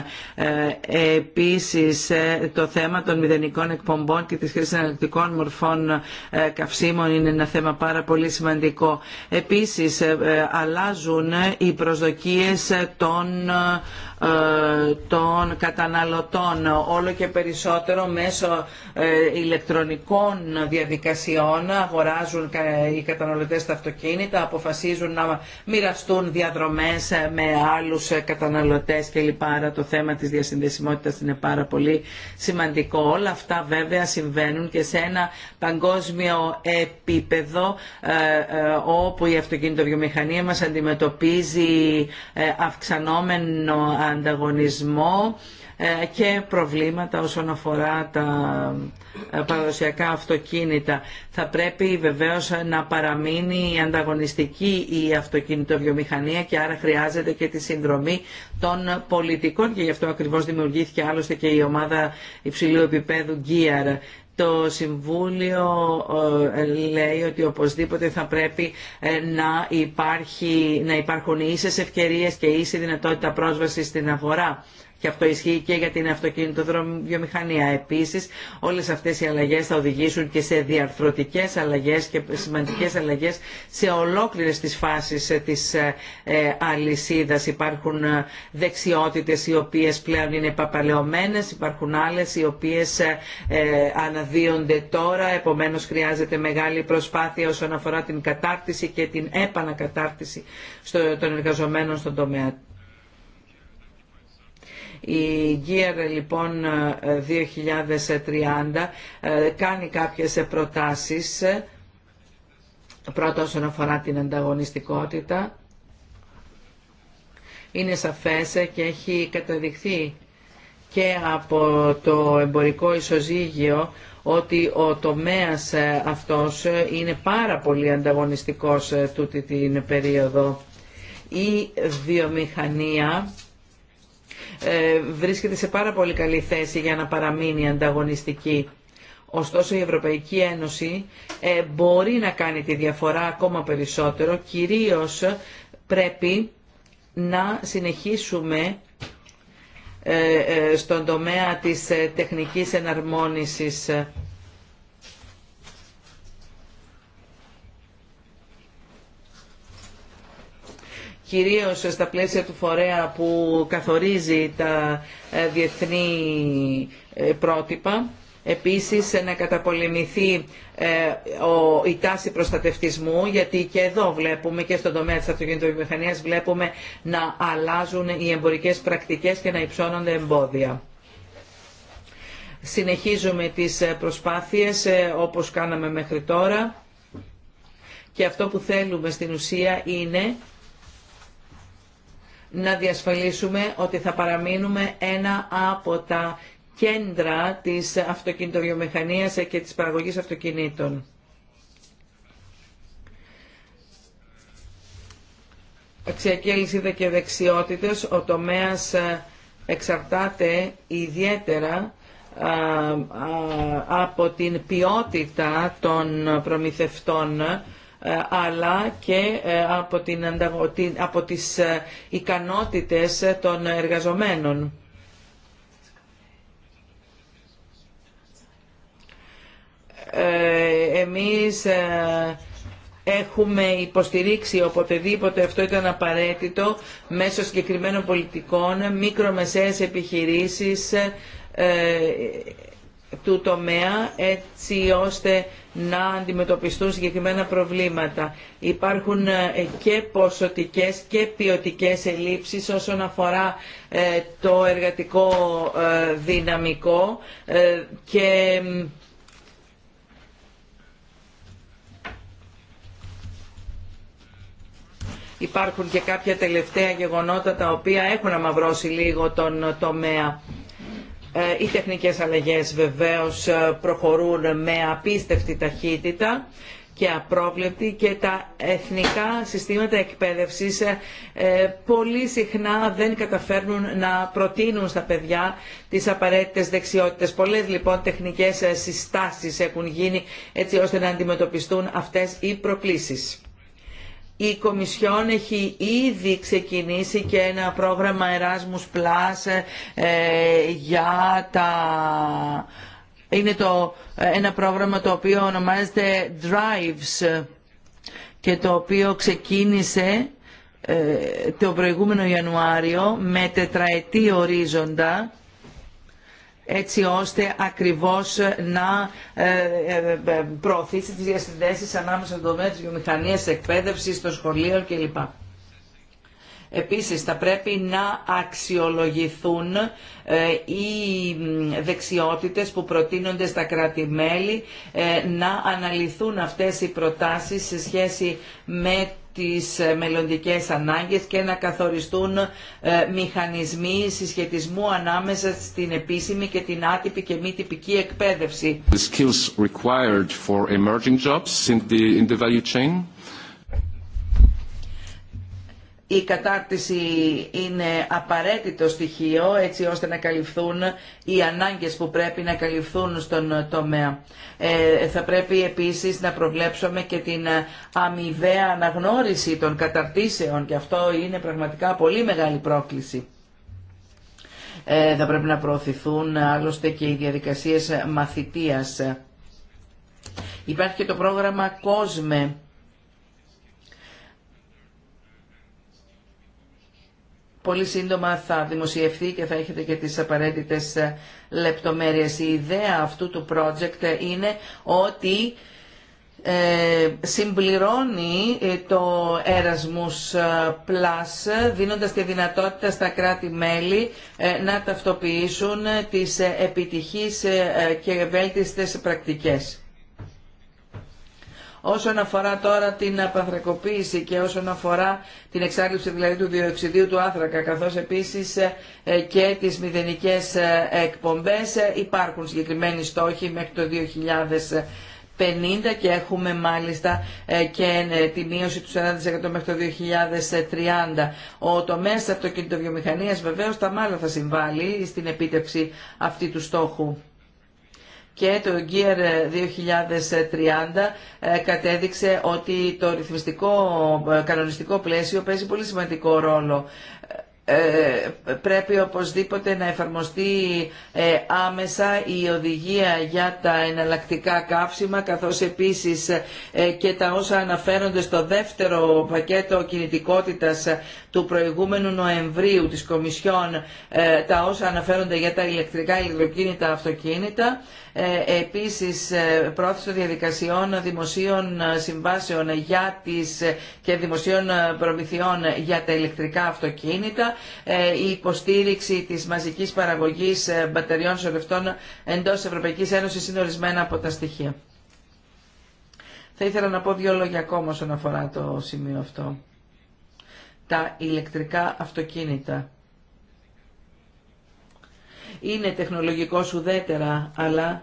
Επίσης το θέμα των μηδενικών εκπομπών και της χρήσης αναλυτικών μορφών καυσίμων είναι ένα θέμα πάρα πολύ σημαντικό. Επίσης ε, ε, αλλάζουν οι προσδοκίες των ε, ε, των καταναλωτών όλο και περισσότερο μέσω ε, ηλεκτρονικών διαδικασιών αγοράζουν οι καταναλωτές τα αυτοκίνητα, αποφασίζουν να μοιραστούν διαδρομές ε, με άλλους καταναλωτές κλπ. το θέμα της διασυνδεσιμότητας είναι πάρα πολύ σημαντικό. Όλα αυτά βέβαια συμβαίνουν και σε ένα παγκόσμιο επίπεδο όπου η αυτοκινητοβιομηχανία μας αντιμετωπίζει αυξανόμενο ανταγωνισμό ε, και προβλήματα όσον αφορά τα ε, παραδοσιακά αυτοκίνητα. Θα πρέπει βεβαίως να παραμείνει ανταγωνιστική η αυτοκινητοβιομηχανία και άρα χρειάζεται και τη συνδρομή των πολιτικών και γι' αυτό ακριβώς δημιουργήθηκε άλλωστε και η ομάδα υψηλού επίπεδου GEAR το Συμβούλιο ε, λέει ότι οπωσδήποτε θα πρέπει ε, να, υπάρχει, να υπάρχουν ίσες ευκαιρίες και ίση δυνατότητα πρόσβασης στην αγορά. Και αυτό ισχύει και για την βιομηχανία. Επίσης, όλες αυτές οι αλλαγέ θα οδηγήσουν και σε διαρθρωτικές αλλαγέ και σημαντικές αλλαγέ σε ολόκληρες τις φάσεις ε, της ε, ε, αλυσίδα. Υπάρχουν δεξιότητε οι οποίες πλέον είναι παπαλαιωμένες, υπάρχουν άλλε οι οποίες αναδύονται τώρα, Επομένω, χρειάζεται μεγάλη προσπάθεια όσον αφορά την κατάρτιση και την επανακατάρτιση των εργαζομένων στον τομέα η Gear λοιπόν 2030 ε, κάνει κάποιες προτάσεις ε, πρώτα όσον αφορά την ανταγωνιστικότητα. Είναι σαφές ε, και έχει καταδειχθεί και από το εμπορικό ισοζύγιο ότι ο τομέας αυτός είναι πάρα πολύ ανταγωνιστικός τούτη την περίοδο. Η βιομηχανία ε, βρίσκεται σε πάρα πολύ καλή θέση για να παραμείνει ανταγωνιστική. Ωστόσο η Ευρωπαϊκή Ένωση ε, μπορεί να κάνει τη διαφορά ακόμα περισσότερο, κυρίως πρέπει να συνεχίσουμε ε, στον τομέα της τεχνικής εναρμόνισης κυρίως στα πλαίσια του φορέα που καθορίζει τα ε, διεθνή ε, πρότυπα. Επίσης να καταπολεμηθεί ε, η τάση προστατευτισμού γιατί και εδώ βλέπουμε και στον τομέα της αυτοκινητοβιομηχανίας βλέπουμε να αλλάζουν οι εμπορικές πρακτικές και να υψώνονται εμπόδια. Συνεχίζουμε τις προσπάθειες όπως κάναμε μέχρι τώρα και αυτό που θέλουμε στην ουσία είναι να διασφαλίσουμε ότι θα παραμείνουμε ένα από τα κέντρα της αυτοκινητοβιομηχανίας και της παραγωγής αυτοκινήτων. Αξιακή αλυσίδα και δεξιότητες, ο τομέας ε, εξαρτάται ιδιαίτερα από την ποιότητα των προμηθευτών ε, αλλά και ε, από, την, από τις ε, ικανότητες των εργαζομένων. Εμείς έχουμε υποστηρίξει οποτεδήποτε αυτό ήταν απαραίτητο μέσω συγκεκριμένων πολιτικών, μικρομεσαίες επιχειρήσεις, του τομέα έτσι ώστε να αντιμετωπιστούν συγκεκριμένα προβλήματα. Υπάρχουν ε, και ποσοτικές και ποιοτικές ελλείψεις όσον αφορά ε, το εργατικό ε, δυναμικό και υπάρχουν και κάποια τελευταία γεγονότα τα οποία έχουν αμαυρώσει λίγο τον τομέα. Ε, οι τεχνικές αλλαγές βεβαίως ε, προχωρούν με απίστευτη ταχύτητα και απρόβλεπτη και τα εθνικά συστήματα εκπαίδευσης ε, πολύ συχνά δεν καταφέρνουν να προτείνουν στα παιδιά τις απαραίτητες δεξιότητες. Πολλές λοιπόν τεχνικές συστάσεις έχουν γίνει έτσι ώστε να αντιμετωπιστούν αυτές οι προκλήσεις. Η Κομισιόν έχει ήδη ξεκινήσει και ένα πρόγραμμα Erasmus Plus ε, για τα... Είναι το, ένα πρόγραμμα το οποίο ονομάζεται Drives και το οποίο ξεκίνησε ε, το προηγούμενο Ιανουάριο με τετραετή ορίζοντα έτσι ώστε ακριβώς να ε, ε, ε, προωθήσει τις διασυνδέσεις ανάμεσα στον τομέα της βιομηχανίας, εκπαίδευσης, των σχολείων κλπ. Επίσης θα πρέπει να αξιολογηθούν οι δεξιότητες που προτείνονται στα κράτη-μέλη, να αναλυθούν αυτές οι προτάσεις σε σχέση με τις ε, μελλοντικές ανάγκες και να καθοριστούν ε, μηχανισμοί συσχετισμού ανάμεσα στην επίσημη και την άτυπη και μη τυπική εκπαίδευση η κατάρτιση είναι απαραίτητο στοιχείο έτσι ώστε να καλυφθούν οι ανάγκες που πρέπει να καλυφθούν στον τομέα. Ε, θα πρέπει επίσης να προβλέψουμε και την αμοιβαία αναγνώριση των καταρτήσεων και αυτό είναι πραγματικά πολύ μεγάλη πρόκληση. Ε, θα πρέπει να προωθηθούν άλλωστε και οι διαδικασίες μαθητείας. Υπάρχει και το πρόγραμμα COSME πολύ σύντομα θα δημοσιευθεί και θα έχετε και τις απαραίτητες ε, λεπτομέρειες. Η ιδέα αυτού του project είναι ότι ε, συμπληρώνει ε, το Erasmus Plus δίνοντας τη δυνατότητα στα κράτη-μέλη να ταυτοποιήσουν τις επιτυχείς και βέλτιστες πρακτικές. Όσον αφορά τώρα την απαθρακοποίηση και όσον αφορά την εξάρτηση δηλαδή του διοξιδίου του άνθρακα καθώς επίσης ε, ε, και τις μηδενικές ε, εκπομπές υπάρχουν συγκεκριμένοι στόχοι μέχρι το 2050 και έχουμε μάλιστα και τη μείωση του 40% μέχρι το 2030. Ο τομέας αυτοκινητοβιομηχανίας βεβαίως τα μάλλον θα συμβάλλει στην επίτευξη αυτή του στόχου και το Gear 2030 ε, κατέδειξε ότι το ρυθμιστικό ε, κανονιστικό πλαίσιο παίζει πολύ σημαντικό ρόλο. Ε, πρέπει οπωσδήποτε να εφαρμοστεί άμεσα η οδηγία για τα εναλλακτικά καύσιμα καθώς επίσης και τα όσα αναφέρονται στο δεύτερο πακέτο κινητικότητας του προηγούμενου Νοεμβρίου της Κομισιόν ε, τα όσα αναφέρονται για τα ηλεκτρικά, ηλεκτροκίνητα, αυτοκίνητα. Ε, επίσης, ε, πρόθεση διαδικασιών δημοσίων συμβάσεων για τις και δημοσίων προμηθειών για τα ηλεκτρικά αυτοκίνητα, η υποστήριξη της μαζικής παραγωγής μπαταριών σωρευτών εντός Ευρωπαϊκής Ένωσης είναι ορισμένα από τα στοιχεία. Θα ήθελα να πω δύο λόγια ακόμα όσον αφορά το σημείο αυτό τα ηλεκτρικά αυτοκίνητα. Είναι τεχνολογικός ουδέτερα, αλλά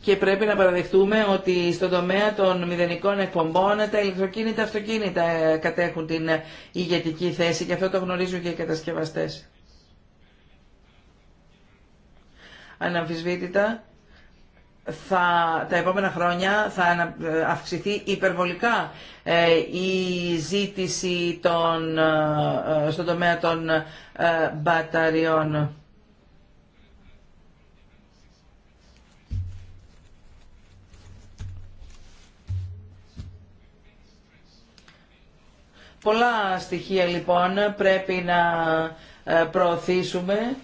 και πρέπει να παραδεχτούμε ότι στον τομέα των μηδενικών εκπομπών τα ηλεκτροκίνητα αυτοκίνητα ε, κατέχουν την ηγετική θέση και αυτό το γνωρίζουν και οι κατασκευαστές. Αναμφισβήτητα, θα, τα επόμενα χρόνια θα ε, αυξηθεί υπερβολικά ε, η ζήτηση των, ε, στον τομέα των μπαταριών. Πολλά στοιχεία λοιπόν πρέπει να προωθήσουμε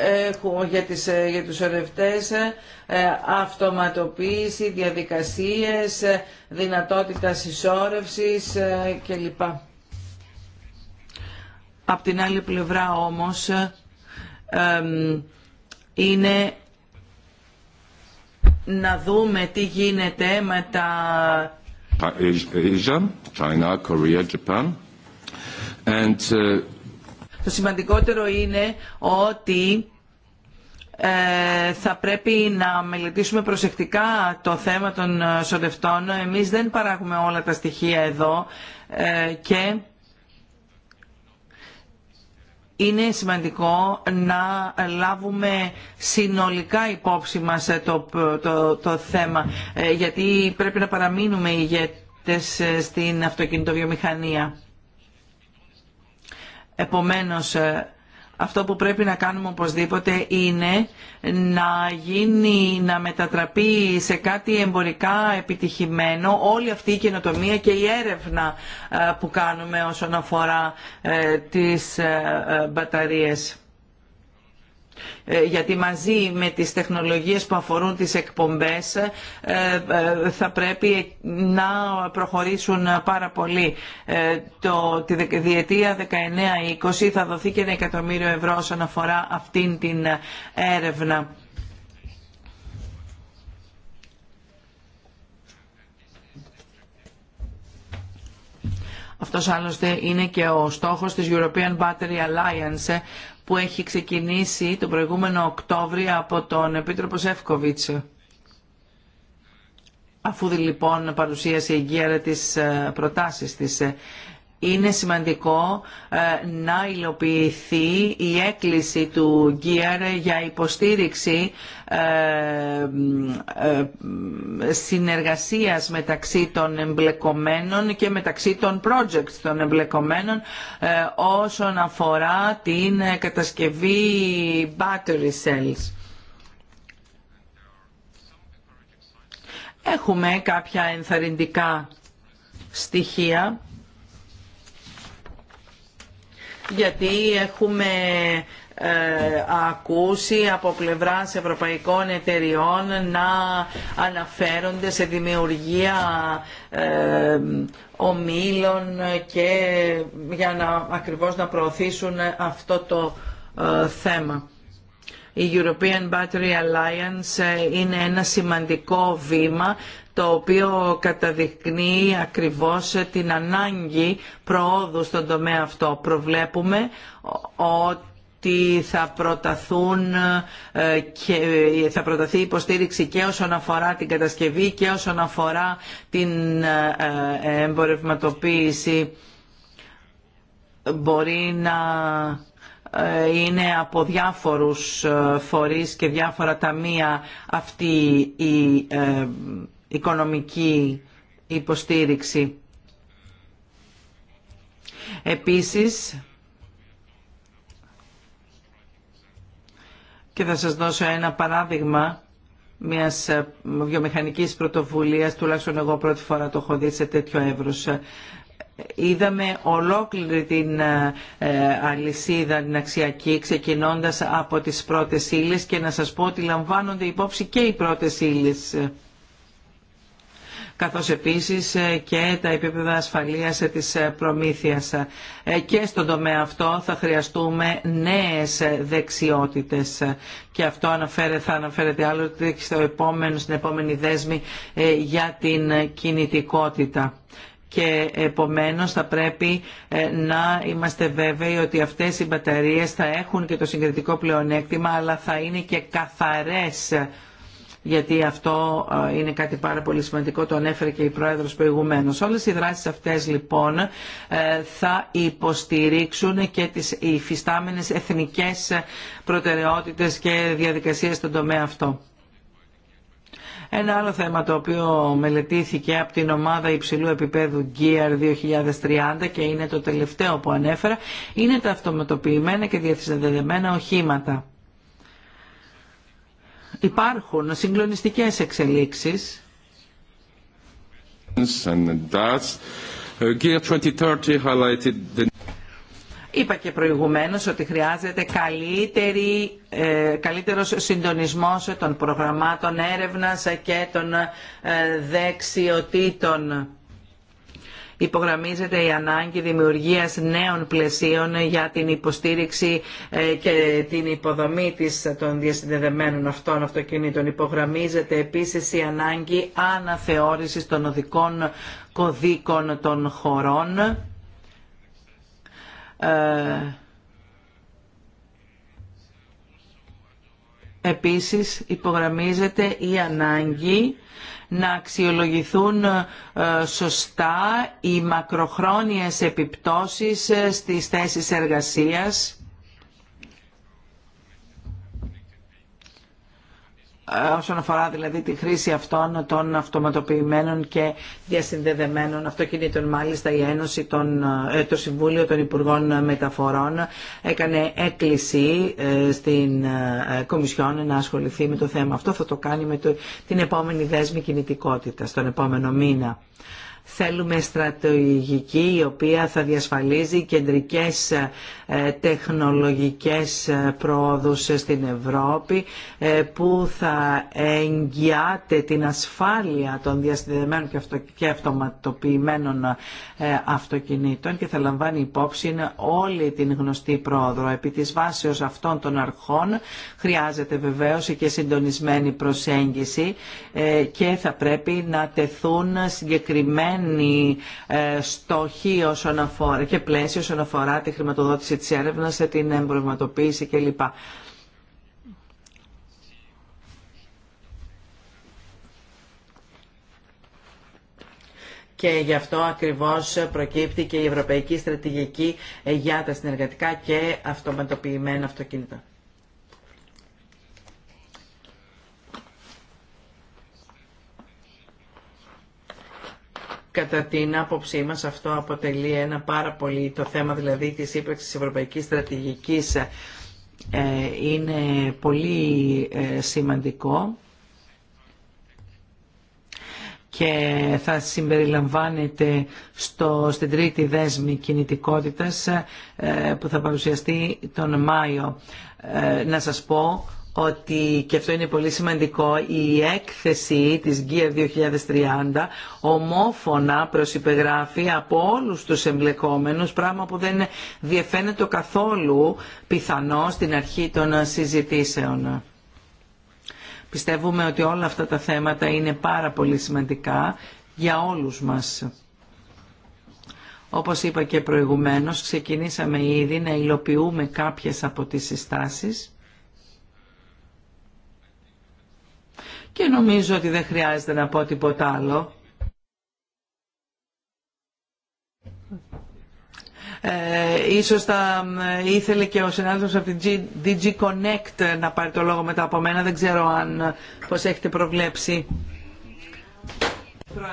έχουμε για, τις, ε, για τους ερευτές ε, αυτοματοποίηση, διαδικασίες, ε, δυνατότητα συσσόρευσης κλπ. Απ' την άλλη πλευρά όμως είναι να δούμε τι γίνεται με τα... Asia, China, Korea, Japan. Το σημαντικότερο είναι ότι ε, θα πρέπει να μελετήσουμε προσεκτικά το θέμα των ε, σοδευτών. Εμείς δεν παράγουμε όλα τα στοιχεία εδώ ε, και είναι σημαντικό να λάβουμε συνολικά υπόψη μας το, το, θέμα γιατί πρέπει να παραμείνουμε ηγέτες στην αυτοκινητοβιομηχανία. Επομένως, ε, αυτό που πρέπει να κάνουμε οπωσδήποτε είναι να γίνει, να μετατραπεί σε κάτι εμπορικά επιτυχημένο όλη αυτή η καινοτομία και η έρευνα ε, που κάνουμε όσον αφορά ε, τις μπαταρίες. Ε, γιατί μαζί με τις τεχνολογίες που αφορούν τις εκπομπές ε, ε, θα πρέπει να προχωρήσουν πάρα πολύ. Το, τη διετία 19-20 θα δοθεί και ένα εκατομμύριο ευρώ όσον αφορά αυτήν την έρευνα. Αυτός άλλωστε είναι και ο στόχος της European Battery Alliance που έχει ξεκινήσει τον προηγούμενο Οκτώβριο από τον Επίτροπο Σεύκοβιτς. Αφού λοιπόν παρουσίασε η γέρα της ε, προτάσεις της. Ε, είναι σημαντικό ε, να υλοποιηθεί η έκκληση του GEAR για υποστήριξη ε, ε, συνεργασίας μεταξύ των εμπλεκομένων και μεταξύ των projects των εμπλεκομένων όσον αφορά την κατασκευή battery cells. Έχουμε κάποια ενθαρρυντικά στοιχεία γιατί έχουμε ε, ακούσει από πλευράς ευρωπαϊκών εταιριών να αναφέρονται σε δημιουργία ε, ομίλων και για να ακριβώς να προωθήσουν αυτό το ε, θέμα. Η European Battery Alliance ε, είναι ένα σημαντικό βήμα το οποίο καταδεικνύει ακριβώς την ανάγκη προόδου στον τομέα αυτό. Προβλέπουμε ότι θα, προταθούν, ε, και θα προταθεί υποστήριξη και όσον αφορά την κατασκευή και όσον αφορά την ε, ε, εμπορευματοποίηση. Μπορεί να είναι από διάφορους φορείς και διάφορα ταμεία αυτή η οικονομική υποστήριξη. Επίσης, και θα σας δώσω ένα παράδειγμα μιας βιομηχανικής πρωτοβουλίας, τουλάχιστον εγώ πρώτη φορά το έχω δει σε τέτοιο εύρος. Είδαμε ολόκληρη την ε, αλυσίδα την αξιακή ξεκινώντας από τις πρώτες ύλες και να σας πω ότι λαμβάνονται υπόψη και οι πρώτες ύλες καθώς επίσης ε, και τα επίπεδα ασφαλείας ε, της ε, προμήθειας. Και στον τομέα αυτό θα χρειαστούμε νέες δεξιότητες και αυτό αναφέρε, θα αναφέρεται άλλο στο επόμενο, στην επόμενη δέσμη για την κινητικότητα και επομένως θα πρέπει να είμαστε βέβαιοι ότι αυτές οι μπαταρίες θα έχουν και το συγκριτικό πλεονέκτημα αλλά θα είναι και καθαρές γιατί αυτό ε, είναι κάτι πάρα πολύ σημαντικό, το ανέφερε και η Πρόεδρος προηγουμένω. Όλες οι δράσεις αυτές λοιπόν ε, θα υποστηρίξουν και τις υφιστάμενες εθνικές προτεραιότητες και διαδικασίες στον τομέα αυτό. Ένα άλλο θέμα το οποίο μελετήθηκε από την ομάδα υψηλού επίπεδου GEAR 2030 και είναι το τελευταίο που ανέφερα, είναι τα αυτοματοποιημένα και διασυνδεδεμένα οχήματα υπάρχουν συγκλονιστικές εξελίξεις. Uh, Είπα και προηγουμένως ότι χρειάζεται καλύτερη, ε, καλύτερος συντονισμός των προγραμμάτων έρευνας και των ε, δεξιοτήτων υπογραμμίζεται η ανάγκη δημιουργίας νέων πλαισίων για την υποστήριξη ε, και την υποδομή της των διασυνδεδεμένων αυτών αυτοκινήτων. Υπογραμμίζεται επίσης η ανάγκη αναθεώρησης των οδικών κωδίκων των χωρών ε, Επίσης υπογραμμίζεται η ανάγκη να αξιολογηθούν ε, σωστά οι μακροχρόνιες επιπτώσεις ε, στις θέσεις εργασίας όσον αφορά δηλαδή τη χρήση αυτών των αυτοματοποιημένων και διασυνδεδεμένων αυτοκινήτων. Μάλιστα η Ένωση, των, ε, το Συμβούλιο των Υπουργών Μεταφορών έκανε έκκληση ε, στην ε, Κομισιόν να ασχοληθεί με το θέμα αυτό. Θα το κάνει με το, την επόμενη δέσμη κινητικότητα, τον επόμενο μήνα. Θέλουμε στρατηγική η οποία θα διασφαλίζει κεντρικές ε, τεχνολογικές ε, πρόοδους στην Ευρώπη ε, που θα εγγυάται την ασφάλεια των διασυνδεδεμένων και αυτοματοποιημένων αυτοκινήτων και θα λαμβάνει υπόψη όλη την γνωστή πρόοδο. Επί της βάσεως αυτών των αρχών χρειάζεται βεβαίως και συντονισμένη προσέγγιση και θα πρέπει να τεθούν συγκεκριμένα συγκεκριμένοι ε, στόχοι όσον αφορά, και πλαίσιο όσον αφορά τη χρηματοδότηση της έρευνας, την εμπορευματοποίηση κλπ. και γι' αυτό ακριβώς προκύπτει και η Ευρωπαϊκή Στρατηγική για τα συνεργατικά και αυτοματοποιημένα αυτοκίνητα. Κατά την άποψή μας αυτό αποτελεί ένα πάρα πολύ, το θέμα δηλαδή της ύπαρξης ευρωπαϊκής στρατηγικής ε, είναι πολύ ε, σημαντικό και θα συμπεριλαμβάνεται στο, στην τρίτη δέσμη κινητικότητας ε, που θα παρουσιαστεί τον Μάιο. Να σας πω ότι, και αυτό είναι πολύ σημαντικό, η έκθεση της Γκία 2030 ομόφωνα προσυπεγράφει από όλους τους εμπλεκόμενους, πράγμα που δεν το καθόλου πιθανό στην αρχή των συζητήσεων. Πιστεύουμε ότι όλα αυτά τα θέματα είναι πάρα πολύ σημαντικά για όλους μας. Όπως είπα και προηγουμένως, ξεκινήσαμε ήδη να υλοποιούμε κάποιες από τις συστάσεις και νομίζω ότι δεν χρειάζεται να πω τίποτα άλλο. Ε, ίσως θα ήθελε και ο συνάδελφος από την DG Connect να πάρει το λόγο μετά από μένα. Δεν ξέρω αν πώς έχετε προβλέψει.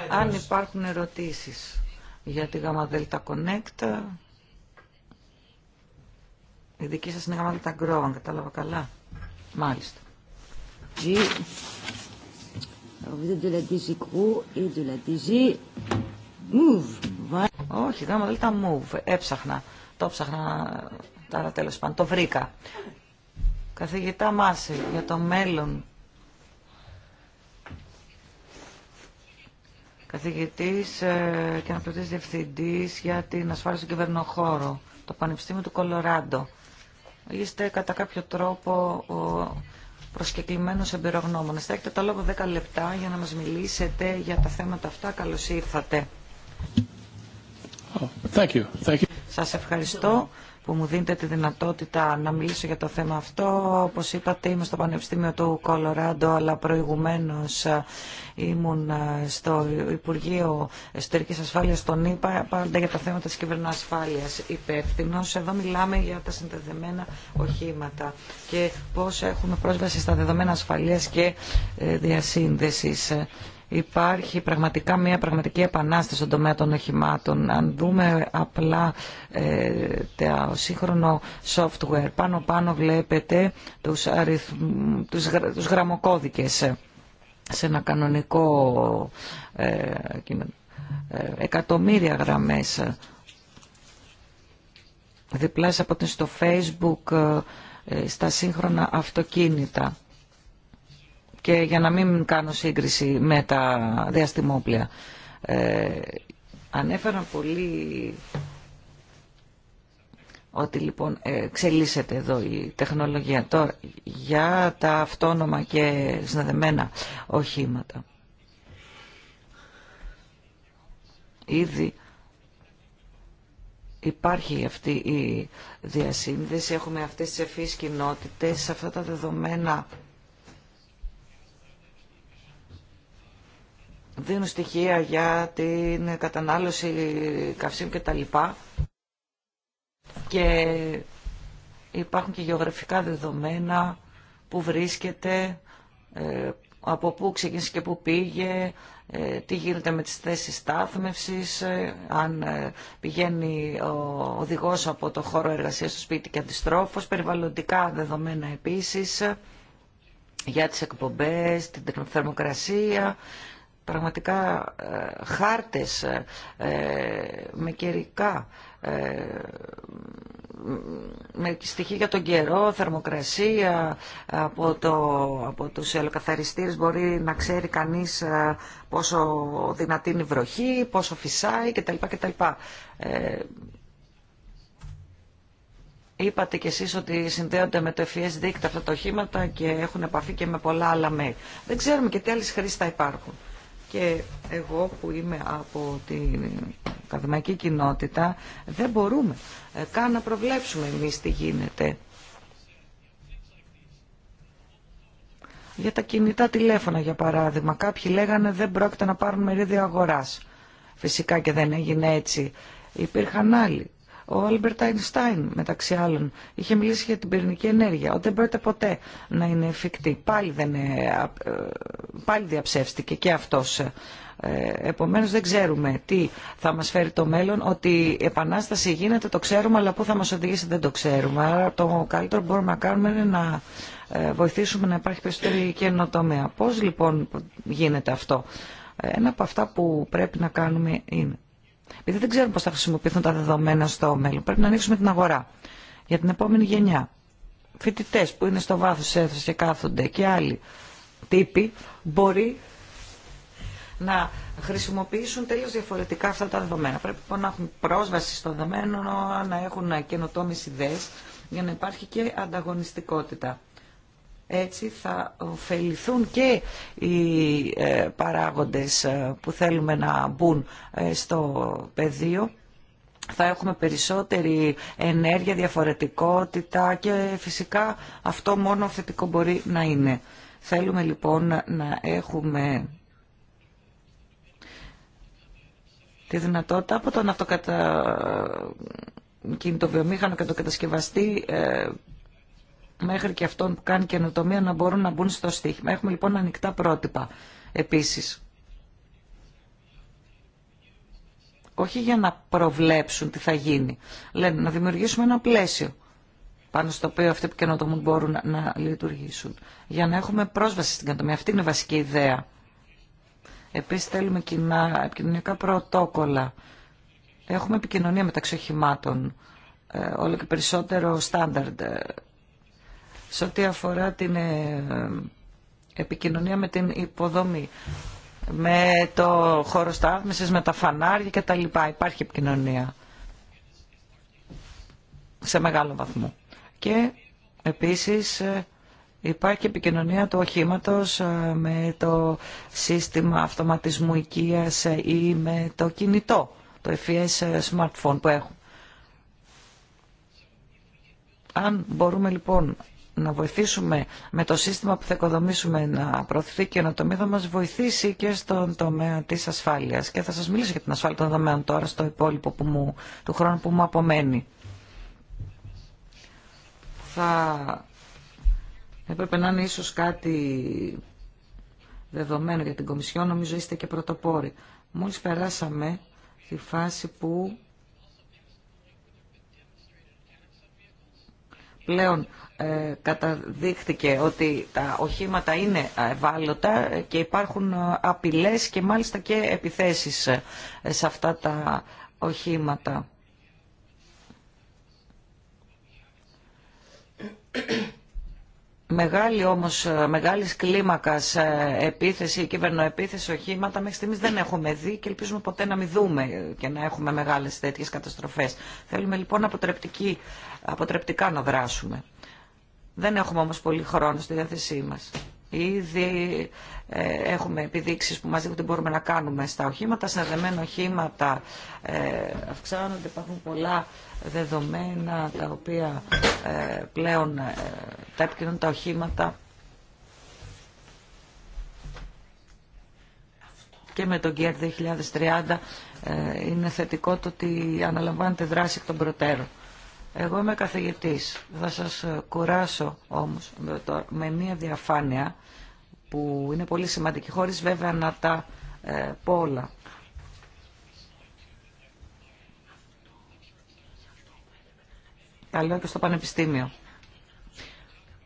Αν υπάρχουν ερωτήσεις για τη ΓΔ Connect, η δική σας είναι ΓΔ Grow, αν κατάλαβα καλά. Μάλιστα. Όχι, γάμα δεν move. Έψαχνα. Το ψάχνα, τέλο πάντων. Το βρήκα. Καθηγητά Μάση, για το μέλλον. Καθηγητής ε, και αναπληρωτής διευθυντής για την ασφάλεια στον κυβερνοχώρο, το Πανεπιστήμιο του Κολοράντο. Είστε κατά κάποιο τρόπο προσκεκλημένος εμπειρογνώμονα. Θα έχετε τα λόγο 10 λεπτά για να μας μιλήσετε για τα θέματα αυτά. Καλώ ήρθατε. Thank Σας ευχαριστώ που μου δίνετε τη δυνατότητα να μιλήσω για το θέμα αυτό. Όπως είπατε είμαι στο Πανεπιστήμιο του Κολοράντο αλλά προηγουμένως ήμουν στο Υπουργείο Εσωτερικής Ασφάλειας των ΗΠΑ πάντα για τα θέματα της ασφάλειας υπεύθυνο. Εδώ μιλάμε για τα συνδεδεμένα οχήματα και πώς έχουμε πρόσβαση στα δεδομένα ασφαλείας και ε, διασύνδεσης υπάρχει πραγματικά μια πραγματική επανάσταση στον τομέα των οχημάτων. Αν δούμε απλά ε, το σύγχρονο software, πάνω-πάνω βλέπετε τους, αριθμ, τους, γραμμοκώδικες σε ένα κανονικό ε, ε, εκατομμύρια γραμμές διπλάσια από την στο facebook στα σύγχρονα αυτοκίνητα και για να μην κάνω σύγκριση με τα διαστημόπλια. Ε, ανέφεραν πολύ ότι λοιπόν ε, εξελίσσεται εδώ η τεχνολογία τώρα για τα αυτόνομα και συνδεδεμένα οχήματα. Ήδη υπάρχει αυτή η διασύνδεση, έχουμε αυτές τις ευφύς κοινότητες, αυτά τα δεδομένα δίνουν στοιχεία για την κατανάλωση καυσίμου λοιπά Και υπάρχουν και γεωγραφικά δεδομένα που βρίσκεται, ε, από πού ξεκίνησε και πού πήγε, ε, τι γίνεται με τις θέσεις στάθμευσης, ε, αν πηγαίνει ο οδηγός από το χώρο εργασίας στο σπίτι και αντιστρόφως, περιβαλλοντικά δεδομένα επίσης για τις εκπομπές, την θερμοκρασία, πραγματικά ε, χάρτες ε, ε, με καιρικά με στοιχεία για τον καιρό, θερμοκρασία, από, το, από τους ελοκαθαριστήρες μπορεί να ξέρει κανείς πόσο δυνατή είναι η βροχή, πόσο φυσάει κτλ. κτλ. Ε, είπατε κι εσείς ότι συνδέονται με το FES δίκτυα αυτά τα οχήματα και έχουν επαφή και με πολλά άλλα μέρη. Δεν ξέρουμε και τι άλλες χρήσεις θα υπάρχουν και εγώ που είμαι από την καθημερινή κοινότητα δεν μπορούμε ε, καν να προβλέψουμε εμείς τι γίνεται. Για τα κινητά τηλέφωνα για παράδειγμα κάποιοι λέγανε δεν πρόκειται να πάρουν μερίδιο αγοράς. Φυσικά και δεν έγινε έτσι. Υπήρχαν άλλοι ο Άλμπερτ Αϊνστάιν, μεταξύ άλλων, είχε μιλήσει για την πυρηνική ενέργεια, ότι δεν ποτέ να είναι εφικτή. Πάλι, δεν, ε, πάλι διαψεύστηκε και αυτός. Ε, επομένως δεν ξέρουμε τι θα μας φέρει το μέλλον, ότι η επανάσταση γίνεται, το ξέρουμε, αλλά πού θα μας οδηγήσει δεν το ξέρουμε. Άρα το καλύτερο που μπορούμε να κάνουμε είναι να ε, βοηθήσουμε να υπάρχει περισσότερη καινοτομία. Πώς λοιπόν γίνεται αυτό. Ένα από αυτά που πρέπει να κάνουμε είναι επειδή δεν ξέρουμε πώ θα χρησιμοποιηθούν τα δεδομένα στο μέλλον. Πρέπει να ανοίξουμε την αγορά για την επόμενη γενιά. Φοιτητέ που είναι στο βάθος τη αίθουσα και κάθονται και άλλοι τύποι μπορεί να χρησιμοποιήσουν τελείως διαφορετικά αυτά τα δεδομένα. Πρέπει λοιπόν να έχουν πρόσβαση στο δεδομένο, να έχουν καινοτόμες ιδέες για να υπάρχει και ανταγωνιστικότητα. Έτσι θα ωφεληθούν και οι ε, παράγοντες ε, που θέλουμε να μπουν ε, στο πεδίο. Θα έχουμε περισσότερη ενέργεια, διαφορετικότητα και φυσικά αυτό μόνο θετικό μπορεί να είναι. Θέλουμε λοιπόν να έχουμε τη δυνατότητα από τον αυτοκατα... κινητοβιομήχανο και τον κατασκευαστή μέχρι και αυτόν που κάνει καινοτομία να μπορούν να μπουν στο στοίχημα. Έχουμε λοιπόν ανοιχτά πρότυπα επίσης. Όχι για να προβλέψουν τι θα γίνει. Λένε να δημιουργήσουμε ένα πλαίσιο πάνω στο οποίο αυτοί που καινοτομούν μπορούν να λειτουργήσουν. Για να έχουμε πρόσβαση στην καινοτομία. Αυτή είναι η βασική ιδέα. Επίσης θέλουμε κοινά επικοινωνιακά πρωτόκολλα. Έχουμε επικοινωνία μεταξύ οχημάτων. Ε, όλο και περισσότερο στάνταρντ σε ό,τι αφορά την ε, επικοινωνία με την υποδομή, με το χώρο στάθμισης, με τα φανάρια κτλ. Υπάρχει επικοινωνία σε μεγάλο βαθμό. Και επίσης ε, υπάρχει επικοινωνία του οχήματος ε, με το σύστημα αυτοματισμού οικίας ή με το κινητό, το FES smartphone που έχουν. Αν μπορούμε λοιπόν να βοηθήσουμε με το σύστημα που θα οικοδομήσουμε να προωθηθεί η το θα μας βοηθήσει και στον τομέα της ασφάλειας. Και θα σας μιλήσω για την ασφάλεια των δεδομένων τώρα στο υπόλοιπο που μου, του χρόνου που μου απομένει. Θα έπρεπε να είναι ίσως κάτι δεδομένο για την Κομισιόν, νομίζω είστε και πρωτοπόροι. Μόλις περάσαμε τη φάση που πλέον ε, καταδείχθηκε ότι τα οχήματα είναι ευάλωτα και υπάρχουν ε, απειλές και μάλιστα και επιθέσεις ε, σε αυτά τα οχήματα. Μεγάλη όμως, ε, μεγάλης κλίμακας ε, επίθεση ή κυβερνοεπίθεση οχήματα μέχρι στιγμής δεν έχουμε δει και ελπίζουμε ποτέ να μην δούμε και να έχουμε μεγάλες τέτοιες καταστροφές. Θέλουμε λοιπόν αποτρεπτικά να δράσουμε. Δεν έχουμε όμως πολύ χρόνο στη διάθεσή μας. Ήδη ε, έχουμε επιδείξεις που μας δείχνουν μπορούμε να κάνουμε στα οχήματα. Στα οχήματα οχήματα ε, αυξάνονται, υπάρχουν πολλά δεδομένα τα οποία ε, πλέον τα επικοινωνούν τα οχήματα. Και με τον ΚΕΡ 2030 είναι θετικό το ότι αναλαμβάνεται δράση εκ των προτέρων. Εγώ είμαι καθηγητής. Θα σας κουράσω όμως με, μια διαφάνεια που είναι πολύ σημαντική, χωρίς βέβαια να τα ε, πω όλα. Τα και στο Πανεπιστήμιο.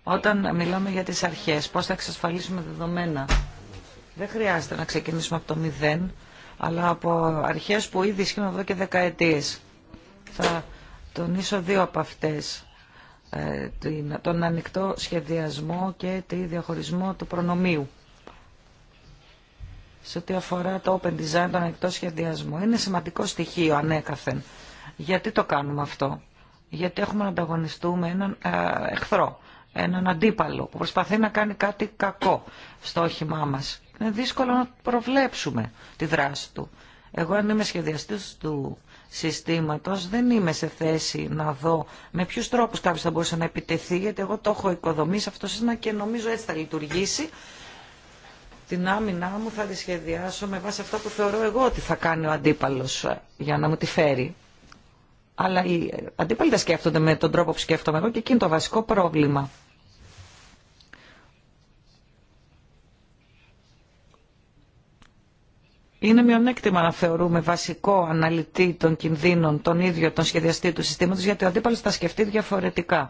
Όταν μιλάμε για τις αρχές, πώς θα εξασφαλίσουμε δεδομένα. Δεν χρειάζεται να ξεκινήσουμε από το μηδέν, αλλά από αρχές που ήδη ισχύουν εδώ και δεκαετίες. Θα τονίσω δύο από αυτές. Ε, τον ανοιχτό σχεδιασμό και τη διαχωρισμό του προνομίου. Σε ό,τι αφορά το open design, τον ανοιχτό σχεδιασμό. Είναι σημαντικό στοιχείο ανέκαθεν. Γιατί το κάνουμε αυτό. Γιατί έχουμε να ανταγωνιστούμε έναν ε, εχθρό, έναν αντίπαλο που προσπαθεί να κάνει κάτι κακό στο όχημά μας. Είναι δύσκολο να προβλέψουμε τη δράση του. Εγώ αν είμαι σχεδιαστής του συστήματος δεν είμαι σε θέση να δω με ποιους τρόπους κάποιος θα μπορούσε να επιτεθεί γιατί εγώ το έχω οικοδομήσει αυτό σύστημα και νομίζω έτσι θα λειτουργήσει την άμυνά μου θα τη σχεδιάσω με βάση αυτά που θεωρώ εγώ ότι θα κάνει ο αντίπαλος ε, για να μου τη φέρει. Αλλά οι αντίπαλοι τα σκέφτονται με τον τρόπο που σκέφτομαι εγώ και είναι το βασικό πρόβλημα. Είναι μειονέκτημα να θεωρούμε βασικό αναλυτή των κινδύνων τον ίδιο τον σχεδιαστή του συστήματος, γιατί ο αντίπαλος θα σκεφτεί διαφορετικά.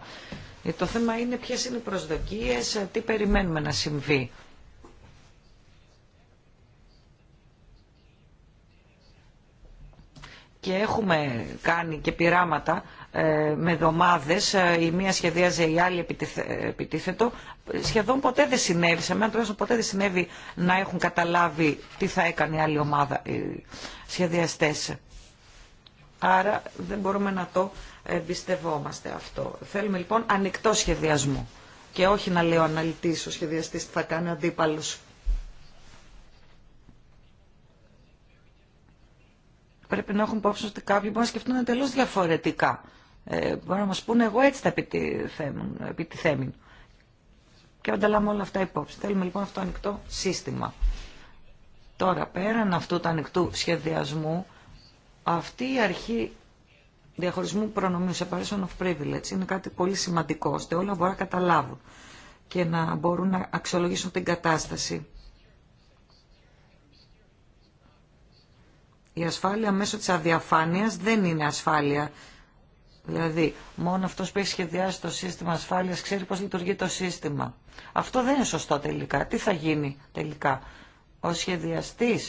Ε, το θέμα είναι ποιες είναι οι προσδοκίες, ε, τι περιμένουμε να συμβεί. Και έχουμε κάνει και πειράματα ε, με εβδομάδε, ε, η μία σχεδίαζε, η άλλη επιτίθετο. Σχεδόν ποτέ δεν συνέβη, σε μένα τουλάχιστον ποτέ δεν συνέβη να έχουν καταλάβει τι θα έκανε η άλλη ομάδα, οι σχεδιαστές. Άρα δεν μπορούμε να το εμπιστευόμαστε αυτό. Θέλουμε λοιπόν ανοιχτό σχεδιασμό και όχι να λέω αναλυτή ο σχεδιαστή θα κάνει αντίπαλο. Πρέπει να έχουν υπόψη ότι κάποιοι μπορούν να σκεφτούν εντελώ διαφορετικά ε, να μα πούνε εγώ έτσι τα επιτιθέμουν. Και όταν όλα αυτά υπόψη. Θέλουμε λοιπόν αυτό το ανοιχτό σύστημα. Τώρα πέραν αυτού του ανοιχτού σχεδιασμού, αυτή η αρχή διαχωρισμού προνομίου, separation of privilege, είναι κάτι πολύ σημαντικό, ώστε όλα μπορούν να καταλάβουν και να μπορούν να αξιολογήσουν την κατάσταση. Η ασφάλεια μέσω της αδιαφάνειας δεν είναι ασφάλεια Δηλαδή, μόνο αυτό που έχει σχεδιάσει το σύστημα ασφάλεια ξέρει πώ λειτουργεί το σύστημα. Αυτό δεν είναι σωστό τελικά. Τι θα γίνει τελικά. Ο σχεδιαστή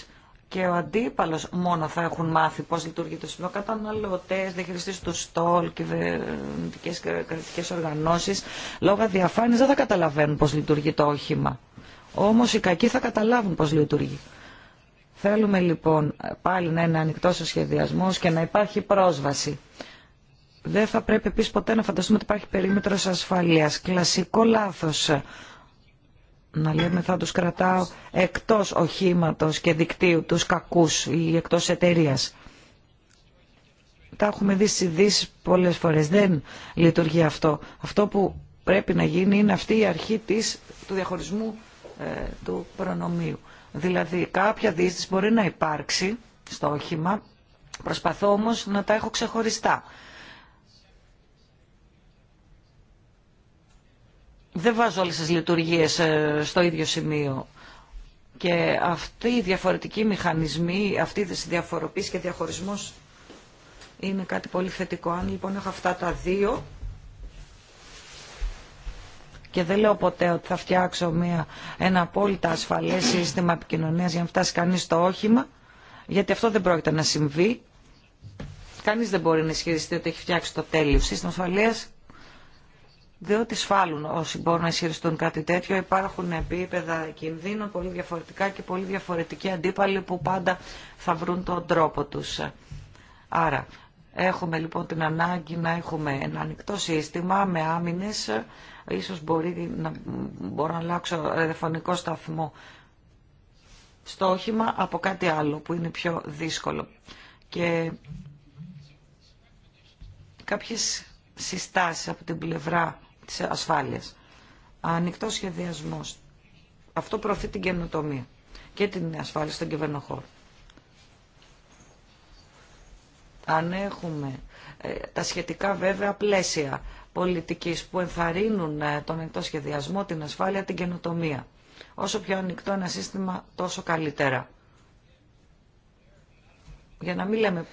και ο αντίπαλο μόνο θα έχουν μάθει πώ λειτουργεί το σύστημα. Καταναλωτέ, διαχειριστή του στόλ, κυβερνητικέ κρατικέ οργανώσει, λόγω διαφάνεια δεν θα καταλαβαίνουν πώ λειτουργεί το όχημα. Όμω οι κακοί θα καταλάβουν πώ λειτουργεί. Θέλουμε λοιπόν πάλι να είναι ανοιχτό ο σχεδιασμό και να υπάρχει πρόσβαση. Δεν θα πρέπει επίσης ποτέ να φανταστούμε ότι υπάρχει περίμετρος ασφαλείας. Κλασικό λάθος να λέμε θα τους κρατάω εκτός οχήματος και δικτύου τους κακούς ή εκτός εταιρεία. Τα έχουμε δει στις ειδήσεις πολλές φορές. Δεν λειτουργεί αυτό. Αυτό που πρέπει να γίνει είναι αυτή η αρχή της, του διαχωρισμού ε, του προνομίου. Δηλαδή κάποια δίστηση μπορεί να υπάρξει στο όχημα, προσπαθώ όμως να τα έχω ξεχωριστά. δεν βάζω όλες τις λειτουργίες ε, στο ίδιο σημείο. Και αυτοί οι διαφορετικοί μηχανισμοί, αυτή η διαφοροποίηση και διαχωρισμός είναι κάτι πολύ θετικό. Αν λοιπόν έχω αυτά τα δύο και δεν λέω ποτέ ότι θα φτιάξω μια, ένα απόλυτα ασφαλέ σύστημα επικοινωνίας για να φτάσει κανείς στο όχημα, γιατί αυτό δεν πρόκειται να συμβεί. Κανείς δεν μπορεί να ισχυριστεί ότι έχει φτιάξει το τέλειο σύστημα ασφαλείας διότι σφάλουν όσοι μπορούν να ισχυριστούν κάτι τέτοιο. Υπάρχουν επίπεδα κινδύνων πολύ διαφορετικά και πολύ διαφορετικοί αντίπαλοι που πάντα θα βρουν τον τρόπο τους. Άρα, έχουμε λοιπόν την ανάγκη να έχουμε ένα ανοιχτό σύστημα με άμυνες. Ίσως μπορεί να, μπορώ να αλλάξω ρεδεφωνικό σταθμό όχημα από κάτι άλλο που είναι πιο δύσκολο. Και κάποιες συστάσεις από την πλευρά σε ασφάλειας. Ανοιχτό σχεδιασμό, Αυτό προωθεί την καινοτομία και την ασφάλεια στον κυβερνοχώρο. Αν έχουμε ε, τα σχετικά βέβαια πλαίσια πολιτικής που ενθαρρύνουν ε, τον ανοιχτό σχεδιασμό, την ασφάλεια, την καινοτομία. Όσο πιο ανοιχτό ένα σύστημα, τόσο καλύτερα. Για να μην λέμε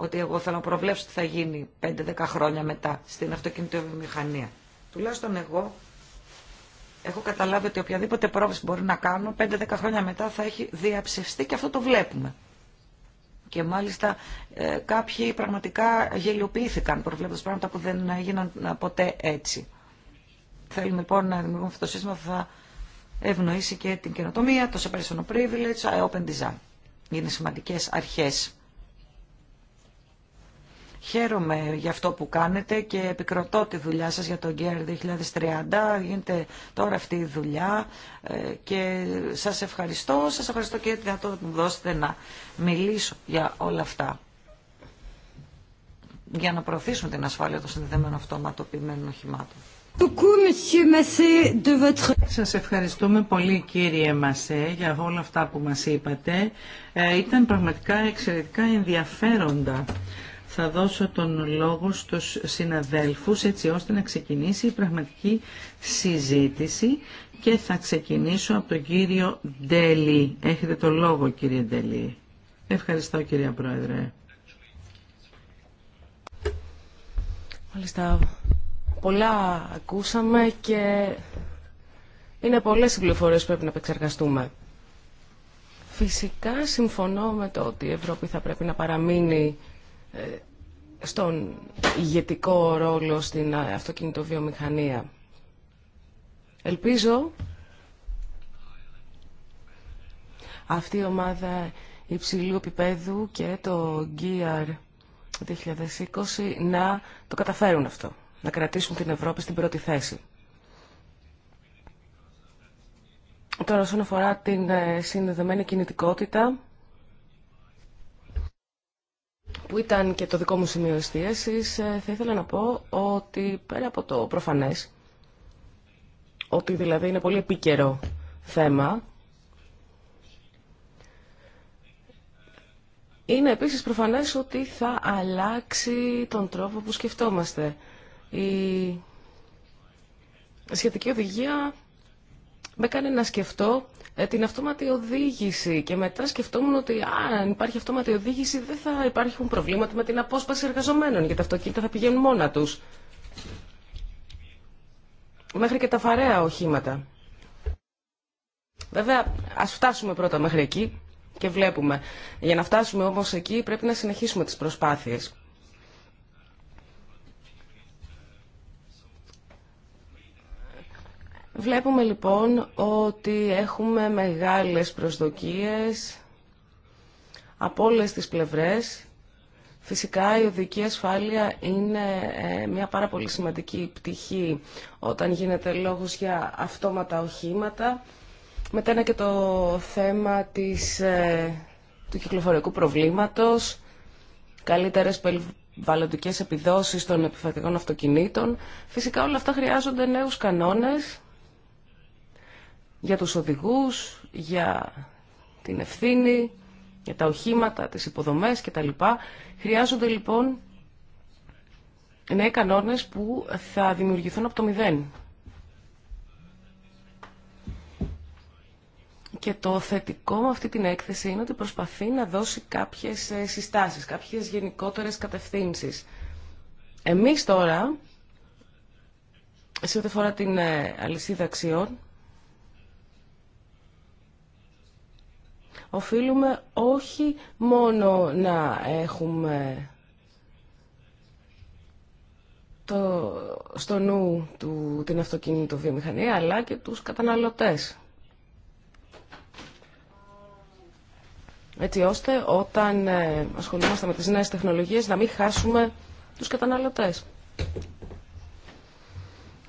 ότι εγώ θέλω να προβλέψω τι θα γίνει 5-10 χρόνια μετά στην αυτοκινητοβιομηχανία. Τουλάχιστον εγώ έχω καταλάβει ότι οποιαδήποτε πρόβλεψη μπορεί να κάνω 5-10 χρόνια μετά θα έχει διαψευστεί και αυτό το βλέπουμε. Και μάλιστα ε, κάποιοι πραγματικά γελιοποιήθηκαν προβλέποντας πράγματα που δεν έγιναν ε, ποτέ έτσι. Θέλουμε λοιπόν να δημιουργούμε αυτό το σύστημα που θα ευνοήσει και την καινοτομία, το separation of privilege, ε, open design. Είναι σημαντικές αρχές Χαίρομαι για αυτό που κάνετε και επικροτώ τη δουλειά σας για τον ΚΕΡ 2030. Γίνεται τώρα αυτή η δουλειά ε, και σας ευχαριστώ. Σας ευχαριστώ και για το ότι μου δώσετε να μιλήσω για όλα αυτά για να προωθήσουμε την ασφάλεια των συνδεδεμένων αυτοματοποιημένων οχημάτων. Σας ευχαριστούμε πολύ κύριε Μασέ για όλα αυτά που μας είπατε. Ε, ήταν πραγματικά εξαιρετικά ενδιαφέροντα θα δώσω τον λόγο στους συναδέλφους έτσι ώστε να ξεκινήσει η πραγματική συζήτηση και θα ξεκινήσω από τον κύριο Ντέλη. Έχετε τον λόγο κύριε Ντέλη. Ευχαριστώ κυρία Πρόεδρε. Μάλιστα, πολλά ακούσαμε και είναι πολλές οι που πρέπει να επεξεργαστούμε. Φυσικά συμφωνώ με το ότι η Ευρώπη θα πρέπει να παραμείνει ε, στον ηγετικό ρόλο στην αυτοκινητοβιομηχανία. Ελπίζω αυτή η ομάδα υψηλού επίπεδου και το GEAR 2020 να το καταφέρουν αυτό, να κρατήσουν την Ευρώπη στην πρώτη θέση. Τώρα, όσον αφορά την ε, συνδεδεμένη κινητικότητα, που ήταν και το δικό μου σημείο εστίασης, ε, θα ήθελα να πω ότι πέρα από το προφανές, ότι δηλαδή είναι πολύ επίκαιρο θέμα, είναι επίσης προφανές ότι θα αλλάξει τον τρόπο που σκεφτόμαστε. Η σχετική οδηγία με κάνει να σκεφτώ την αυτόματη οδήγηση και μετά σκεφτόμουν ότι αν υπάρχει αυτόματη οδήγηση δεν θα υπάρχουν προβλήματα με την απόσπαση εργαζομένων γιατί τα αυτοκίνητα θα πηγαίνουν μόνα τους. Μέχρι και τα φαρέα οχήματα. Βέβαια, ας φτάσουμε πρώτα μέχρι εκεί και βλέπουμε. Για να φτάσουμε όμως εκεί πρέπει να συνεχίσουμε τις προσπάθειες. Βλέπουμε λοιπόν ότι έχουμε μεγάλες προσδοκίες από όλες τις πλευρές. Φυσικά η οδική ασφάλεια είναι ε, μια πάρα πολύ σημαντική πτυχή όταν γίνεται λόγος για αυτόματα οχήματα. Μετά είναι και το θέμα της, ε, του κυκλοφοριακού προβλήματος, καλύτερες περιβαλλοντικές επιδόσεις των επιφατικών αυτοκινήτων. Φυσικά όλα αυτά χρειάζονται νέους κανόνες για τους οδηγούς, για την ευθύνη, για τα οχήματα, τις υποδομές κτλ. Χρειάζονται λοιπόν νέοι κανόνες που θα δημιουργηθούν από το μηδέν. Και το θετικό με αυτή την έκθεση είναι ότι προσπαθεί να δώσει κάποιες ε, συστάσεις, κάποιες γενικότερες κατευθύνσεις. Εμείς τώρα, σε ό,τι αφορά την ε, αλυσίδα αξιών, οφείλουμε όχι μόνο να έχουμε το, στο νου του, την αυτοκίνητο βιομηχανία, αλλά και τους καταναλωτές. Έτσι ώστε όταν ε, ασχολούμαστε με τις νέες τεχνολογίες να μην χάσουμε τους καταναλωτές.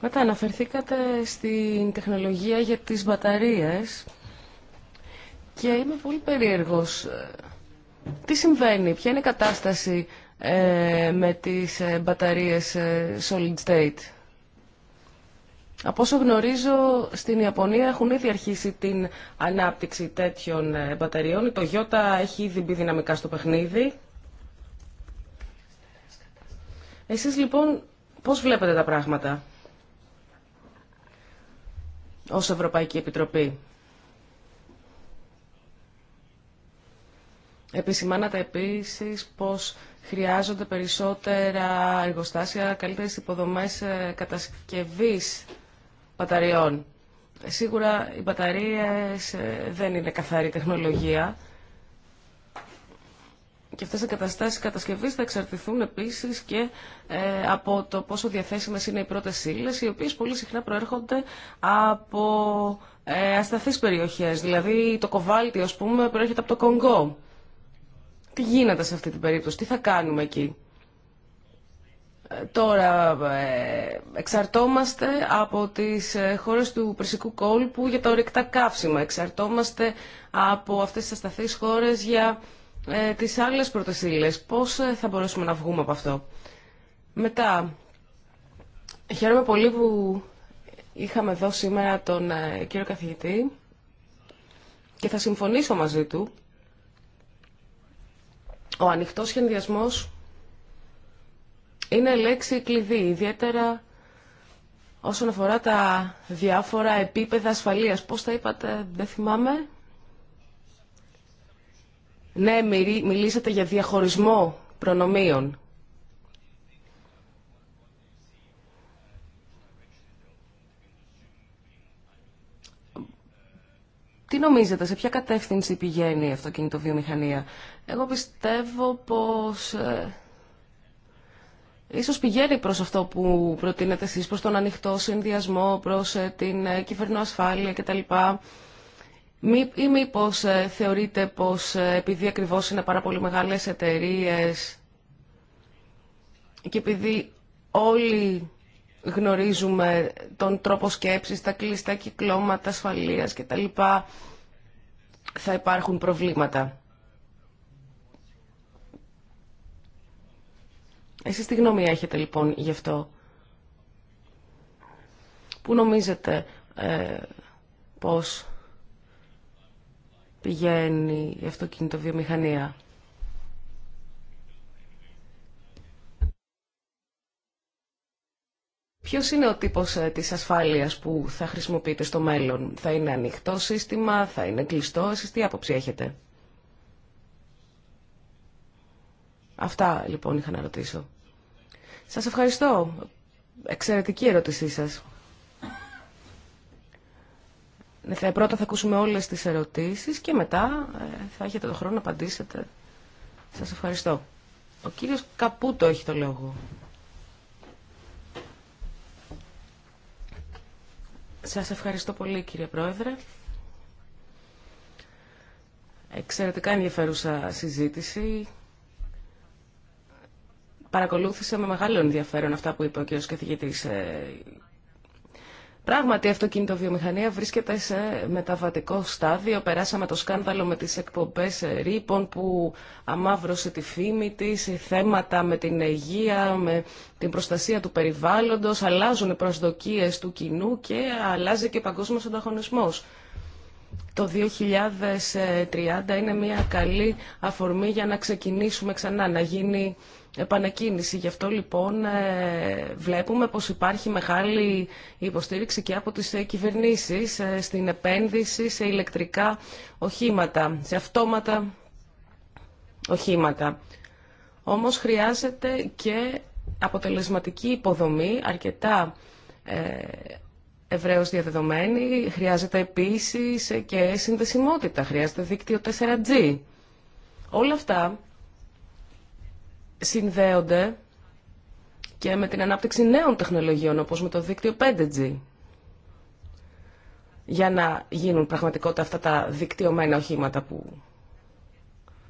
Μετά αναφερθήκατε στην τεχνολογία για τις μπαταρίες και είμαι πολύ περίεργος. Τι συμβαίνει, ποια είναι η κατάσταση ε, με τις ε, μπαταρίες ε, solid state. Από όσο γνωρίζω, στην Ιαπωνία έχουν ήδη αρχίσει την ανάπτυξη τέτοιων ε, μπαταριών. Το Ιώτα έχει ήδη μπει δυναμικά στο παιχνίδι. Εσείς λοιπόν πώς βλέπετε τα πράγματα ως Ευρωπαϊκή Επιτροπή. Επισημάνατε επίσης πως χρειάζονται περισσότερα εργοστάσια, καλύτερες υποδομές ε, κατασκευής μπαταριών. Ε, σίγουρα οι μπαταρίες ε, δεν είναι καθαρή τεχνολογία και αυτές οι καταστάσεις κατασκευής θα εξαρτηθούν επίσης και από το πόσο διαθέσιμες είναι οι πρώτες ύλες, οι οποίες πολύ συχνά προέρχονται από ασταθείς περιοχές. Δηλαδή το κοβάλτι, ας πούμε, προέρχεται από το Κονγκό τι γίνεται σε αυτή την περίπτωση, τι θα κάνουμε εκεί. Ε, τώρα ε, εξαρτόμαστε από τις ε, χώρες του Περσικού κόλπου για τα ορεικτά καύσιμα. Εξαρτόμαστε από αυτές τις ασταθείς χώρες για ε, τις άλλες πρωτεσίλες. Πώς θα μπορέσουμε να βγούμε από αυτό. Μετά, χαίρομαι πολύ που είχαμε εδώ σήμερα τον κύριο καθηγητή και θα συμφωνήσω μαζί του ο ανοιχτός σχεδιασμός είναι λέξη κλειδί, ιδιαίτερα όσον αφορά τα διάφορα επίπεδα ασφαλείας. Πώς τα είπατε, δεν θυμάμαι. Ναι, μιλήσατε για διαχωρισμό προνομίων. Τι νομίζετε, σε ποια κατεύθυνση πηγαίνει η αυτοκινητοβιομηχανία. Εγώ πιστεύω πως ε, ίσως πηγαίνει προς αυτό που προτείνετε εσείς, προς τον ανοιχτό συνδυασμό, προς ε, την ε, κυβερνοασφάλεια κτλ. Μη, ή μήπω ε, θεωρείτε πως ε, επειδή ακριβώς είναι πάρα πολύ μεγάλες εταιρείες και επειδή όλοι γνωρίζουμε τον τρόπο σκέψης, τα κλειστά κυκλώματα ασφαλείας λοιπά. Θα υπάρχουν προβλήματα. Εσείς τι γνώμη έχετε λοιπόν γι' αυτό. Πού νομίζετε ε, πώς πηγαίνει η αυτοκινητοβιομηχανία. Ποιος είναι ο τύπος ε, της ασφάλειας που θα χρησιμοποιείτε στο μέλλον. Θα είναι ανοιχτό σύστημα, θα είναι κλειστό. Εσείς τι άποψη έχετε. Αυτά λοιπόν είχα να ρωτήσω. Σας ευχαριστώ. Εξαιρετική ερώτησή σας. Ναι, πρώτα θα ακούσουμε όλες τις ερωτήσεις και μετά ε, θα έχετε τον χρόνο να απαντήσετε. Σας ευχαριστώ. Ο κύριος Καπούτο έχει το λόγο. Σας ευχαριστώ πολύ κύριε Πρόεδρε. Εξαιρετικά ενδιαφέρουσα συζήτηση. Παρακολούθησα με μεγάλο ενδιαφέρον αυτά που είπε ο κύριος καθηγητής ε, Πράγματι, η αυτοκινητοβιομηχανία βρίσκεται σε μεταβατικό στάδιο. Περάσαμε το σκάνδαλο με τις εκπομπές ρήπων που αμαύρωσε τη φήμη της, θέματα με την υγεία, με την προστασία του περιβάλλοντος, αλλάζουν οι προσδοκίες του κοινού και αλλάζει και ο παγκόσμιος ανταγωνισμός. Το 2030 είναι μια καλή αφορμή για να ξεκινήσουμε ξανά, να γίνει επανεκκίνηση. Γι' αυτό λοιπόν ε, βλέπουμε πως υπάρχει μεγάλη υποστήριξη και από τις ε, κυβερνήσεις ε, στην επένδυση σε ηλεκτρικά οχήματα, σε αυτόματα οχήματα. Όμως χρειάζεται και αποτελεσματική υποδομή, αρκετά ευρέως διαδεδομένη. Χρειάζεται επίσης και συνδεσιμότητα, χρειάζεται δίκτυο 4G. Όλα αυτά συνδέονται και με την ανάπτυξη νέων τεχνολογιών, όπως με το δίκτυο 5G. Για να γίνουν πραγματικότητα αυτά τα δικτυωμένα οχήματα που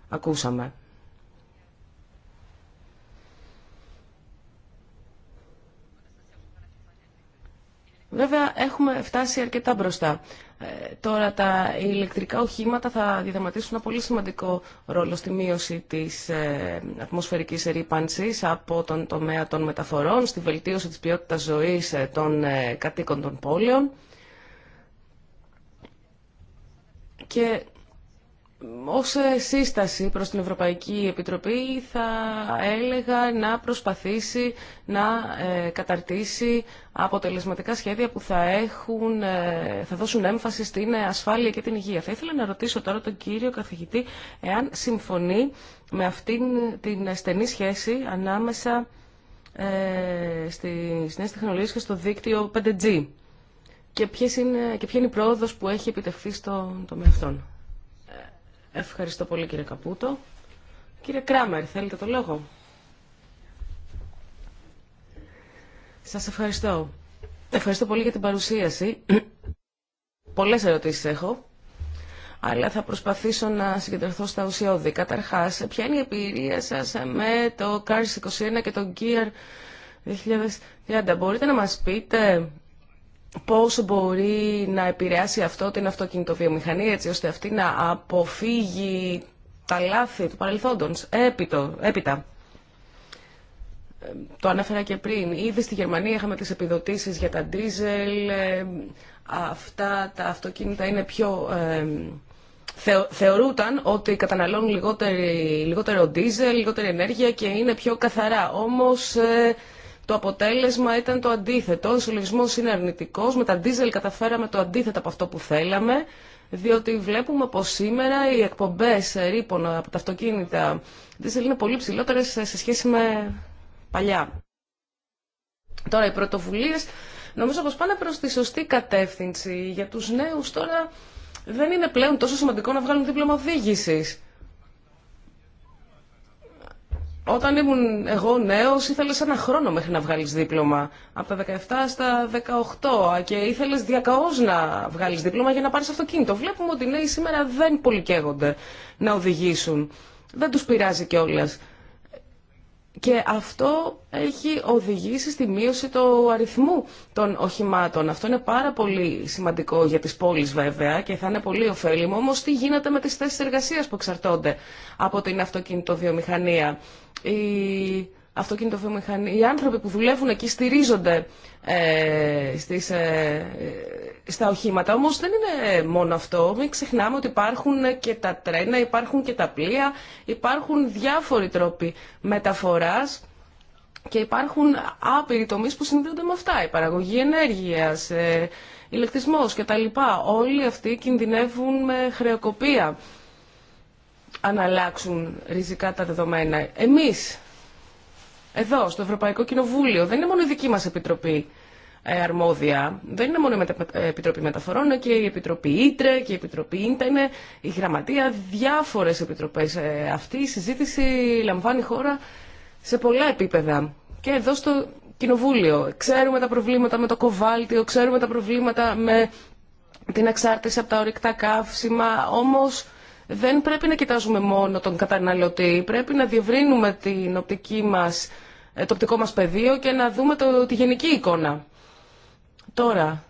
ακούσαμε. Βέβαια, έχουμε φτάσει αρκετά μπροστά. Ε, τώρα τα ηλεκτρικά οχήματα θα διδαματίσουν ένα πολύ σημαντικό ρόλο στη μείωση της ε, ατμοσφαιρικής ερήπανσης από τον τομέα των μεταφορών, στη βελτίωση της ποιότητας ζωής ε, των κατοίκων των πόλεων. Και ως ε, σύσταση προς την Ευρωπαϊκή Επιτροπή θα έλεγα να προσπαθήσει να ε, καταρτήσει αποτελεσματικά σχέδια που θα, έχουν, ε, θα δώσουν έμφαση στην ασφάλεια και την υγεία. Θα ήθελα να ρωτήσω τώρα τον κύριο καθηγητή εάν συμφωνεί με αυτήν την στενή σχέση ανάμεσα ε, στις νέες τεχνολογίες και στο δίκτυο 5G και, είναι, ποια είναι η πρόοδος που έχει επιτευχθεί στον τομέα αυτών. Ευχαριστώ πολύ κύριε Καπούτο. Κύριε Κράμερ, θέλετε το λόγο. Σας ευχαριστώ. Ευχαριστώ πολύ για την παρουσίαση. Πολλές ερωτήσεις έχω, αλλά θα προσπαθήσω να συγκεντρωθώ στα ουσιώδη. Καταρχάς, ποια είναι η εμπειρία σας με το Cars 21 και το Gear 2030. Μπορείτε να μας πείτε πώς μπορεί να επηρεάσει αυτό την αυτοκινητοβιομηχανία έτσι ώστε αυτή να αποφύγει τα λάθη του παρελθόντος έπειτα. Ε, το ανέφερα και πριν. Ήδη στη Γερμανία είχαμε τις επιδοτήσεις για τα ντίζελ. Ε, αυτά τα αυτοκίνητα είναι πιο... Ε, θεωρούταν ότι καταναλώνουν λιγότερο ντίζελ, λιγότερη ενέργεια και είναι πιο καθαρά. Όμως... Το αποτέλεσμα ήταν το αντίθετο. Ο συλλογισμό είναι αρνητικό. Με τα ντίζελ καταφέραμε το αντίθετο από αυτό που θέλαμε, διότι βλέπουμε πω σήμερα οι εκπομπέ ρήπων από τα αυτοκίνητα ντίζελ είναι πολύ ψηλότερε σε σχέση με παλιά. Τώρα οι πρωτοβουλίε νομίζω πω πάνε προς τη σωστή κατεύθυνση. Για του νέου τώρα δεν είναι πλέον τόσο σημαντικό να βγάλουν δίπλωμα οδήγηση. Όταν ήμουν εγώ νέος ήθελες ένα χρόνο μέχρι να βγάλεις δίπλωμα. Από τα 17 στα 18 και ήθελες διακαώ να βγάλεις δίπλωμα για να πάρεις αυτοκίνητο. Βλέπουμε ότι οι νέοι σήμερα δεν πολυκαίγονται να οδηγήσουν. Δεν τους πειράζει κιόλα. Και αυτό έχει οδηγήσει στη μείωση του αριθμού των οχημάτων. Αυτό είναι πάρα πολύ σημαντικό για τις πόλεις βέβαια και θα είναι πολύ ωφέλιμο. Όμως τι γίνεται με τις θέσεις εργασίας που εξαρτώνται από την αυτοκινητοβιομηχανία. Οι, Οι άνθρωποι που δουλεύουν εκεί στηρίζονται ε, στις, ε, στα οχήματα. Όμως δεν είναι μόνο αυτό. Μην ξεχνάμε ότι υπάρχουν και τα τρένα, υπάρχουν και τα πλοία, υπάρχουν διάφοροι τρόποι μεταφοράς και υπάρχουν άπειροι τομείς που συνδέονται με αυτά. Η παραγωγή ενέργειας, ε, ηλεκτρισμός κτλ. Όλοι αυτοί κινδυνεύουν με χρεοκοπία αν αλλάξουν ριζικά τα δεδομένα. Εμείς, εδώ, στο Ευρωπαϊκό Κοινοβούλιο, δεν είναι μόνο η δική μας επιτροπή ε, αρμόδια δεν είναι μόνο η ε, Επιτροπή Μεταφορών και η Επιτροπή Ήτρε και η Επιτροπή Ίντα η Γραμματεία, διάφορες επιτροπές. Ε, αυτή η συζήτηση λαμβάνει χώρα σε πολλά επίπεδα και εδώ στο Κοινοβούλιο. Ξέρουμε τα προβλήματα με το κοβάλτιο, ξέρουμε τα προβλήματα με την εξάρτηση από τα ορυκτά καύσιμα, όμως δεν πρέπει να κοιτάζουμε μόνο τον καταναλωτή, πρέπει να διευρύνουμε την οπτική μας, το οπτικό μας πεδίο και να δούμε το, τη γενική εικόνα. Τώρα,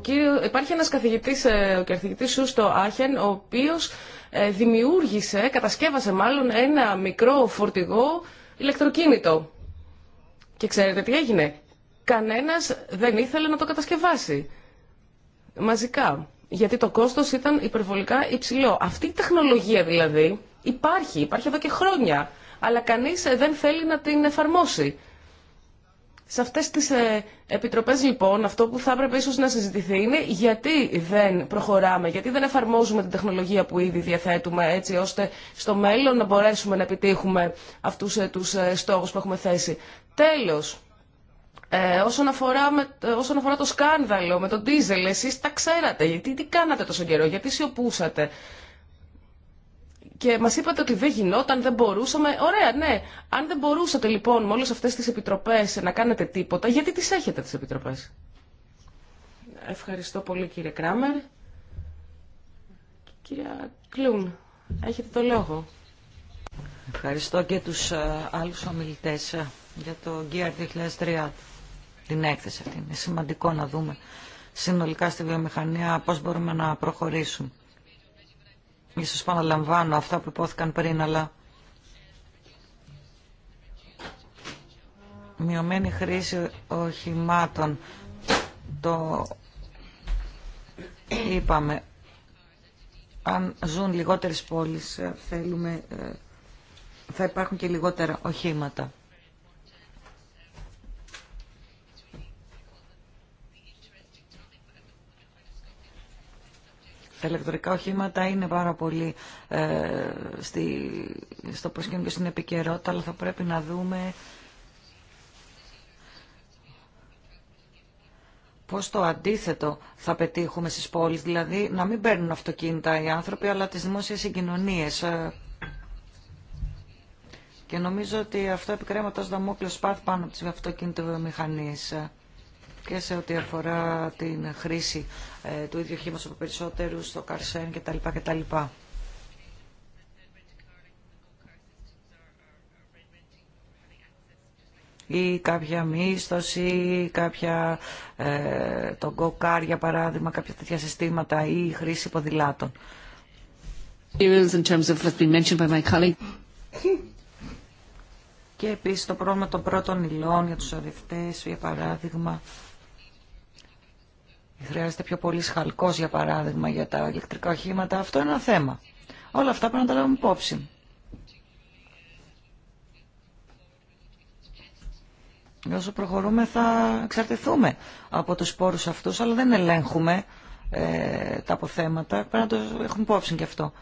κύριο, υπάρχει ένας καθηγητής, ε, ο καθηγητής Σου στο Άχεν, ο οποίος ε, δημιούργησε, κατασκεύασε μάλλον ένα μικρό φορτηγό ηλεκτροκίνητο. Και ξέρετε τι έγινε. Κανένας δεν ήθελε να το κατασκευάσει μαζικά. Γιατί το κόστος ήταν υπερβολικά υψηλό. Αυτή η τεχνολογία δηλαδή υπάρχει, υπάρχει εδώ και χρόνια, αλλά κανείς ε, δεν θέλει να την εφαρμόσει. Σε αυτές τις ε, επιτροπές λοιπόν αυτό που θα έπρεπε ίσως να συζητηθεί είναι γιατί δεν προχωράμε, γιατί δεν εφαρμόζουμε την τεχνολογία που ήδη διαθέτουμε έτσι ώστε στο μέλλον να μπορέσουμε να επιτύχουμε αυτούς ε, τους ε, στόχους που έχουμε θέσει. Τέλος, ε, όσον, αφορά όσον αφορά το σκάνδαλο με τον ντίζελ, εσείς τα ξέρατε, γιατί τι κάνατε τόσο καιρό, γιατί σιωπούσατε. Και μα είπατε ότι δεν γινόταν, δεν μπορούσαμε. Ωραία, ναι. Αν δεν μπορούσατε λοιπόν με όλε αυτέ τι επιτροπέ να κάνετε τίποτα, γιατί τι έχετε τι επιτροπέ. Ευχαριστώ πολύ κύριε Κράμερ. Κυρία Κλούν, έχετε το λόγο. Ευχαριστώ και τους ε, άλλους ομιλητές ε, για το GR 2003, την έκθεση αυτή. Είναι σημαντικό να δούμε συνολικά στη βιομηχανία πώς μπορούμε να προχωρήσουμε. Ίσως παραλαμβάνω αυτά που υπόθηκαν πριν, αλλά μειωμένη χρήση οχημάτων. Το είπαμε. Αν ζουν λιγότερες πόλεις, ε, θέλουμε, ε, θα υπάρχουν και λιγότερα οχήματα. Τα ηλεκτρικά οχήματα είναι πάρα πολύ ε, στη, στο προσκήνιο και στην επικαιρότητα, αλλά θα πρέπει να δούμε πώς το αντίθετο θα πετύχουμε στις πόλεις, δηλαδή να μην παίρνουν αυτοκίνητα οι άνθρωποι, αλλά τις δημόσιες συγκοινωνίες. Ε, και νομίζω ότι αυτό επικρέματος δαμόκλειο πάθ πάνω από τις αυτοκίνητες μηχανίες και σε ό,τι αφορά την χρήση ε, του ίδιου χήματος από περισσότερους, στο καρσέν κτλ. κτλ. ή κάποια μίσθωση ή κάποια ε, το go-car για παράδειγμα, κάποια τέτοια συστήματα ή η χρηση ποδηλάτων. Και επίσης το πρόβλημα των πρώτων υλών για τους ορευτές, για παράδειγμα χρειάζεται πιο πολύ χαλκός για παράδειγμα για τα ηλεκτρικά οχήματα, αυτό είναι ένα θέμα. Όλα αυτά πρέπει να τα λάβουμε υπόψη. Όσο προχωρούμε θα εξαρτηθούμε από τους σπόρους αυτούς, αλλά δεν ελέγχουμε ε, τα αποθέματα. Πρέπει να το έχουμε υπόψη και αυτό.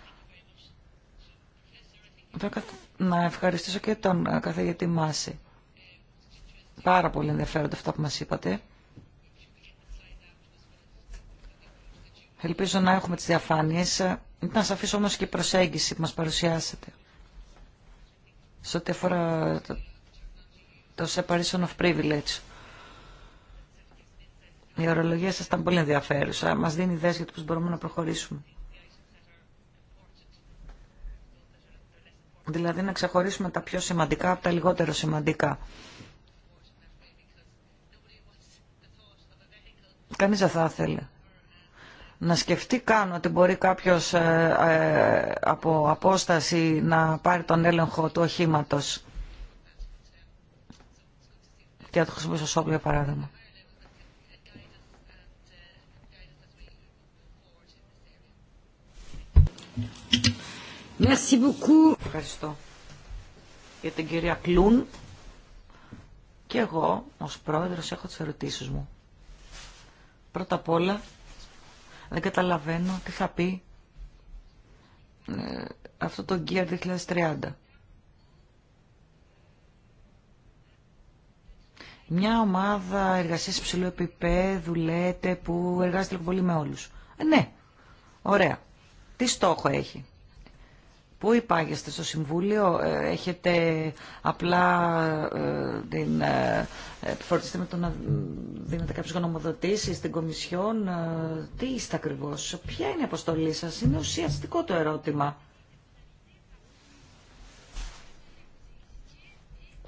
Να ευχαριστήσω και τον ε, καθηγητή Μάση. Πάρα πολύ ενδιαφέροντα αυτά που μας είπατε. Ελπίζω να έχουμε τις διαφάνειες. Ήταν αφήσω όμως και η προσέγγιση που μας παρουσιάσετε. Σε ό,τι αφορά το, το separation of privilege. Η ορολογία σας ήταν πολύ ενδιαφέρουσα. Μας δίνει ιδέες για το πώς μπορούμε να προχωρήσουμε. Δηλαδή να ξεχωρίσουμε τα πιο σημαντικά από τα λιγότερο σημαντικά. Κανείς δεν θα ήθελε να σκεφτεί καν ότι μπορεί κάποιος ε, ε, από απόσταση να πάρει τον έλεγχο του οχήματος και να το χρησιμοποιήσω ως για παράδειγμα. Merci Ευχαριστώ για την κυρία Κλούν και εγώ ως πρόεδρος έχω τις ερωτήσεις μου. Πρώτα απ' όλα δεν καταλαβαίνω τι θα πει ε, αυτό το Gear 2030. Μια ομάδα εργασίας υψηλού επίπεδου λέτε που εργάζεται πολύ με όλους. Ε, ναι, ωραία. Τι στόχο έχει. Πού υπάγεστε στο Συμβούλιο, ε, έχετε απλά ε, την ε, ε με το να δίνετε κάποιες γνωμοδοτήσεις στην Κομισιόν. τι είστε ακριβώς, ποια είναι η αποστολή σας, είναι ουσιαστικό το ερώτημα.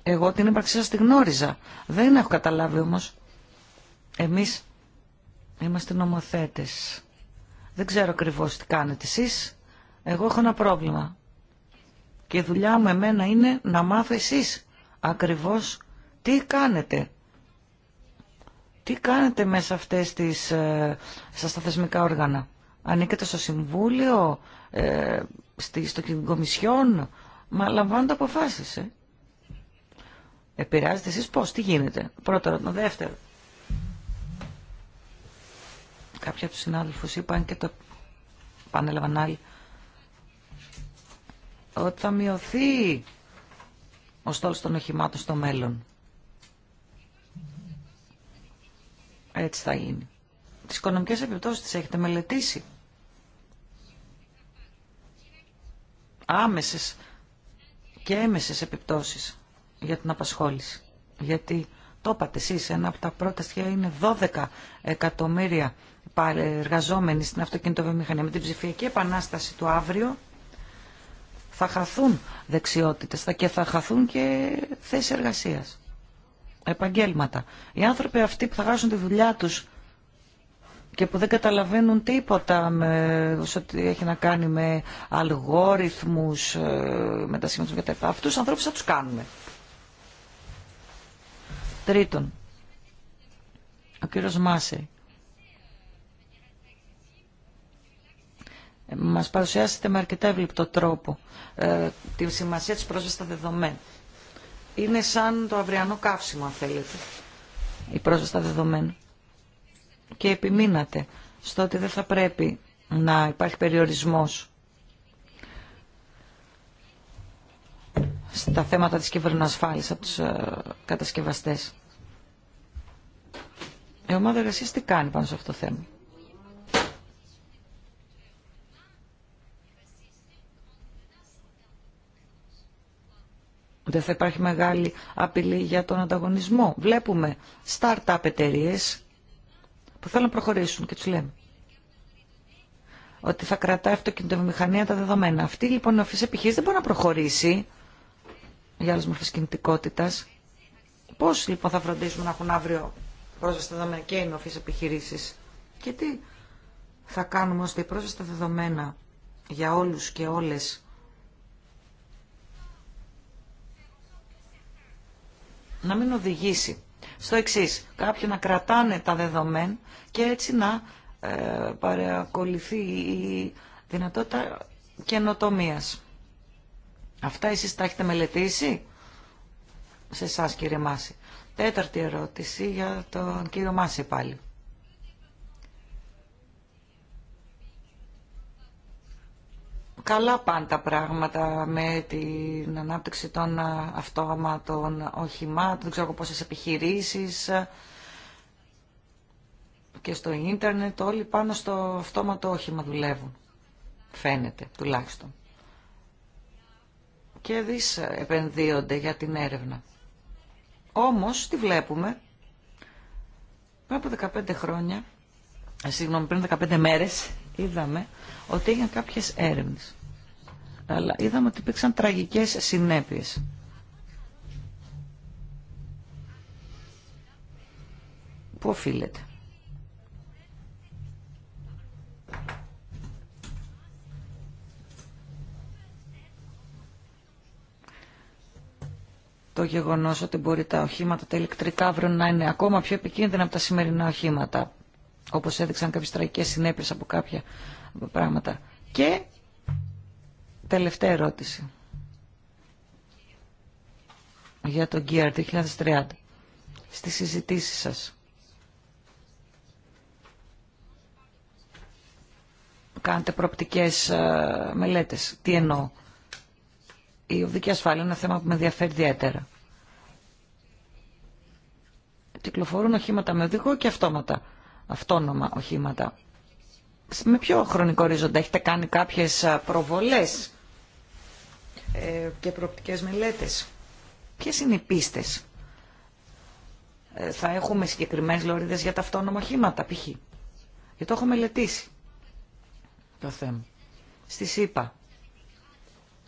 Εγώ την ύπαρξή σας τη γνώριζα, δεν έχω καταλάβει όμως. Εμείς είμαστε νομοθέτες. Δεν ξέρω ακριβώς τι κάνετε εσείς. Εγώ έχω ένα πρόβλημα και δουλειά μου εμένα είναι να μάθω εσείς ακριβώς τι κάνετε. Τι κάνετε μέσα αυτές τις, ε, στα θεσμικά όργανα. Ανήκετε στο Συμβούλιο, ε, στη, στο Κομισιόν, μα λαμβάνονται αποφάσεις. Ε. Επηρεάζετε εσείς πώς, τι γίνεται. Πρώτο ερώτημα. Δεύτερο. Κάποιοι από τους συνάδελφους είπαν και το πανέλαβαν άλλοι ότι θα μειωθεί ο στόλος των οχημάτων στο μέλλον. Έτσι θα γίνει. Τις οικονομικές επιπτώσεις τις έχετε μελετήσει. Άμεσες και έμεσες επιπτώσεις για την απασχόληση. Γιατί το είπατε εσείς, ένα από τα πρώτα στοιχεία είναι 12 εκατομμύρια εργαζόμενοι στην αυτοκινητοβιομηχανία. Με την ψηφιακή επανάσταση του αύριο θα χαθούν δεξιότητες και θα χαθούν και θέσεις εργασίας, επαγγέλματα. Οι άνθρωποι αυτοί που θα χάσουν τη δουλειά τους και που δεν καταλαβαίνουν τίποτα με, ότι έχει να κάνει με αλγόριθμους, ε, με τα σύμφωνα και τα αυτούς τους ανθρώπους θα τους κάνουμε. Τρίτον, ο κύριος Μάση Μας παρουσιάσετε με αρκετά ευληπτό τρόπο ε, τη σημασία της πρόσβασης στα δεδομένα. Είναι σαν το αυριανό καύσιμο, αν θέλετε, η πρόσβαση στα δεδομένα. Και επιμείνατε στο ότι δεν θα πρέπει να υπάρχει περιορισμός στα θέματα της κυβερνοασφάλειας από τους ε, κατασκευαστές. Η ομάδα εργασίας τι κάνει πάνω σε αυτό το θέμα. δεν θα υπάρχει μεγάλη απειλή για τον ανταγωνισμό. Βλέπουμε start-up εταιρείε που θέλουν να προχωρήσουν και τους λέμε ότι θα κρατάει αυτοκινητοβιομηχανία τα δεδομένα. Αυτή λοιπόν η αφής επιχείρηση δεν μπορεί να προχωρήσει για άλλες μορφές κινητικότητας. Πώς λοιπόν θα φροντίσουμε να έχουν αύριο πρόσβαση στα δεδομένα και οι νοφείς επιχειρήσεις και τι θα κάνουμε ώστε η πρόσβαση στα δεδομένα για όλους και όλες να μην οδηγήσει στο εξή. Κάποιοι να κρατάνε τα δεδομένα και έτσι να ε, παρακολουθεί η δυνατότητα καινοτομία. Αυτά εσεί τα έχετε μελετήσει σε εσά κύριε Μάση. Τέταρτη ερώτηση για τον κύριο Μάση πάλι. καλά πάνε τα πράγματα με την ανάπτυξη των ε, αυτόματων οχημάτων, δεν ξέρω πόσες επιχειρήσεις ε, και στο ίντερνετ όλοι πάνω στο αυτόματο όχημα δουλεύουν. Φαίνεται τουλάχιστον. Και δις ε, επενδύονται για την έρευνα. Όμως, τι βλέπουμε, πριν από 15 χρόνια, συγγνώμη, πριν 15 μέρες, είδαμε ότι έγιναν κάποιες έρευνες. Αλλά είδαμε ότι υπήρξαν τραγικές συνέπειες. Πού οφείλεται. το γεγονός ότι μπορεί τα οχήματα τα ηλεκτρικά αύριο να είναι ακόμα πιο επικίνδυνα από τα σημερινά οχήματα όπως έδειξαν κάποιες τραγικές συνέπειες από κάποια πράγματα. Και τελευταία ερώτηση για τον GEAR 2030 στις συζητήσεις σας. Κάντε προπτικές ε, μελέτες. Τι εννοώ. Η οδική ασφάλεια είναι ένα θέμα που με ενδιαφέρει ιδιαίτερα. Κυκλοφορούν οχήματα με οδηγό και αυτόματα αυτόνομα οχήματα. Με ποιο χρονικό ορίζοντα έχετε κάνει κάποιες προβολές ε, και προοπτικές μελέτες. Ποιες είναι οι πίστες. Ε, θα έχουμε συγκεκριμένες λωρίδες για τα αυτόνομα οχήματα π.χ. Γιατί το έχω μελετήσει το θέμα. Στη ΣΥΠΑ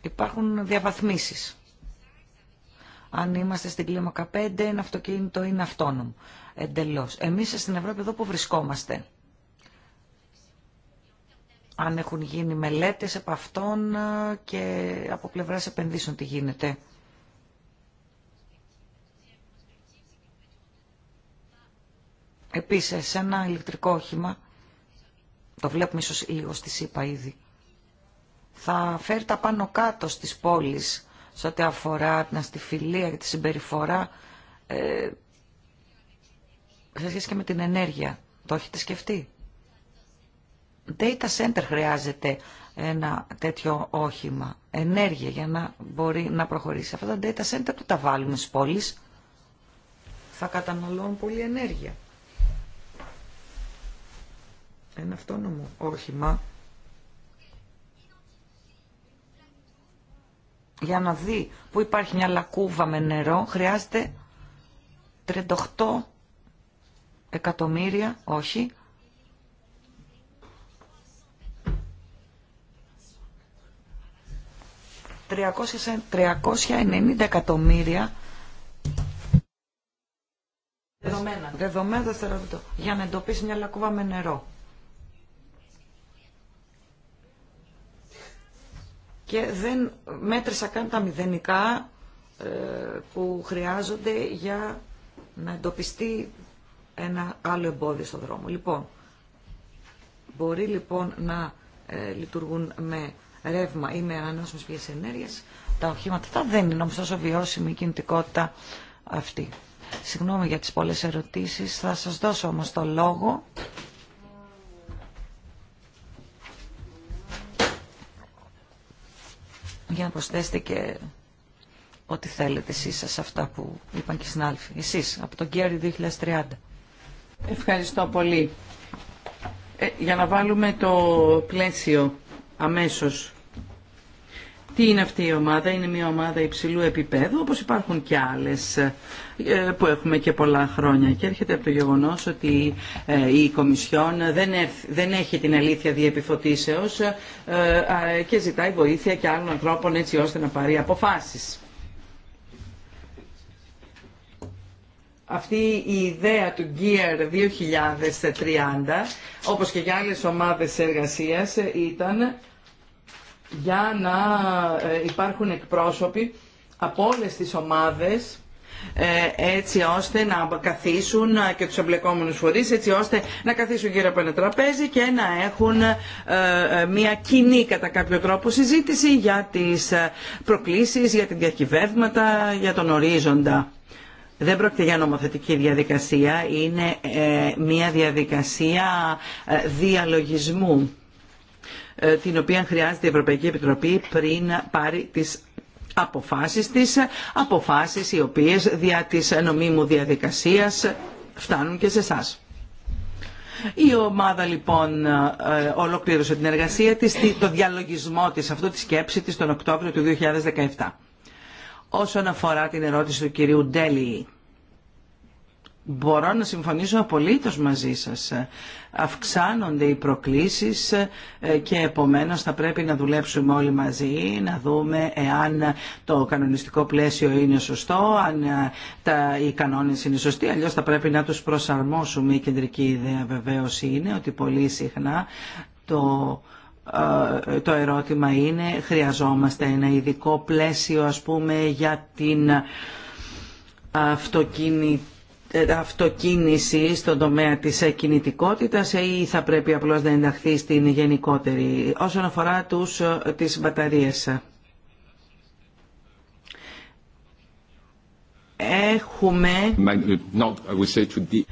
υπάρχουν διαβαθμίσεις αν είμαστε στην κλίμακα 5, ένα αυτοκίνητο είναι αυτόνομο. Εντελώ. Εμείς στην Ευρώπη εδώ που βρισκόμαστε. Αν έχουν γίνει μελέτες από αυτόν ε, και από πλευρά επενδύσεων τι γίνεται. Επίσης, ένα ηλεκτρικό όχημα, το βλέπουμε ίσω λίγο στη ΣΥΠΑ ήδη, θα φέρει τα πάνω κάτω στις πόλεις σε ό,τι αφορά την αστιφιλία και τη συμπεριφορά ε, σε και με την ενέργεια. Το έχετε σκεφτεί. Data center χρειάζεται ένα τέτοιο όχημα, ενέργεια για να μπορεί να προχωρήσει. Αυτά τα data center που τα βάλουμε στις πόλεις θα καταναλώνουν πολύ ενέργεια. Ένα αυτόνομο όχημα για να δει που υπάρχει μια λακκούβα με νερό χρειάζεται 38 εκατομμύρια, όχι, 390 εκατομμύρια δεδομένα, δεδομένα για να εντοπίσει μια λακκούβα με νερό. και δεν μέτρησα καν τα μηδενικά ε, που χρειάζονται για να εντοπιστεί ένα άλλο εμπόδιο στον δρόμο. Λοιπόν, μπορεί λοιπόν να ε, λειτουργούν με ρεύμα ή με ανανεώσιμε πηγές ενέργειας. Τα οχήματα αυτά δεν είναι όμως τόσο βιώσιμη η κινητικότητα αυτή. Συγγνώμη για τις πολλές ερωτήσεις. Θα σας δώσω όμως το λόγο για να προσθέσετε και ό,τι θέλετε εσείς σε αυτά που είπαν και οι συνάδελφοι. Εσείς, από τον Κέρι 2030. Ευχαριστώ πολύ. Ε, για να βάλουμε το πλαίσιο αμέσως. Τι είναι αυτή η ομάδα, είναι μια ομάδα υψηλού επίπεδου, όπως υπάρχουν και άλλες ε, που έχουμε και πολλά χρόνια. Και έρχεται από το γεγονός ότι ε, η Κομισιόν δεν έχει την αλήθεια διεπιφωτίσεως ε, και ζητάει βοήθεια και άλλων ανθρώπων έτσι ώστε να πάρει αποφάσεις. αυτή η ιδέα του Gear 2030, όπως και για άλλες ομάδες εργασίας, ήταν για να ε, υπάρχουν εκπρόσωποι από όλες τις ομάδες ε, έτσι ώστε να καθίσουν ε, και τους εμπλεκόμενους φορείς, έτσι ώστε να καθίσουν γύρω από ένα τραπέζι και να έχουν μια κοινή κατά κάποιο τρόπο συζήτηση για τις προκλήσεις, για την διακυβεύματα, για τον ορίζοντα. Δεν πρόκειται για νομοθετική διαδικασία, είναι μια διαδικασία διαλογισμού ε, την οποία χρειάζεται η Ευρωπαϊκή Επιτροπή πριν πάρει τις αποφάσεις της, αποφάσεις οι οποίες δια της νομίμου διαδικασίας φτάνουν και σε εσά. Η ομάδα λοιπόν ε, ολοκλήρωσε την εργασία της, το διαλογισμό της, αυτό τη σκέψη της τον Οκτώβριο του 2017. Όσον αφορά την ερώτηση του κυρίου Ντέλη, μπορώ να συμφωνήσω απολύτως μαζί σας αυξάνονται οι προκλήσεις ε, και επομένως θα πρέπει να δουλέψουμε όλοι μαζί, να δούμε εάν το κανονιστικό πλαίσιο είναι σωστό, αν ε, τα, οι κανόνες είναι σωστοί, αλλιώς θα πρέπει να τους προσαρμόσουμε. Η κεντρική ιδέα βεβαίως είναι ότι πολύ συχνά το ε, το ερώτημα είναι χρειαζόμαστε ένα ειδικό πλαίσιο ας πούμε για την αυτοκίνητη αυτοκίνηση στον τομέα της κινητικότητας ή θα πρέπει απλώς να ενταχθεί στην γενικότερη όσον αφορά τους, τις μπαταρίες. Έχουμε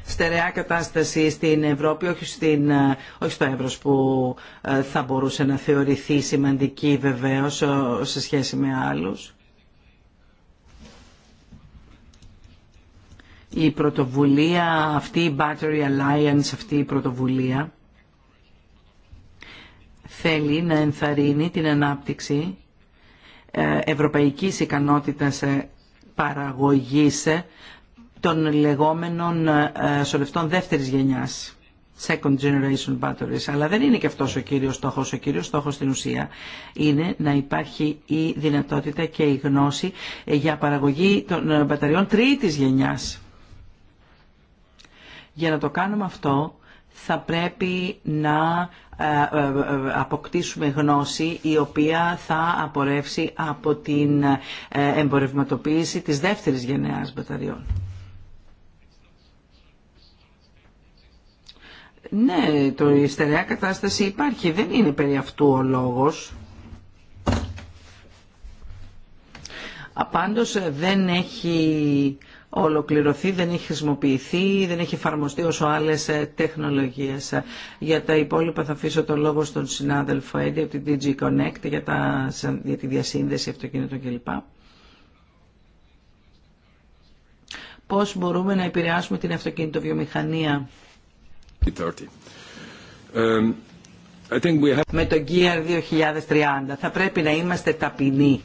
στερεά κατάσταση στην Ευρώπη, όχι, στην, όχι στο Εύρος που ε, θα μπορούσε να θεωρηθεί σημαντική βεβαίως ε, σε σχέση με άλλους. η πρωτοβουλία αυτή, η Battery Alliance, αυτή η πρωτοβουλία θέλει να ενθαρρύνει την ανάπτυξη ε, ευρωπαϊκής ικανότητας ε, παραγωγής ε, των λεγόμενων σωλευτών δεύτερης γενιάς second generation batteries. Αλλά δεν είναι και αυτό ο κύριος στόχο, Ο κύριος στόχο στην ουσία είναι να υπάρχει η δυνατότητα και η γνώση για παραγωγή των μπαταριών τρίτη γενιάς. Για να το κάνουμε αυτό θα πρέπει να ε, ε, ε, αποκτήσουμε γνώση η οποία θα απορρεύσει από την εμπορευματοποίηση της δεύτερης γενεάς μπαταριών. Ναι, το, η στερεά κατάσταση υπάρχει. Δεν είναι περί αυτού ο λόγος. Απάντως δεν έχει ολοκληρωθεί, δεν έχει χρησιμοποιηθεί, δεν έχει εφαρμοστεί όσο άλλες ε, τεχνολογίες. Για τα υπόλοιπα θα αφήσω το λόγο στον συνάδελφο Έντι από την DG Connect για, τα, για τη διασύνδεση αυτοκινήτων κλπ. Πώς μπορούμε να επηρεάσουμε την αυτοκινητοβιομηχανία. βιομηχανία; um, Με το Gear 2030 θα πρέπει να είμαστε ταπεινοί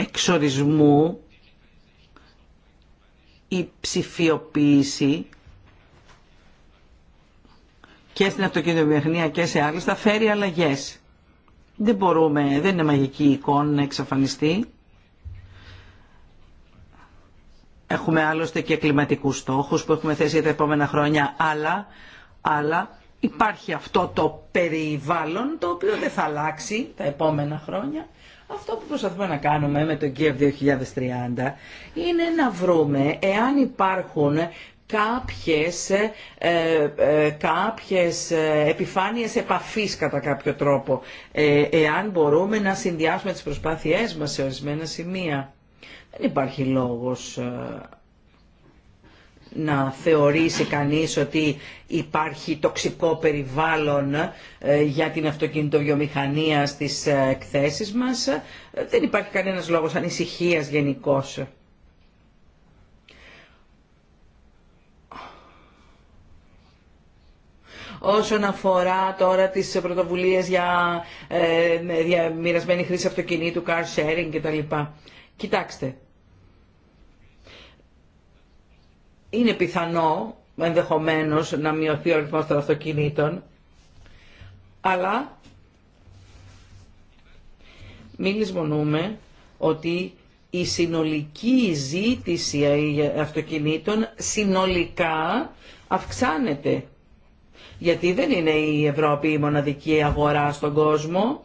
εξορισμού η ψηφιοποίηση και στην αυτοκινητοβιομηχανία και σε άλλες θα φέρει αλλαγές. Δεν μπορούμε, δεν είναι μαγική εικόνα να εξαφανιστεί. Έχουμε άλλωστε και κλιματικούς στόχους που έχουμε θέσει για τα επόμενα χρόνια, αλλά, αλλά υπάρχει αυτό το περιβάλλον το οποίο δεν θα αλλάξει τα επόμενα χρόνια αυτό που προσπαθούμε να κάνουμε με το Kiev 2030 είναι να βρούμε εάν υπάρχουν κάποιες, ε, ε, κάποιες ε, επιφάνειες επαφής κατά κάποιο τρόπο, ε, εάν μπορούμε να συνδυάσουμε τις προσπάθειές μας σε ορισμένα σημεία. Δεν υπάρχει λόγος ε, να θεωρήσει κανείς ότι υπάρχει τοξικό περιβάλλον ε, για την αυτοκινητοβιομηχανία στις ε, εκθέσεις μας. Ε, δεν υπάρχει κανένας λόγος ανησυχίας γενικώ. Όσον αφορά τώρα τις πρωτοβουλίες για ε, μοιρασμένη χρήση αυτοκινήτου, car sharing κτλ. Κοιτάξτε, είναι πιθανό ενδεχομένως να μειωθεί ο αριθμός των αυτοκινήτων, αλλά μην λησμονούμε ότι η συνολική ζήτηση αυτοκινήτων συνολικά αυξάνεται. Γιατί δεν είναι η Ευρώπη η μοναδική αγορά στον κόσμο.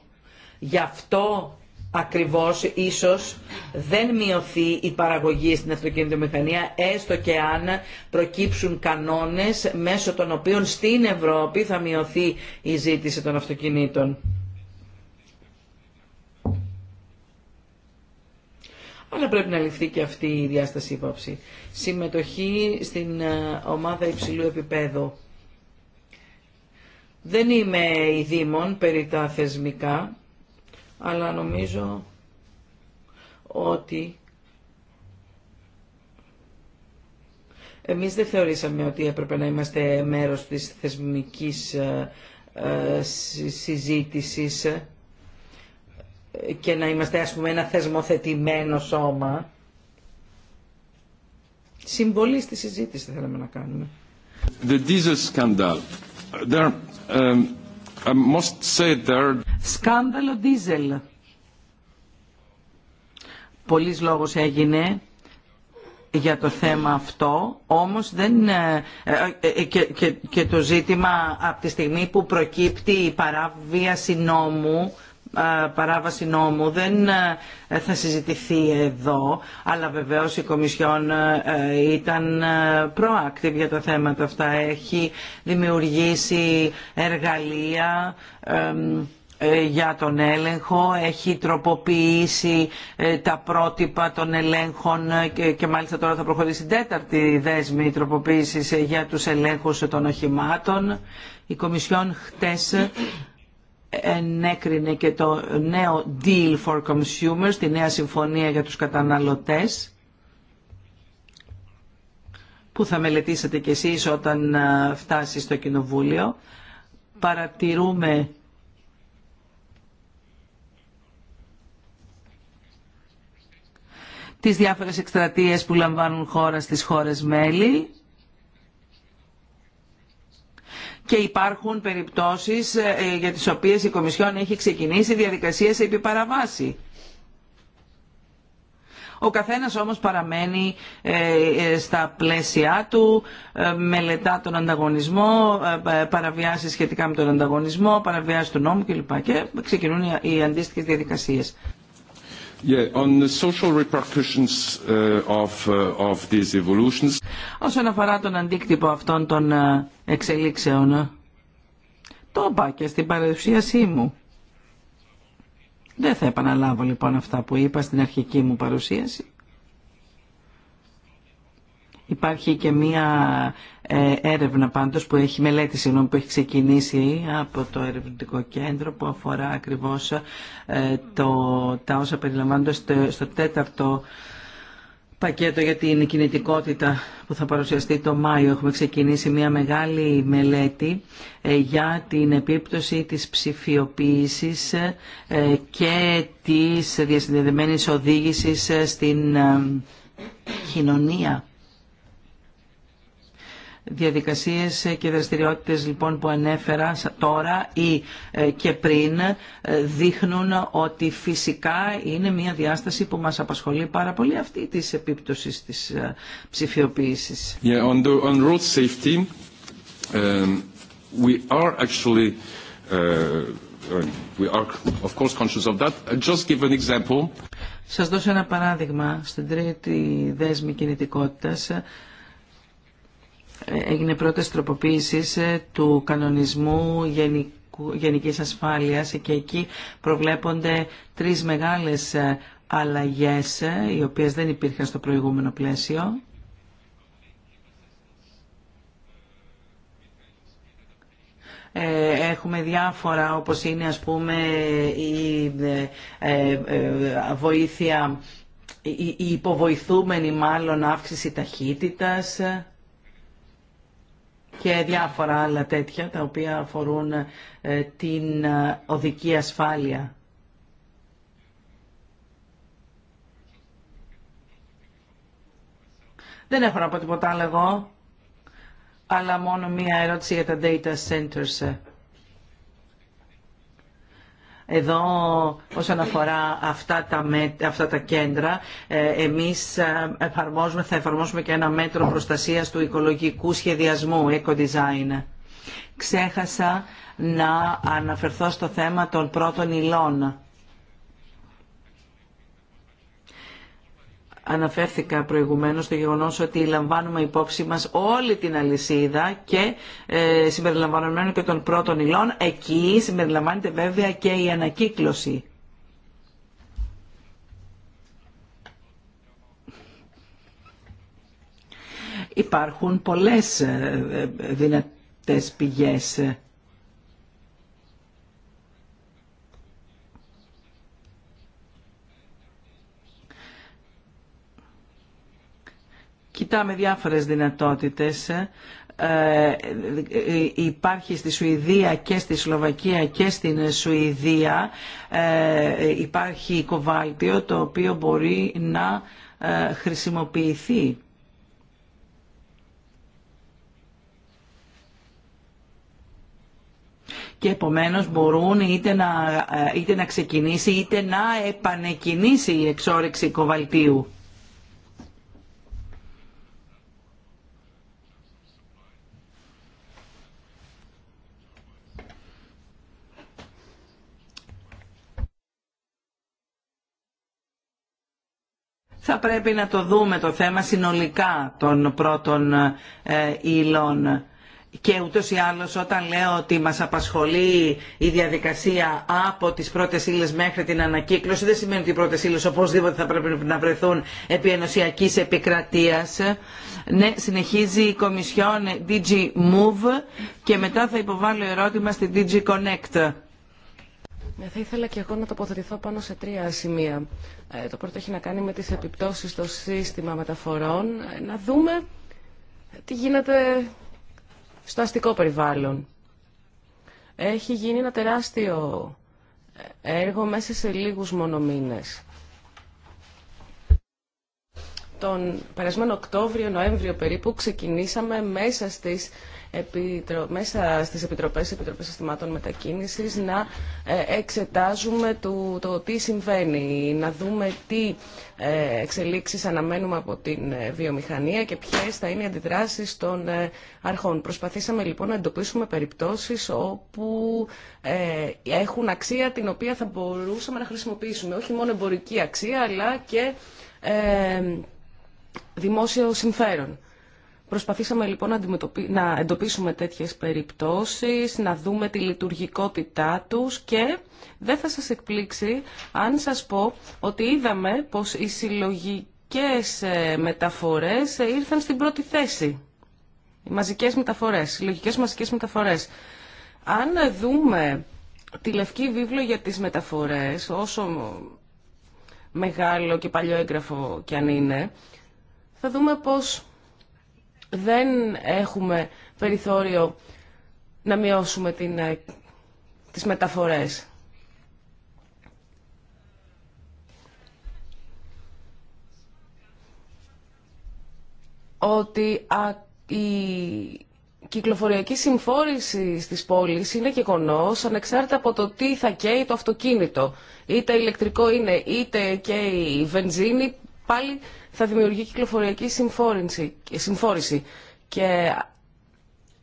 Γι' αυτό ακριβώς ίσως δεν μειωθεί η παραγωγή στην αυτοκινητομηχανία έστω και αν προκύψουν κανόνες μέσω των οποίων στην Ευρώπη θα μειωθεί η ζήτηση των αυτοκινήτων. αλλά πρέπει να ληφθεί και αυτή η διάσταση υπόψη. Συμμετοχή στην ε, ομάδα υψηλού επίπεδου. Δεν είμαι η Δήμων περί τα θεσμικά, αλλά νομίζω ότι εμείς δεν θεωρήσαμε ότι έπρεπε να είμαστε μέρος της θεσμικής ε, ε, συζήτησης και να είμαστε ας πούμε ένα θεσμοθετημένο σώμα. Συμβολή στη συζήτηση θέλαμε να κάνουμε. The Σκάνδαλο δίζελ. Πολλής λόγος έγινε για το θέμα αυτό, όμως δεν, ε, ε, ε, και, το ζήτημα από τη στιγμή που προκύπτει η παράβιαση νόμου παράβαση νόμου δεν θα συζητηθεί εδώ, αλλά βεβαίως η Κομισιόν ήταν proactive για τα θέματα αυτά. Έχει δημιουργήσει εργαλεία ε, για τον έλεγχο, έχει τροποποιήσει ε, τα πρότυπα των ελέγχων ε, και μάλιστα τώρα θα προχωρήσει η τέταρτη δέσμη τροποποίησης για τους ελέγχους των οχημάτων. Η Κομισιόν χτες ενέκρινε και το νέο Deal for Consumers, τη νέα συμφωνία για τους καταναλωτές, που θα μελετήσετε κι εσείς όταν ε, φτάσει στο Κοινοβούλιο. Παρατηρούμε τις διάφορες εκστρατείες που λαμβάνουν χώρα στις χώρες μέλη και υπάρχουν περιπτώσεις ε, ε, για τις οποίες η Κομισιόν έχει ξεκινήσει διαδικασίες επί παραβάση. Ο καθένας όμως παραμένει ε, στα πλαίσια του, μελετά τον ανταγωνισμό, παραβιάσει σχετικά με τον ανταγωνισμό, παραβιάσει τον νόμο κλπ. Και ξεκινούν οι αντίστοιχες διαδικασίες. Όσον αφορά τον αντίκτυπο αυτών των ε, εξελίξεων, ε, το είπα και στην παρουσίασή μου. Δεν θα επαναλάβω λοιπόν αυτά που είπα στην αρχική μου παρουσίαση. Υπάρχει και μία ε, έρευνα πάντως που έχει μελέτη συγγνώμη, που έχει ξεκινήσει από το ερευνητικό κέντρο που αφορά ακριβώς ε, το, τα όσα περιλαμβάνονται στο, στο τέταρτο πακέτο για την κινητικότητα που θα παρουσιαστεί το Μάιο. Έχουμε ξεκινήσει μια μεγάλη μελέτη ε, για την επίπτωση της ψηφιοποίησης και της διασυνδεδεμένης οδήγησης στην κοινωνία διαδικασίες και δραστηριότητες λοιπόν που ανέφερα τώρα ή ε, και πριν ε, δείχνουν ότι φυσικά είναι μια διάσταση που μας απασχολεί πάρα πολύ αυτή της επίπτωσης της ε, ψηφιοποίησης. Yeah, on, the, on safety, um, we are actually uh, um, we are of course conscious of that. Just example. Σας δώσω ένα παράδειγμα στην τρίτη δέσμη κινητικότητας έγινε πρώτες τροποποίηση ε, του κανονισμού γενικής ασφάλειας και εκεί προβλέπονται τρεις μεγάλες ε, αλλαγές ε, οι οποίες δεν υπήρχαν στο προηγούμενο πλαίσιο. Έχουμε διάφορα όπως είναι ας πούμε η βοήθεια, η υποβοηθούμενη μάλλον αύξηση ταχύτητας και διάφορα άλλα τέτοια τα οποία αφορούν ε, την ε, οδική ασφάλεια. Δεν έχω να πω τίποτα άλλο εγώ, αλλά μόνο μία ερώτηση για τα data centers. Εδώ όσον αφορά αυτά τα, αυτά τα κέντρα, ε, εμείς ε, εφαρμόζουμε, θα εφαρμόσουμε και ένα μέτρο προστασίας του οικολογικού σχεδιασμού, eco-design. Ξέχασα να αναφερθώ στο θέμα των πρώτων υλών Αναφέρθηκα προηγουμένως στο γεγονός ότι λαμβάνουμε υπόψη μας όλη την αλυσίδα και ε, συμπεριλαμβανομένου και των πρώτων υλών. Εκεί συμπεριλαμβάνεται βέβαια και η ανακύκλωση. Υπάρχουν πολλές ε, ε, δυνατές πηγές κοιτάμε διάφορες δυνατότητες. Ε, ε, υπάρχει στη Σουηδία και στη Σλοβακία και στην Σουηδία ε, υπάρχει κοβάλτιο το οποίο μπορεί να ε, χρησιμοποιηθεί. και επομένως μπορούν είτε να, ε, είτε να ξεκινήσει είτε να επανεκκινήσει η εξόρυξη κοβαλτίου. θα πρέπει να το δούμε το θέμα συνολικά των πρώτων ε, ύλων. Και ούτως ή άλλως όταν λέω ότι μας απασχολεί η διαδικασία από τις πρώτες ύλε μέχρι την ανακύκλωση, δεν σημαίνει ότι οι πρώτες ύλε οπωσδήποτε θα πρέπει να βρεθούν επί ενωσιακής επικρατείας. Ναι, συνεχίζει η Κομισιόν ε, DG Move και μετά θα υποβάλω ερώτημα στην DG Connect. Ε, θα ήθελα και εγώ να τοποθετηθώ πάνω σε τρία σημεία. Ε, το πρώτο έχει να κάνει με τις επιπτώσεις στο σύστημα μεταφορών. Ε, να δούμε τι γίνεται στο αστικό περιβάλλον. Έχει γίνει ένα τεράστιο έργο μέσα σε λίγους μόνο Τον περασμένο Οκτώβριο, Νοέμβριο περίπου ξεκινήσαμε μέσα στις επιτρο... μέσα στις Επιτροπές, Επιτροπές Συστημάτων Μετακίνησης να ε, εξετάζουμε το, το τι συμβαίνει, να δούμε τι ε, εξελίξεις αναμένουμε από την ε, βιομηχανία και ποιες θα είναι οι αντιδράσεις των αρχών. Προσπαθήσαμε λοιπόν να εντοπίσουμε περιπτώσεις όπου έχουν αξία την οποία θα μπορούσαμε να χρησιμοποιήσουμε. Όχι μόνο εμπορική αξία αλλά και δημόσιο συμφέρον. Προσπαθήσαμε λοιπόν να εντοπίσουμε τέτοιες περιπτώσεις, να δούμε τη λειτουργικότητά τους και δεν θα σας εκπλήξει αν σας πω ότι είδαμε πως οι συλλογικές ε, μεταφορές ε, ήρθαν στην πρώτη θέση. Οι μαζικές μεταφορές, συλλογικές μαζικές μεταφορές. Αν δούμε τη λευκή βίβλο για τις μεταφορές, όσο μεγάλο και παλιό έγγραφο κι αν είναι, θα δούμε πως δεν έχουμε περιθώριο να μειώσουμε την, ε, τις μεταφορές. Ότι η κυκλοφοριακή συμφόρηση στις πόλεις είναι γεγονός ανεξάρτητα από το τι θα καίει το αυτοκίνητο. Είτε ηλεκτρικό είναι είτε καίει η βενζίνη, πάλι θα δημιουργεί κυκλοφοριακή συμφόρηση. Και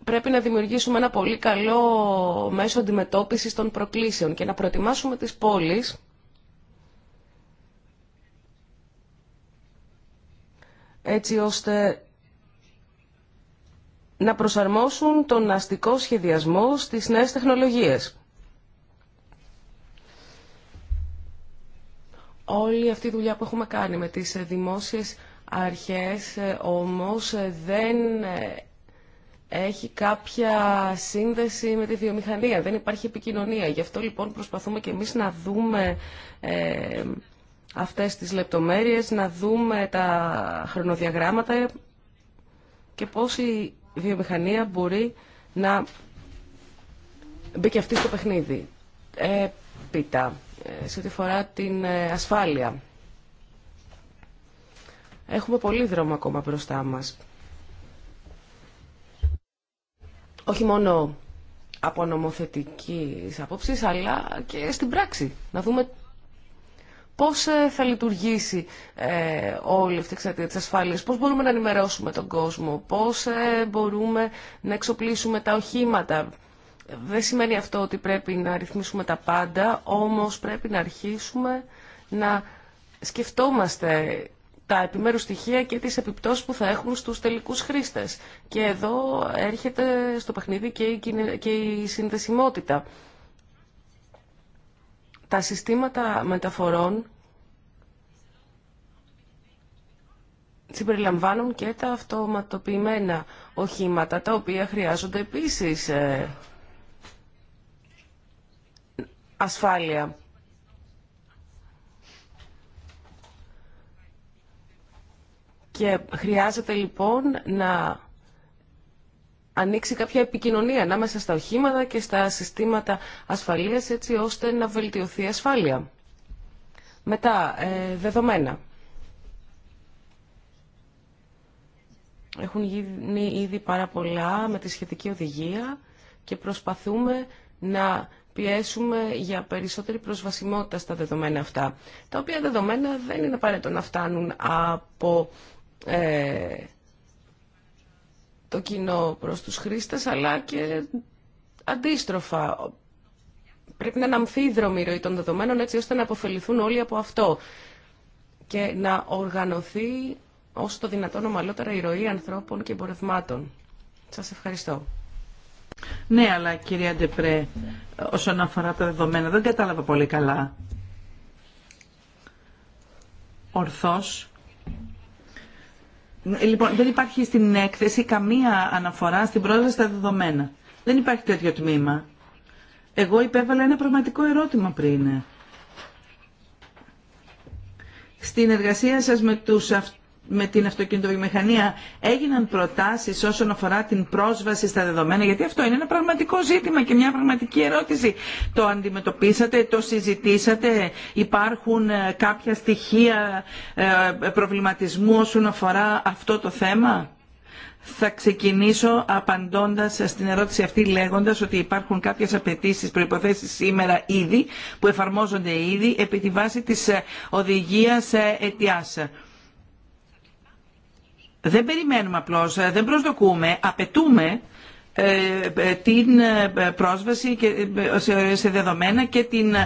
πρέπει να δημιουργήσουμε ένα πολύ καλό μέσο αντιμετώπισης των προκλήσεων και να προετοιμάσουμε τις πόλεις έτσι ώστε να προσαρμόσουν τον αστικό σχεδιασμό στις νέες τεχνολογίες. όλη αυτή η δουλειά που έχουμε κάνει με τις ε, δημόσιες αρχές ε, όμως ε, δεν έχει κάποια σύνδεση με τη βιομηχανία, δεν υπάρχει επικοινωνία. Γι' αυτό λοιπόν προσπαθούμε και εμείς να δούμε αυτές τις λεπτομέρειες, να δούμε τα χρονοδιαγράμματα και πώς η βιομηχανία μπορεί να μπει και αυτή στο παιχνίδι. Έπειτα σε ό,τι φορά την ε, ασφάλεια. Έχουμε πολύ δρόμο ακόμα μπροστά μας. Όχι μόνο από νομοθετική απόψη, αλλά και στην πράξη. Να δούμε πώς ε, θα λειτουργήσει ε, όλη αυτή η εξαρτία της πώς μπορούμε να ενημερώσουμε τον κόσμο, πώς ε, μπορούμε να εξοπλίσουμε τα οχήματα, δεν σημαίνει αυτό ότι πρέπει να ρυθμίσουμε τα πάντα, όμως πρέπει να αρχίσουμε να σκεφτόμαστε τα επιμέρους στοιχεία και τις επιπτώσεις που θα έχουν στους τελικούς χρήστες. Και εδώ έρχεται στο παιχνίδι και η συνδεσιμότητα. Τα συστήματα μεταφορών συμπεριλαμβάνουν και τα αυτοματοποιημένα οχήματα, τα οποία χρειάζονται επίσης ε, ασφάλεια. Και χρειάζεται λοιπόν να ανοίξει κάποια επικοινωνία ανάμεσα στα οχήματα και στα συστήματα ασφαλείας έτσι ώστε να βελτιωθεί η ασφάλεια. Μετά, ε, δεδομένα. Έχουν γίνει ήδη πάρα πολλά με τη σχετική οδηγία και προσπαθούμε να πιέσουμε για περισσότερη προσβασιμότητα στα δεδομένα αυτά, τα οποία δεδομένα δεν είναι απαραίτητο να φτάνουν από ε, το κοινό προς τους χρήστες, αλλά και αντίστροφα. Πρέπει να αμφίδρομη η ροή των δεδομένων έτσι ώστε να αποφεληθούν όλοι από αυτό και να οργανωθεί όσο το δυνατόν ομαλότερα η ροή ανθρώπων και εμπορευμάτων. Σας ευχαριστώ. Ναι, αλλά κυρία Ντεπρέ, όσον αφορά τα δεδομένα, δεν κατάλαβα πολύ καλά. Ορθώς. Λοιπόν, δεν υπάρχει στην έκθεση καμία αναφορά στην πρόσβαση στα δεδομένα. Δεν υπάρχει τέτοιο τμήμα. Εγώ υπέβαλα ένα πραγματικό ερώτημα πριν. Στην εργασία σας με τους με την αυτοκινητοβιομηχανία έγιναν προτάσεις όσον αφορά την πρόσβαση στα δεδομένα, γιατί αυτό είναι ένα πραγματικό ζήτημα και μια πραγματική ερώτηση. Το αντιμετωπίσατε, το συζητήσατε, υπάρχουν ε, κάποια στοιχεία ε, προβληματισμού όσον αφορά αυτό το θέμα. Θα ξεκινήσω απαντώντας στην ερώτηση αυτή λέγοντας ότι υπάρχουν κάποιες απαιτήσει προϋποθέσεις σήμερα ήδη που εφαρμόζονται ήδη επί τη βάση της ε, οδηγίας αιτιάς δεν περιμένουμε απλώς, ε, δεν προσδοκούμε, απαιτούμε ε, ε, την πρόσβαση σε δεδομένα και την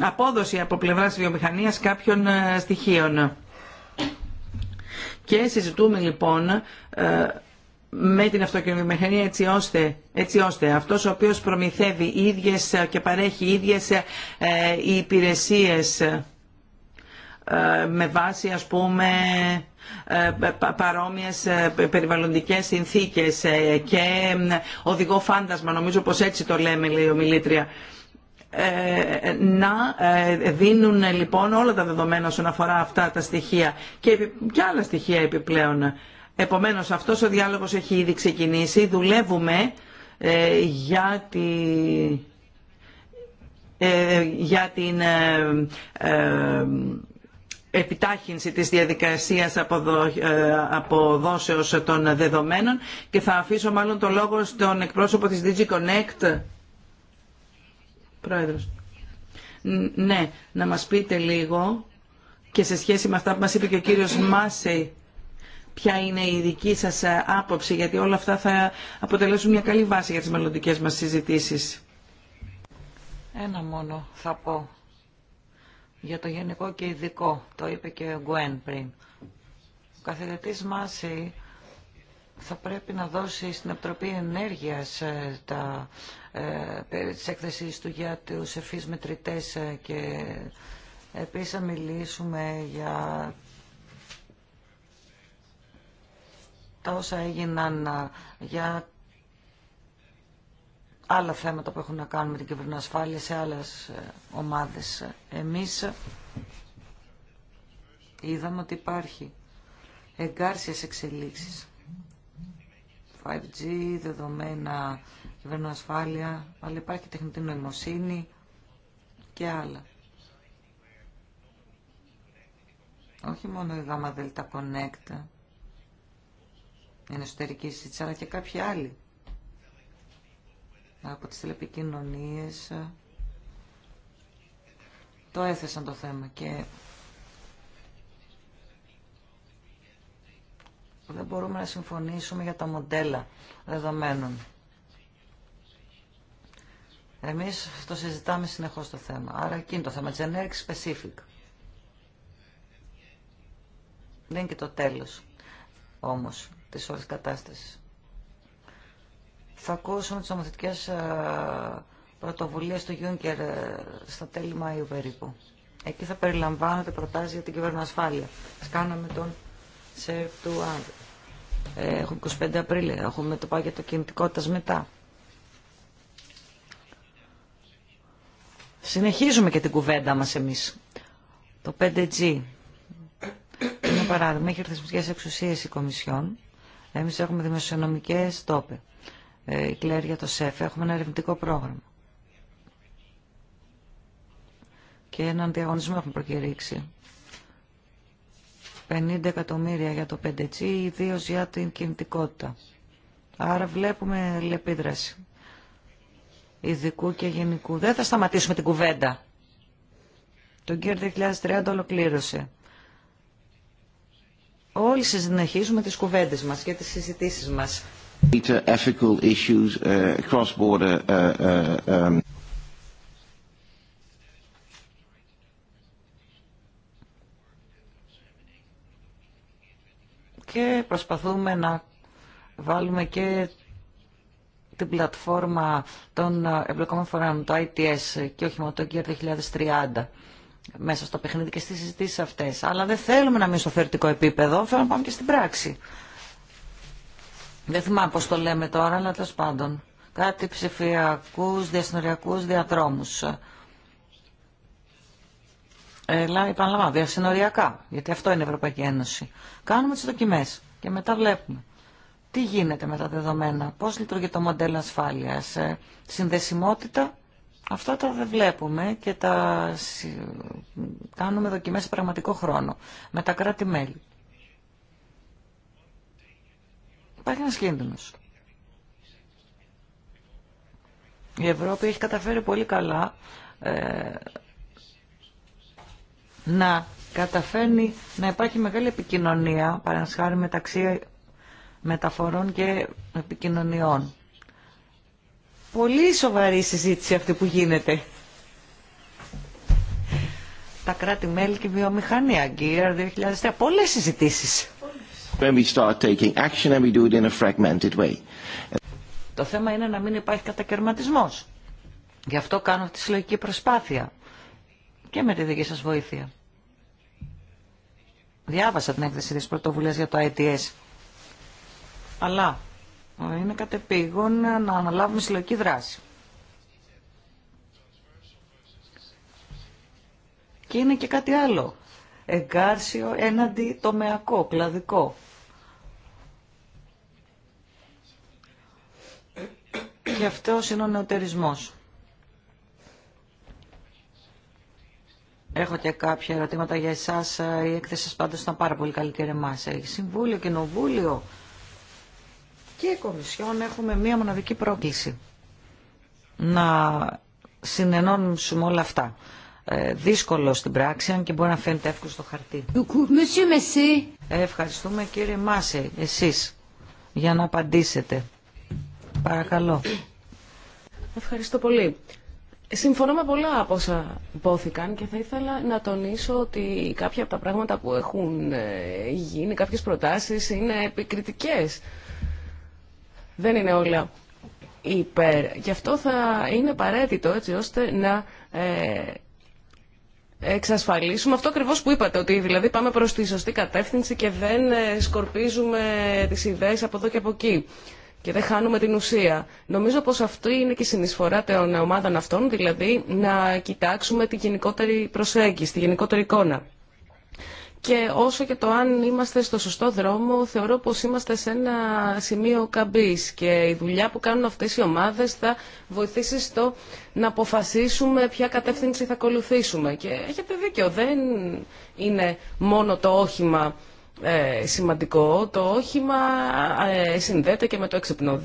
απόδοση από πλευράς βιομηχανίας κάποιων στοιχείων. Και συζητούμε λοιπόν με την αυτοκινητομηχανία έτσι ώστε, έτσι ώστε αυτός ο οποίος προμηθεύει ίδιες και παρέχει ίδιες υπηρεσίες ε, με βάση ας πούμε ε, παρόμοιες ε, περιβαλλοντικές συνθήκες και οδηγό φάντασμα, νομίζω πως έτσι το λέμε λέει η ομιλήτρια να δίνουν λοιπόν όλα τα δεδομένα όσον αφορά αυτά τα στοιχεία και, άλλα στοιχεία επιπλέον. Επομένως αυτός ο διάλογος έχει ήδη ξεκινήσει. Δουλεύουμε για τη για την επιτάχυνση της διαδικασίας ε, αποδόσεως των δεδομένων και θα αφήσω μάλλον το λόγο στον εκπρόσωπο της DigiConnect. Πρόεδρος. Ναι, να μας πείτε λίγο και σε σχέση με αυτά που μας είπε και ο κύριος Μάση ποια είναι η δική σας άποψη γιατί όλα αυτά θα αποτελέσουν μια καλή βάση για τις μελλοντικές μας συζητήσεις. Ένα μόνο θα πω για το γενικό και ειδικό. Το είπε και ο Γκουέν πριν. Ο καθηγητής Μάση θα πρέπει να δώσει στην Επιτροπή Ενέργειας ε, τα, ε, του για τους ευφύς μετρητές ε, και επίσης θα μιλήσουμε για τα όσα έγιναν ε, για άλλα θέματα που έχουν να κάνουν με την κυβερνοασφάλεια σε άλλες ε, ομάδες. Εμείς είδαμε ότι υπάρχει εγκάρσιες εξελίξεις. 5G, δεδομένα, κυβερνοασφάλεια, αλλά υπάρχει τεχνητή νοημοσύνη και άλλα. Όχι μόνο η γάμα Delta Connect, είναι εσωτερική συζήτηση, αλλά και κάποιοι άλλοι από τις τηλεπικοινωνίες ε, το έθεσαν το θέμα και δεν μπορούμε να συμφωνήσουμε για τα μοντέλα δεδομένων. Εμείς το συζητάμε συνεχώς το θέμα. Άρα εκεί είναι το θέμα. Generic specific. Δεν είναι και το τέλος όμως της όλης κατάστασης. Θα ακούσουμε τις νομοθετικές ε, πρωτοβουλίες του Γιούνκερ ε, στα τέλη Μαΐου περίπου. Εκεί θα περιλαμβάνονται προτάσεις για την κυβερνοασφάλεια. Σκάναμε τον Σερ του Έχουμε 25 Απρίλια, έχουμε το το κινητικότητας μετά. Συνεχίζουμε και την κουβέντα μας εμείς. Το 5G. Είναι παράδειγμα, έχει ρυθμιστικές εξουσίες η Κομισιόν. Εμείς έχουμε δημοσιονομικές τόπε η ε, Κλέρ για το ΣΕΦ. Έχουμε ένα ερευνητικό πρόγραμμα. Και έναν διαγωνισμό έχουμε προκηρύξει. 50 εκατομμύρια για το 5G, ιδίω για την κινητικότητα. Άρα βλέπουμε λεπίδραση. Ειδικού και γενικού. Δεν θα σταματήσουμε την κουβέντα. Το κύριο 2030 ολοκλήρωσε. Όλοι συνεχίζουμε τις κουβέντες μας και τις συζητήσεις μας. Uh, uh, uh, um, και προσπαθούμε να βάλουμε και την πλατφόρμα των ε, εμπλεκόμενων φορέων, το ITS και όχι μόνο το Gear 2030 μέσα στο παιχνίδι και στις συζητήσεις αυτές. Αλλά δεν θέλουμε να μείνουμε στο θεωρητικό επίπεδο, θέλουμε να πάμε και στην πράξη δεν θυμάμαι πώς το λέμε τώρα, αλλά τέλο πάντων, κάτι ψηφιακούς, διασυνοριακούς διατρόμους. Ελλάδα, επαναλαμβάνω, διασυνοριακά, γιατί αυτό είναι η Ευρωπαϊκή Ένωση. Κάνουμε τις δοκιμές και μετά βλέπουμε. Τι γίνεται με τα δεδομένα, πώς λειτουργεί το μοντέλο ασφάλειας, ε, συνδεσιμότητα, αυτά τα δεν βλέπουμε και τα κάνουμε δοκιμές σε πραγματικό χρόνο με τα κράτη-μέλη. Υπάρχει ένας κίνδυνος. Η Ευρώπη έχει καταφέρει πολύ καλά ε, να καταφέρνει να υπάρχει μεγάλη επικοινωνία, παρασχάρη μεταξύ μεταφορών και επικοινωνιών. Πολύ σοβαρή συζήτηση αυτή που γίνεται. Τα κράτη-μέλη και η βιομηχανία, Gear 2003, πολλές συζητήσεις. When we start taking action and we do it in a fragmented way. Το θέμα είναι να μην υπάρχει κατακαιρματισμός. Γι' αυτό κάνω τη συλλογική προσπάθεια και με τη δική σας βοήθεια. Διάβασα την έκθεση της πρωτοβουλίας για το ITS. Αλλά είναι κατεπήγον να αναλάβουμε συλλογική δράση. Και είναι και κάτι άλλο εγκάρσιο έναντι τομεακό, κλαδικό. Και αυτό είναι ο νεοτερισμός. Έχω και κάποια ερωτήματα για εσάς. Η έκθεση σας πάντως ήταν πάρα πολύ καλή και Έχει Συμβούλιο, Κοινοβούλιο και η Κομισιόν έχουμε μία μοναδική πρόκληση. Να συνενώνουμε όλα αυτά. Ε, δύσκολο στην πράξη, αν και μπορεί να φαίνεται εύκολο στο χαρτί. Ε, ευχαριστούμε κύριε Μάσε, εσείς, για να απαντήσετε. Παρακαλώ. Ευχαριστώ πολύ. Συμφωνώ με πολλά από όσα υπόθηκαν και θα ήθελα να τονίσω ότι κάποια από τα πράγματα που έχουν ε, γίνει, κάποιες προτάσεις είναι επικριτικές. Δεν είναι όλα υπέρ. Γι' αυτό θα είναι απαραίτητο έτσι ώστε να ε, εξασφαλίσουμε αυτό ακριβώς που είπατε, ότι δηλαδή πάμε προς τη σωστή κατεύθυνση και δεν ε, σκορπίζουμε τις ιδέες από εδώ και από εκεί και δεν χάνουμε την ουσία. Νομίζω πως αυτή είναι και η συνεισφορά των ομάδων αυτών, δηλαδή να κοιτάξουμε τη γενικότερη προσέγγιση, τη γενικότερη εικόνα και όσο και το αν είμαστε στο σωστό δρόμο, θεωρώ πως είμαστε σε ένα σημείο καμπής και η δουλειά που κάνουν αυτές οι ομάδες θα βοηθήσει στο να αποφασίσουμε ποια κατεύθυνση θα ακολουθήσουμε. Και έχετε δίκιο, δεν είναι μόνο το όχημα ε, σημαντικό. Το όχημα ε, συνδέεται και με το έξυπνο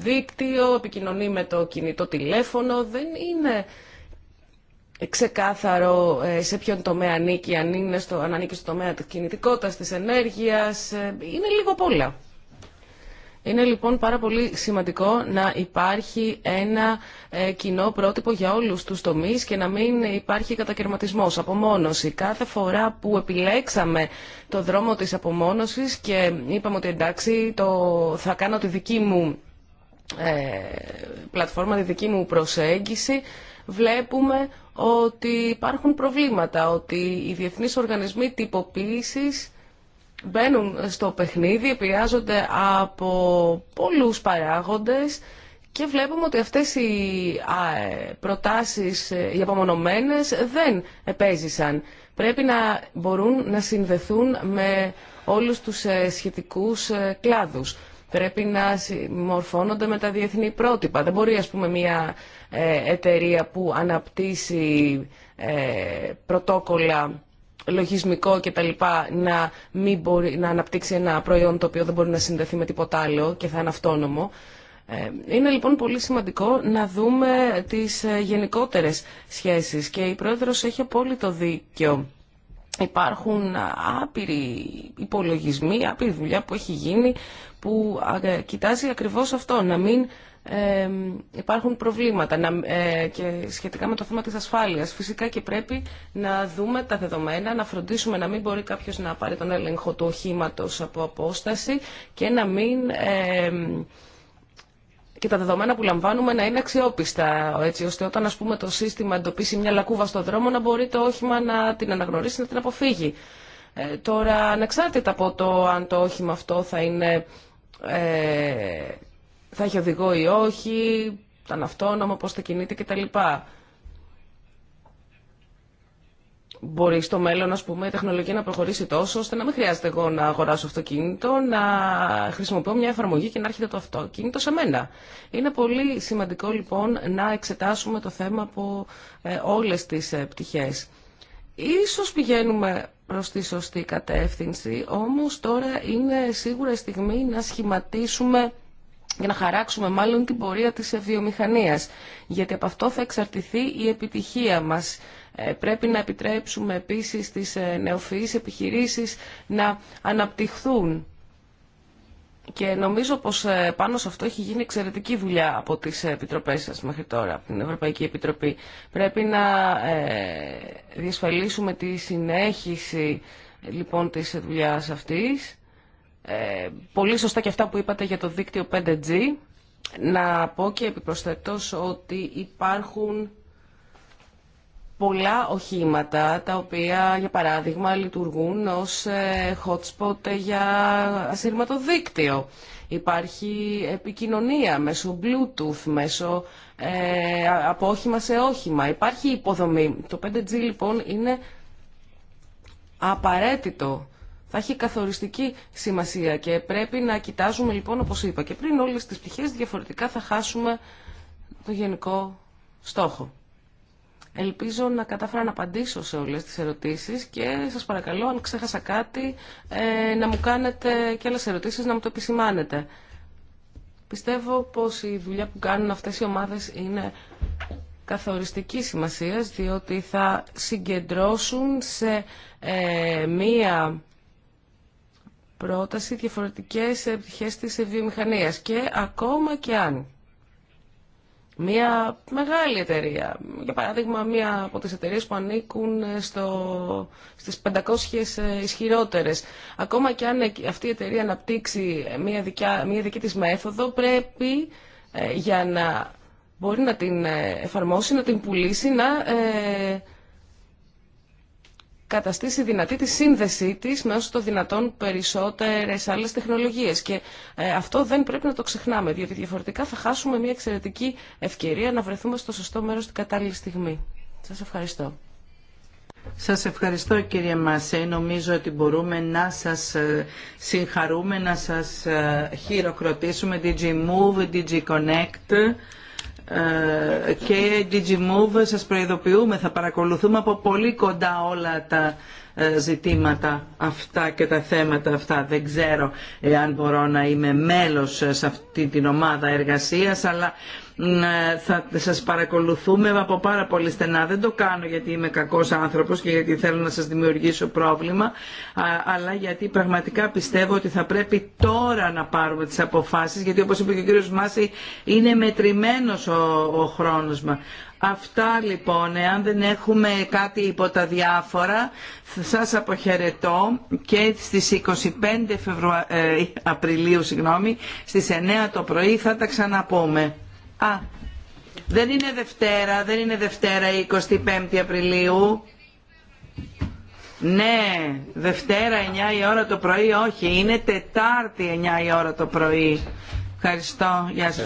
επικοινωνεί με το κινητό τηλέφωνο. Δεν είναι ξεκάθαρο ε, σε ποιον τομέα ανήκει, αν, είναι στο, αν ανήκει στο τομέα της κινητικότητας, της ενέργειας, ε, είναι λίγο πολλά. Είναι λοιπόν πάρα πολύ σημαντικό να υπάρχει ένα ε, κοινό πρότυπο για όλους τους τομείς και να μην υπάρχει κατακαιρματισμός, απομόνωση. Κάθε φορά που επιλέξαμε το δρόμο της απομόνωσης και είπαμε ότι εντάξει το, θα κάνω τη δική μου πλατφόρμα, τη δική μου προσέγγιση, βλέπουμε ότι υπάρχουν προβλήματα, ότι οι διεθνείς οργανισμοί τυποποίησης μπαίνουν στο παιχνίδι, επηρεάζονται από πολλούς παράγοντες και βλέπουμε ότι αυτές οι προτάσεις, ε, οι απομονωμένες, δεν επέζησαν. Πρέπει να μπορούν να συνδεθούν με όλους τους ε, σχετικούς ε, κλάδους. Πρέπει να συμμορφώνονται με τα διεθνή πρότυπα. Δεν ε, εταιρεία που αναπτύσσει ε, πρωτόκολλα λογισμικό και τα λοιπά να, μην μπορεί, να αναπτύξει ένα προϊόν το οποίο δεν μπορεί να συνδεθεί με τίποτα άλλο και θα είναι αυτόνομο. Ε, είναι λοιπόν πολύ σημαντικό να δούμε τις γενικότερες σχέσεις και η Πρόεδρος έχει απόλυτο δίκιο. Υπάρχουν άπειροι υπολογισμοί, άπειρη δουλειά που έχει γίνει που κοιτάζει ακριβώς αυτό, να μην ε, υπάρχουν προβλήματα να, ε, και σχετικά με το θέμα της ασφάλειας. Φυσικά και πρέπει να δούμε τα δεδομένα, να φροντίσουμε να μην μπορεί κάποιος να πάρει τον έλεγχο του οχήματο από απόσταση και να μην... και τα δεδομένα που λαμβάνουμε να είναι αξιόπιστα, έτσι ώστε όταν ας πούμε, το σύστημα εντοπίσει μια λακκούβα στο δρόμο να μπορεί το όχημα να την αναγνωρίσει, να την αποφύγει. Ε, τώρα, ανεξάρτητα από το αν το όχημα αυτό θα είναι ε, θα έχει οδηγό ή όχι, τον αυτόνομο, πώς θα κινείται κτλ. Μπορεί στο μέλλον, ας πούμε, η οχι Τα αυτονομο πως θα κινειται κτλ μπορει στο μελλον ας πουμε η τεχνολογια να προχωρήσει τόσο, ώστε να μην χρειάζεται εγώ να αγοράσω αυτοκίνητο, να χρησιμοποιώ μια εφαρμογή και να έρχεται το αυτοκίνητο σε μένα. Είναι πολύ σημαντικό, λοιπόν, να εξετάσουμε το θέμα από ε, όλες τις ε, πτυχές. Ίσως πηγαίνουμε προς τη σωστή κατεύθυνση, όμως τώρα είναι σίγουρα η στιγμή να σχηματίσουμε για να χαράξουμε μάλλον την πορεία της βιομηχανίας. Γιατί από αυτό θα εξαρτηθεί η επιτυχία μας. Ε, πρέπει να επιτρέψουμε επίσης τις ε, νεοφυείς επιχειρήσεις να αναπτυχθούν. Και νομίζω πως ε, πάνω σε αυτό έχει γίνει εξαιρετική δουλειά από τις επιτροπές σας μέχρι τώρα, από την Ευρωπαϊκή Επιτροπή. Πρέπει να διασφαλίσουμε τη συνέχιση λοιπόν της δουλειάς αυτής ε, πολύ σωστά και αυτά που είπατε για το δίκτυο 5G. Να πω και επιπροσθετώς ότι υπάρχουν πολλά οχήματα τα οποία για παράδειγμα λειτουργούν ως ε, hotspot για ασύρματο δίκτυο. Υπάρχει επικοινωνία μέσω bluetooth, μέσω ε, από όχημα σε όχημα. Υπάρχει υποδομή. Το 5G λοιπόν είναι απαραίτητο θα έχει καθοριστική σημασία και πρέπει να κοιτάζουμε λοιπόν όπως είπα και πριν όλες τις πτυχές διαφορετικά θα χάσουμε το γενικό στόχο. Ελπίζω να κατάφερα να απαντήσω σε όλες τις ερωτήσεις και σας παρακαλώ αν ξέχασα κάτι ε, να μου κάνετε και άλλες ερωτήσεις να μου το επισημάνετε. Πιστεύω πως η δουλειά που κάνουν αυτές οι ομάδες είναι καθοριστική σημασίας διότι θα συγκεντρώσουν σε ε, μία πρόταση διαφορετικές πτυχές της βιομηχανίας και ακόμα και αν μια μεγάλη εταιρεία, για παράδειγμα μια από τις εταιρείες που ανήκουν στο, στις 500 ισχυρότερες. Ακόμα και αν αυτή η εταιρεία αναπτύξει μια, δικιά, μια δική της μέθοδο, πρέπει ε, για να μπορεί να την ε, εφαρμόσει, να την πουλήσει, να ε, καταστήσει δυνατή τη σύνδεσή της με όσο το δυνατόν περισσότερες άλλες τεχνολογίες. Και ε, αυτό δεν πρέπει να το ξεχνάμε, διότι διαφορετικά θα χάσουμε μια εξαιρετική ευκαιρία να βρεθούμε στο σωστό μέρος την κατάλληλη στιγμή. Σας ευχαριστώ. Σας ευχαριστώ κύριε Μασέ. Νομίζω ότι μπορούμε να σας ε, συγχαρούμε, να σας ε, χειροκροτήσουμε Connect. Ε, και Move σας προειδοποιούμε, θα παρακολουθούμε από πολύ κοντά όλα τα ε, ζητήματα αυτά και τα θέματα αυτά. Δεν ξέρω εάν μπορώ να είμαι μέλος ε, σε αυτή την ομάδα εργασίας, αλλά θα σας παρακολουθούμε από πάρα πολύ στενά. Δεν το κάνω γιατί είμαι κακός άνθρωπος και γιατί θέλω να σας δημιουργήσω πρόβλημα, αλλά γιατί πραγματικά πιστεύω ότι θα πρέπει τώρα να πάρουμε τις αποφάσεις, γιατί όπως είπε και ο κύριος Μάση, είναι μετρημένος ο, ο χρόνος μας. Αυτά λοιπόν, εάν δεν έχουμε κάτι υπό τα διάφορα, σας αποχαιρετώ και στις 25 Φεβρουα... Ε, Απριλίου, συγγνώμη, στις 9 το πρωί θα τα ξαναπούμε. Α, δεν είναι Δευτέρα, δεν είναι Δευτέρα 25 Απριλίου. Ναι, Δευτέρα 9 η ώρα το πρωί, όχι, είναι Τετάρτη 9 η ώρα το πρωί. Ευχαριστώ, γεια σας.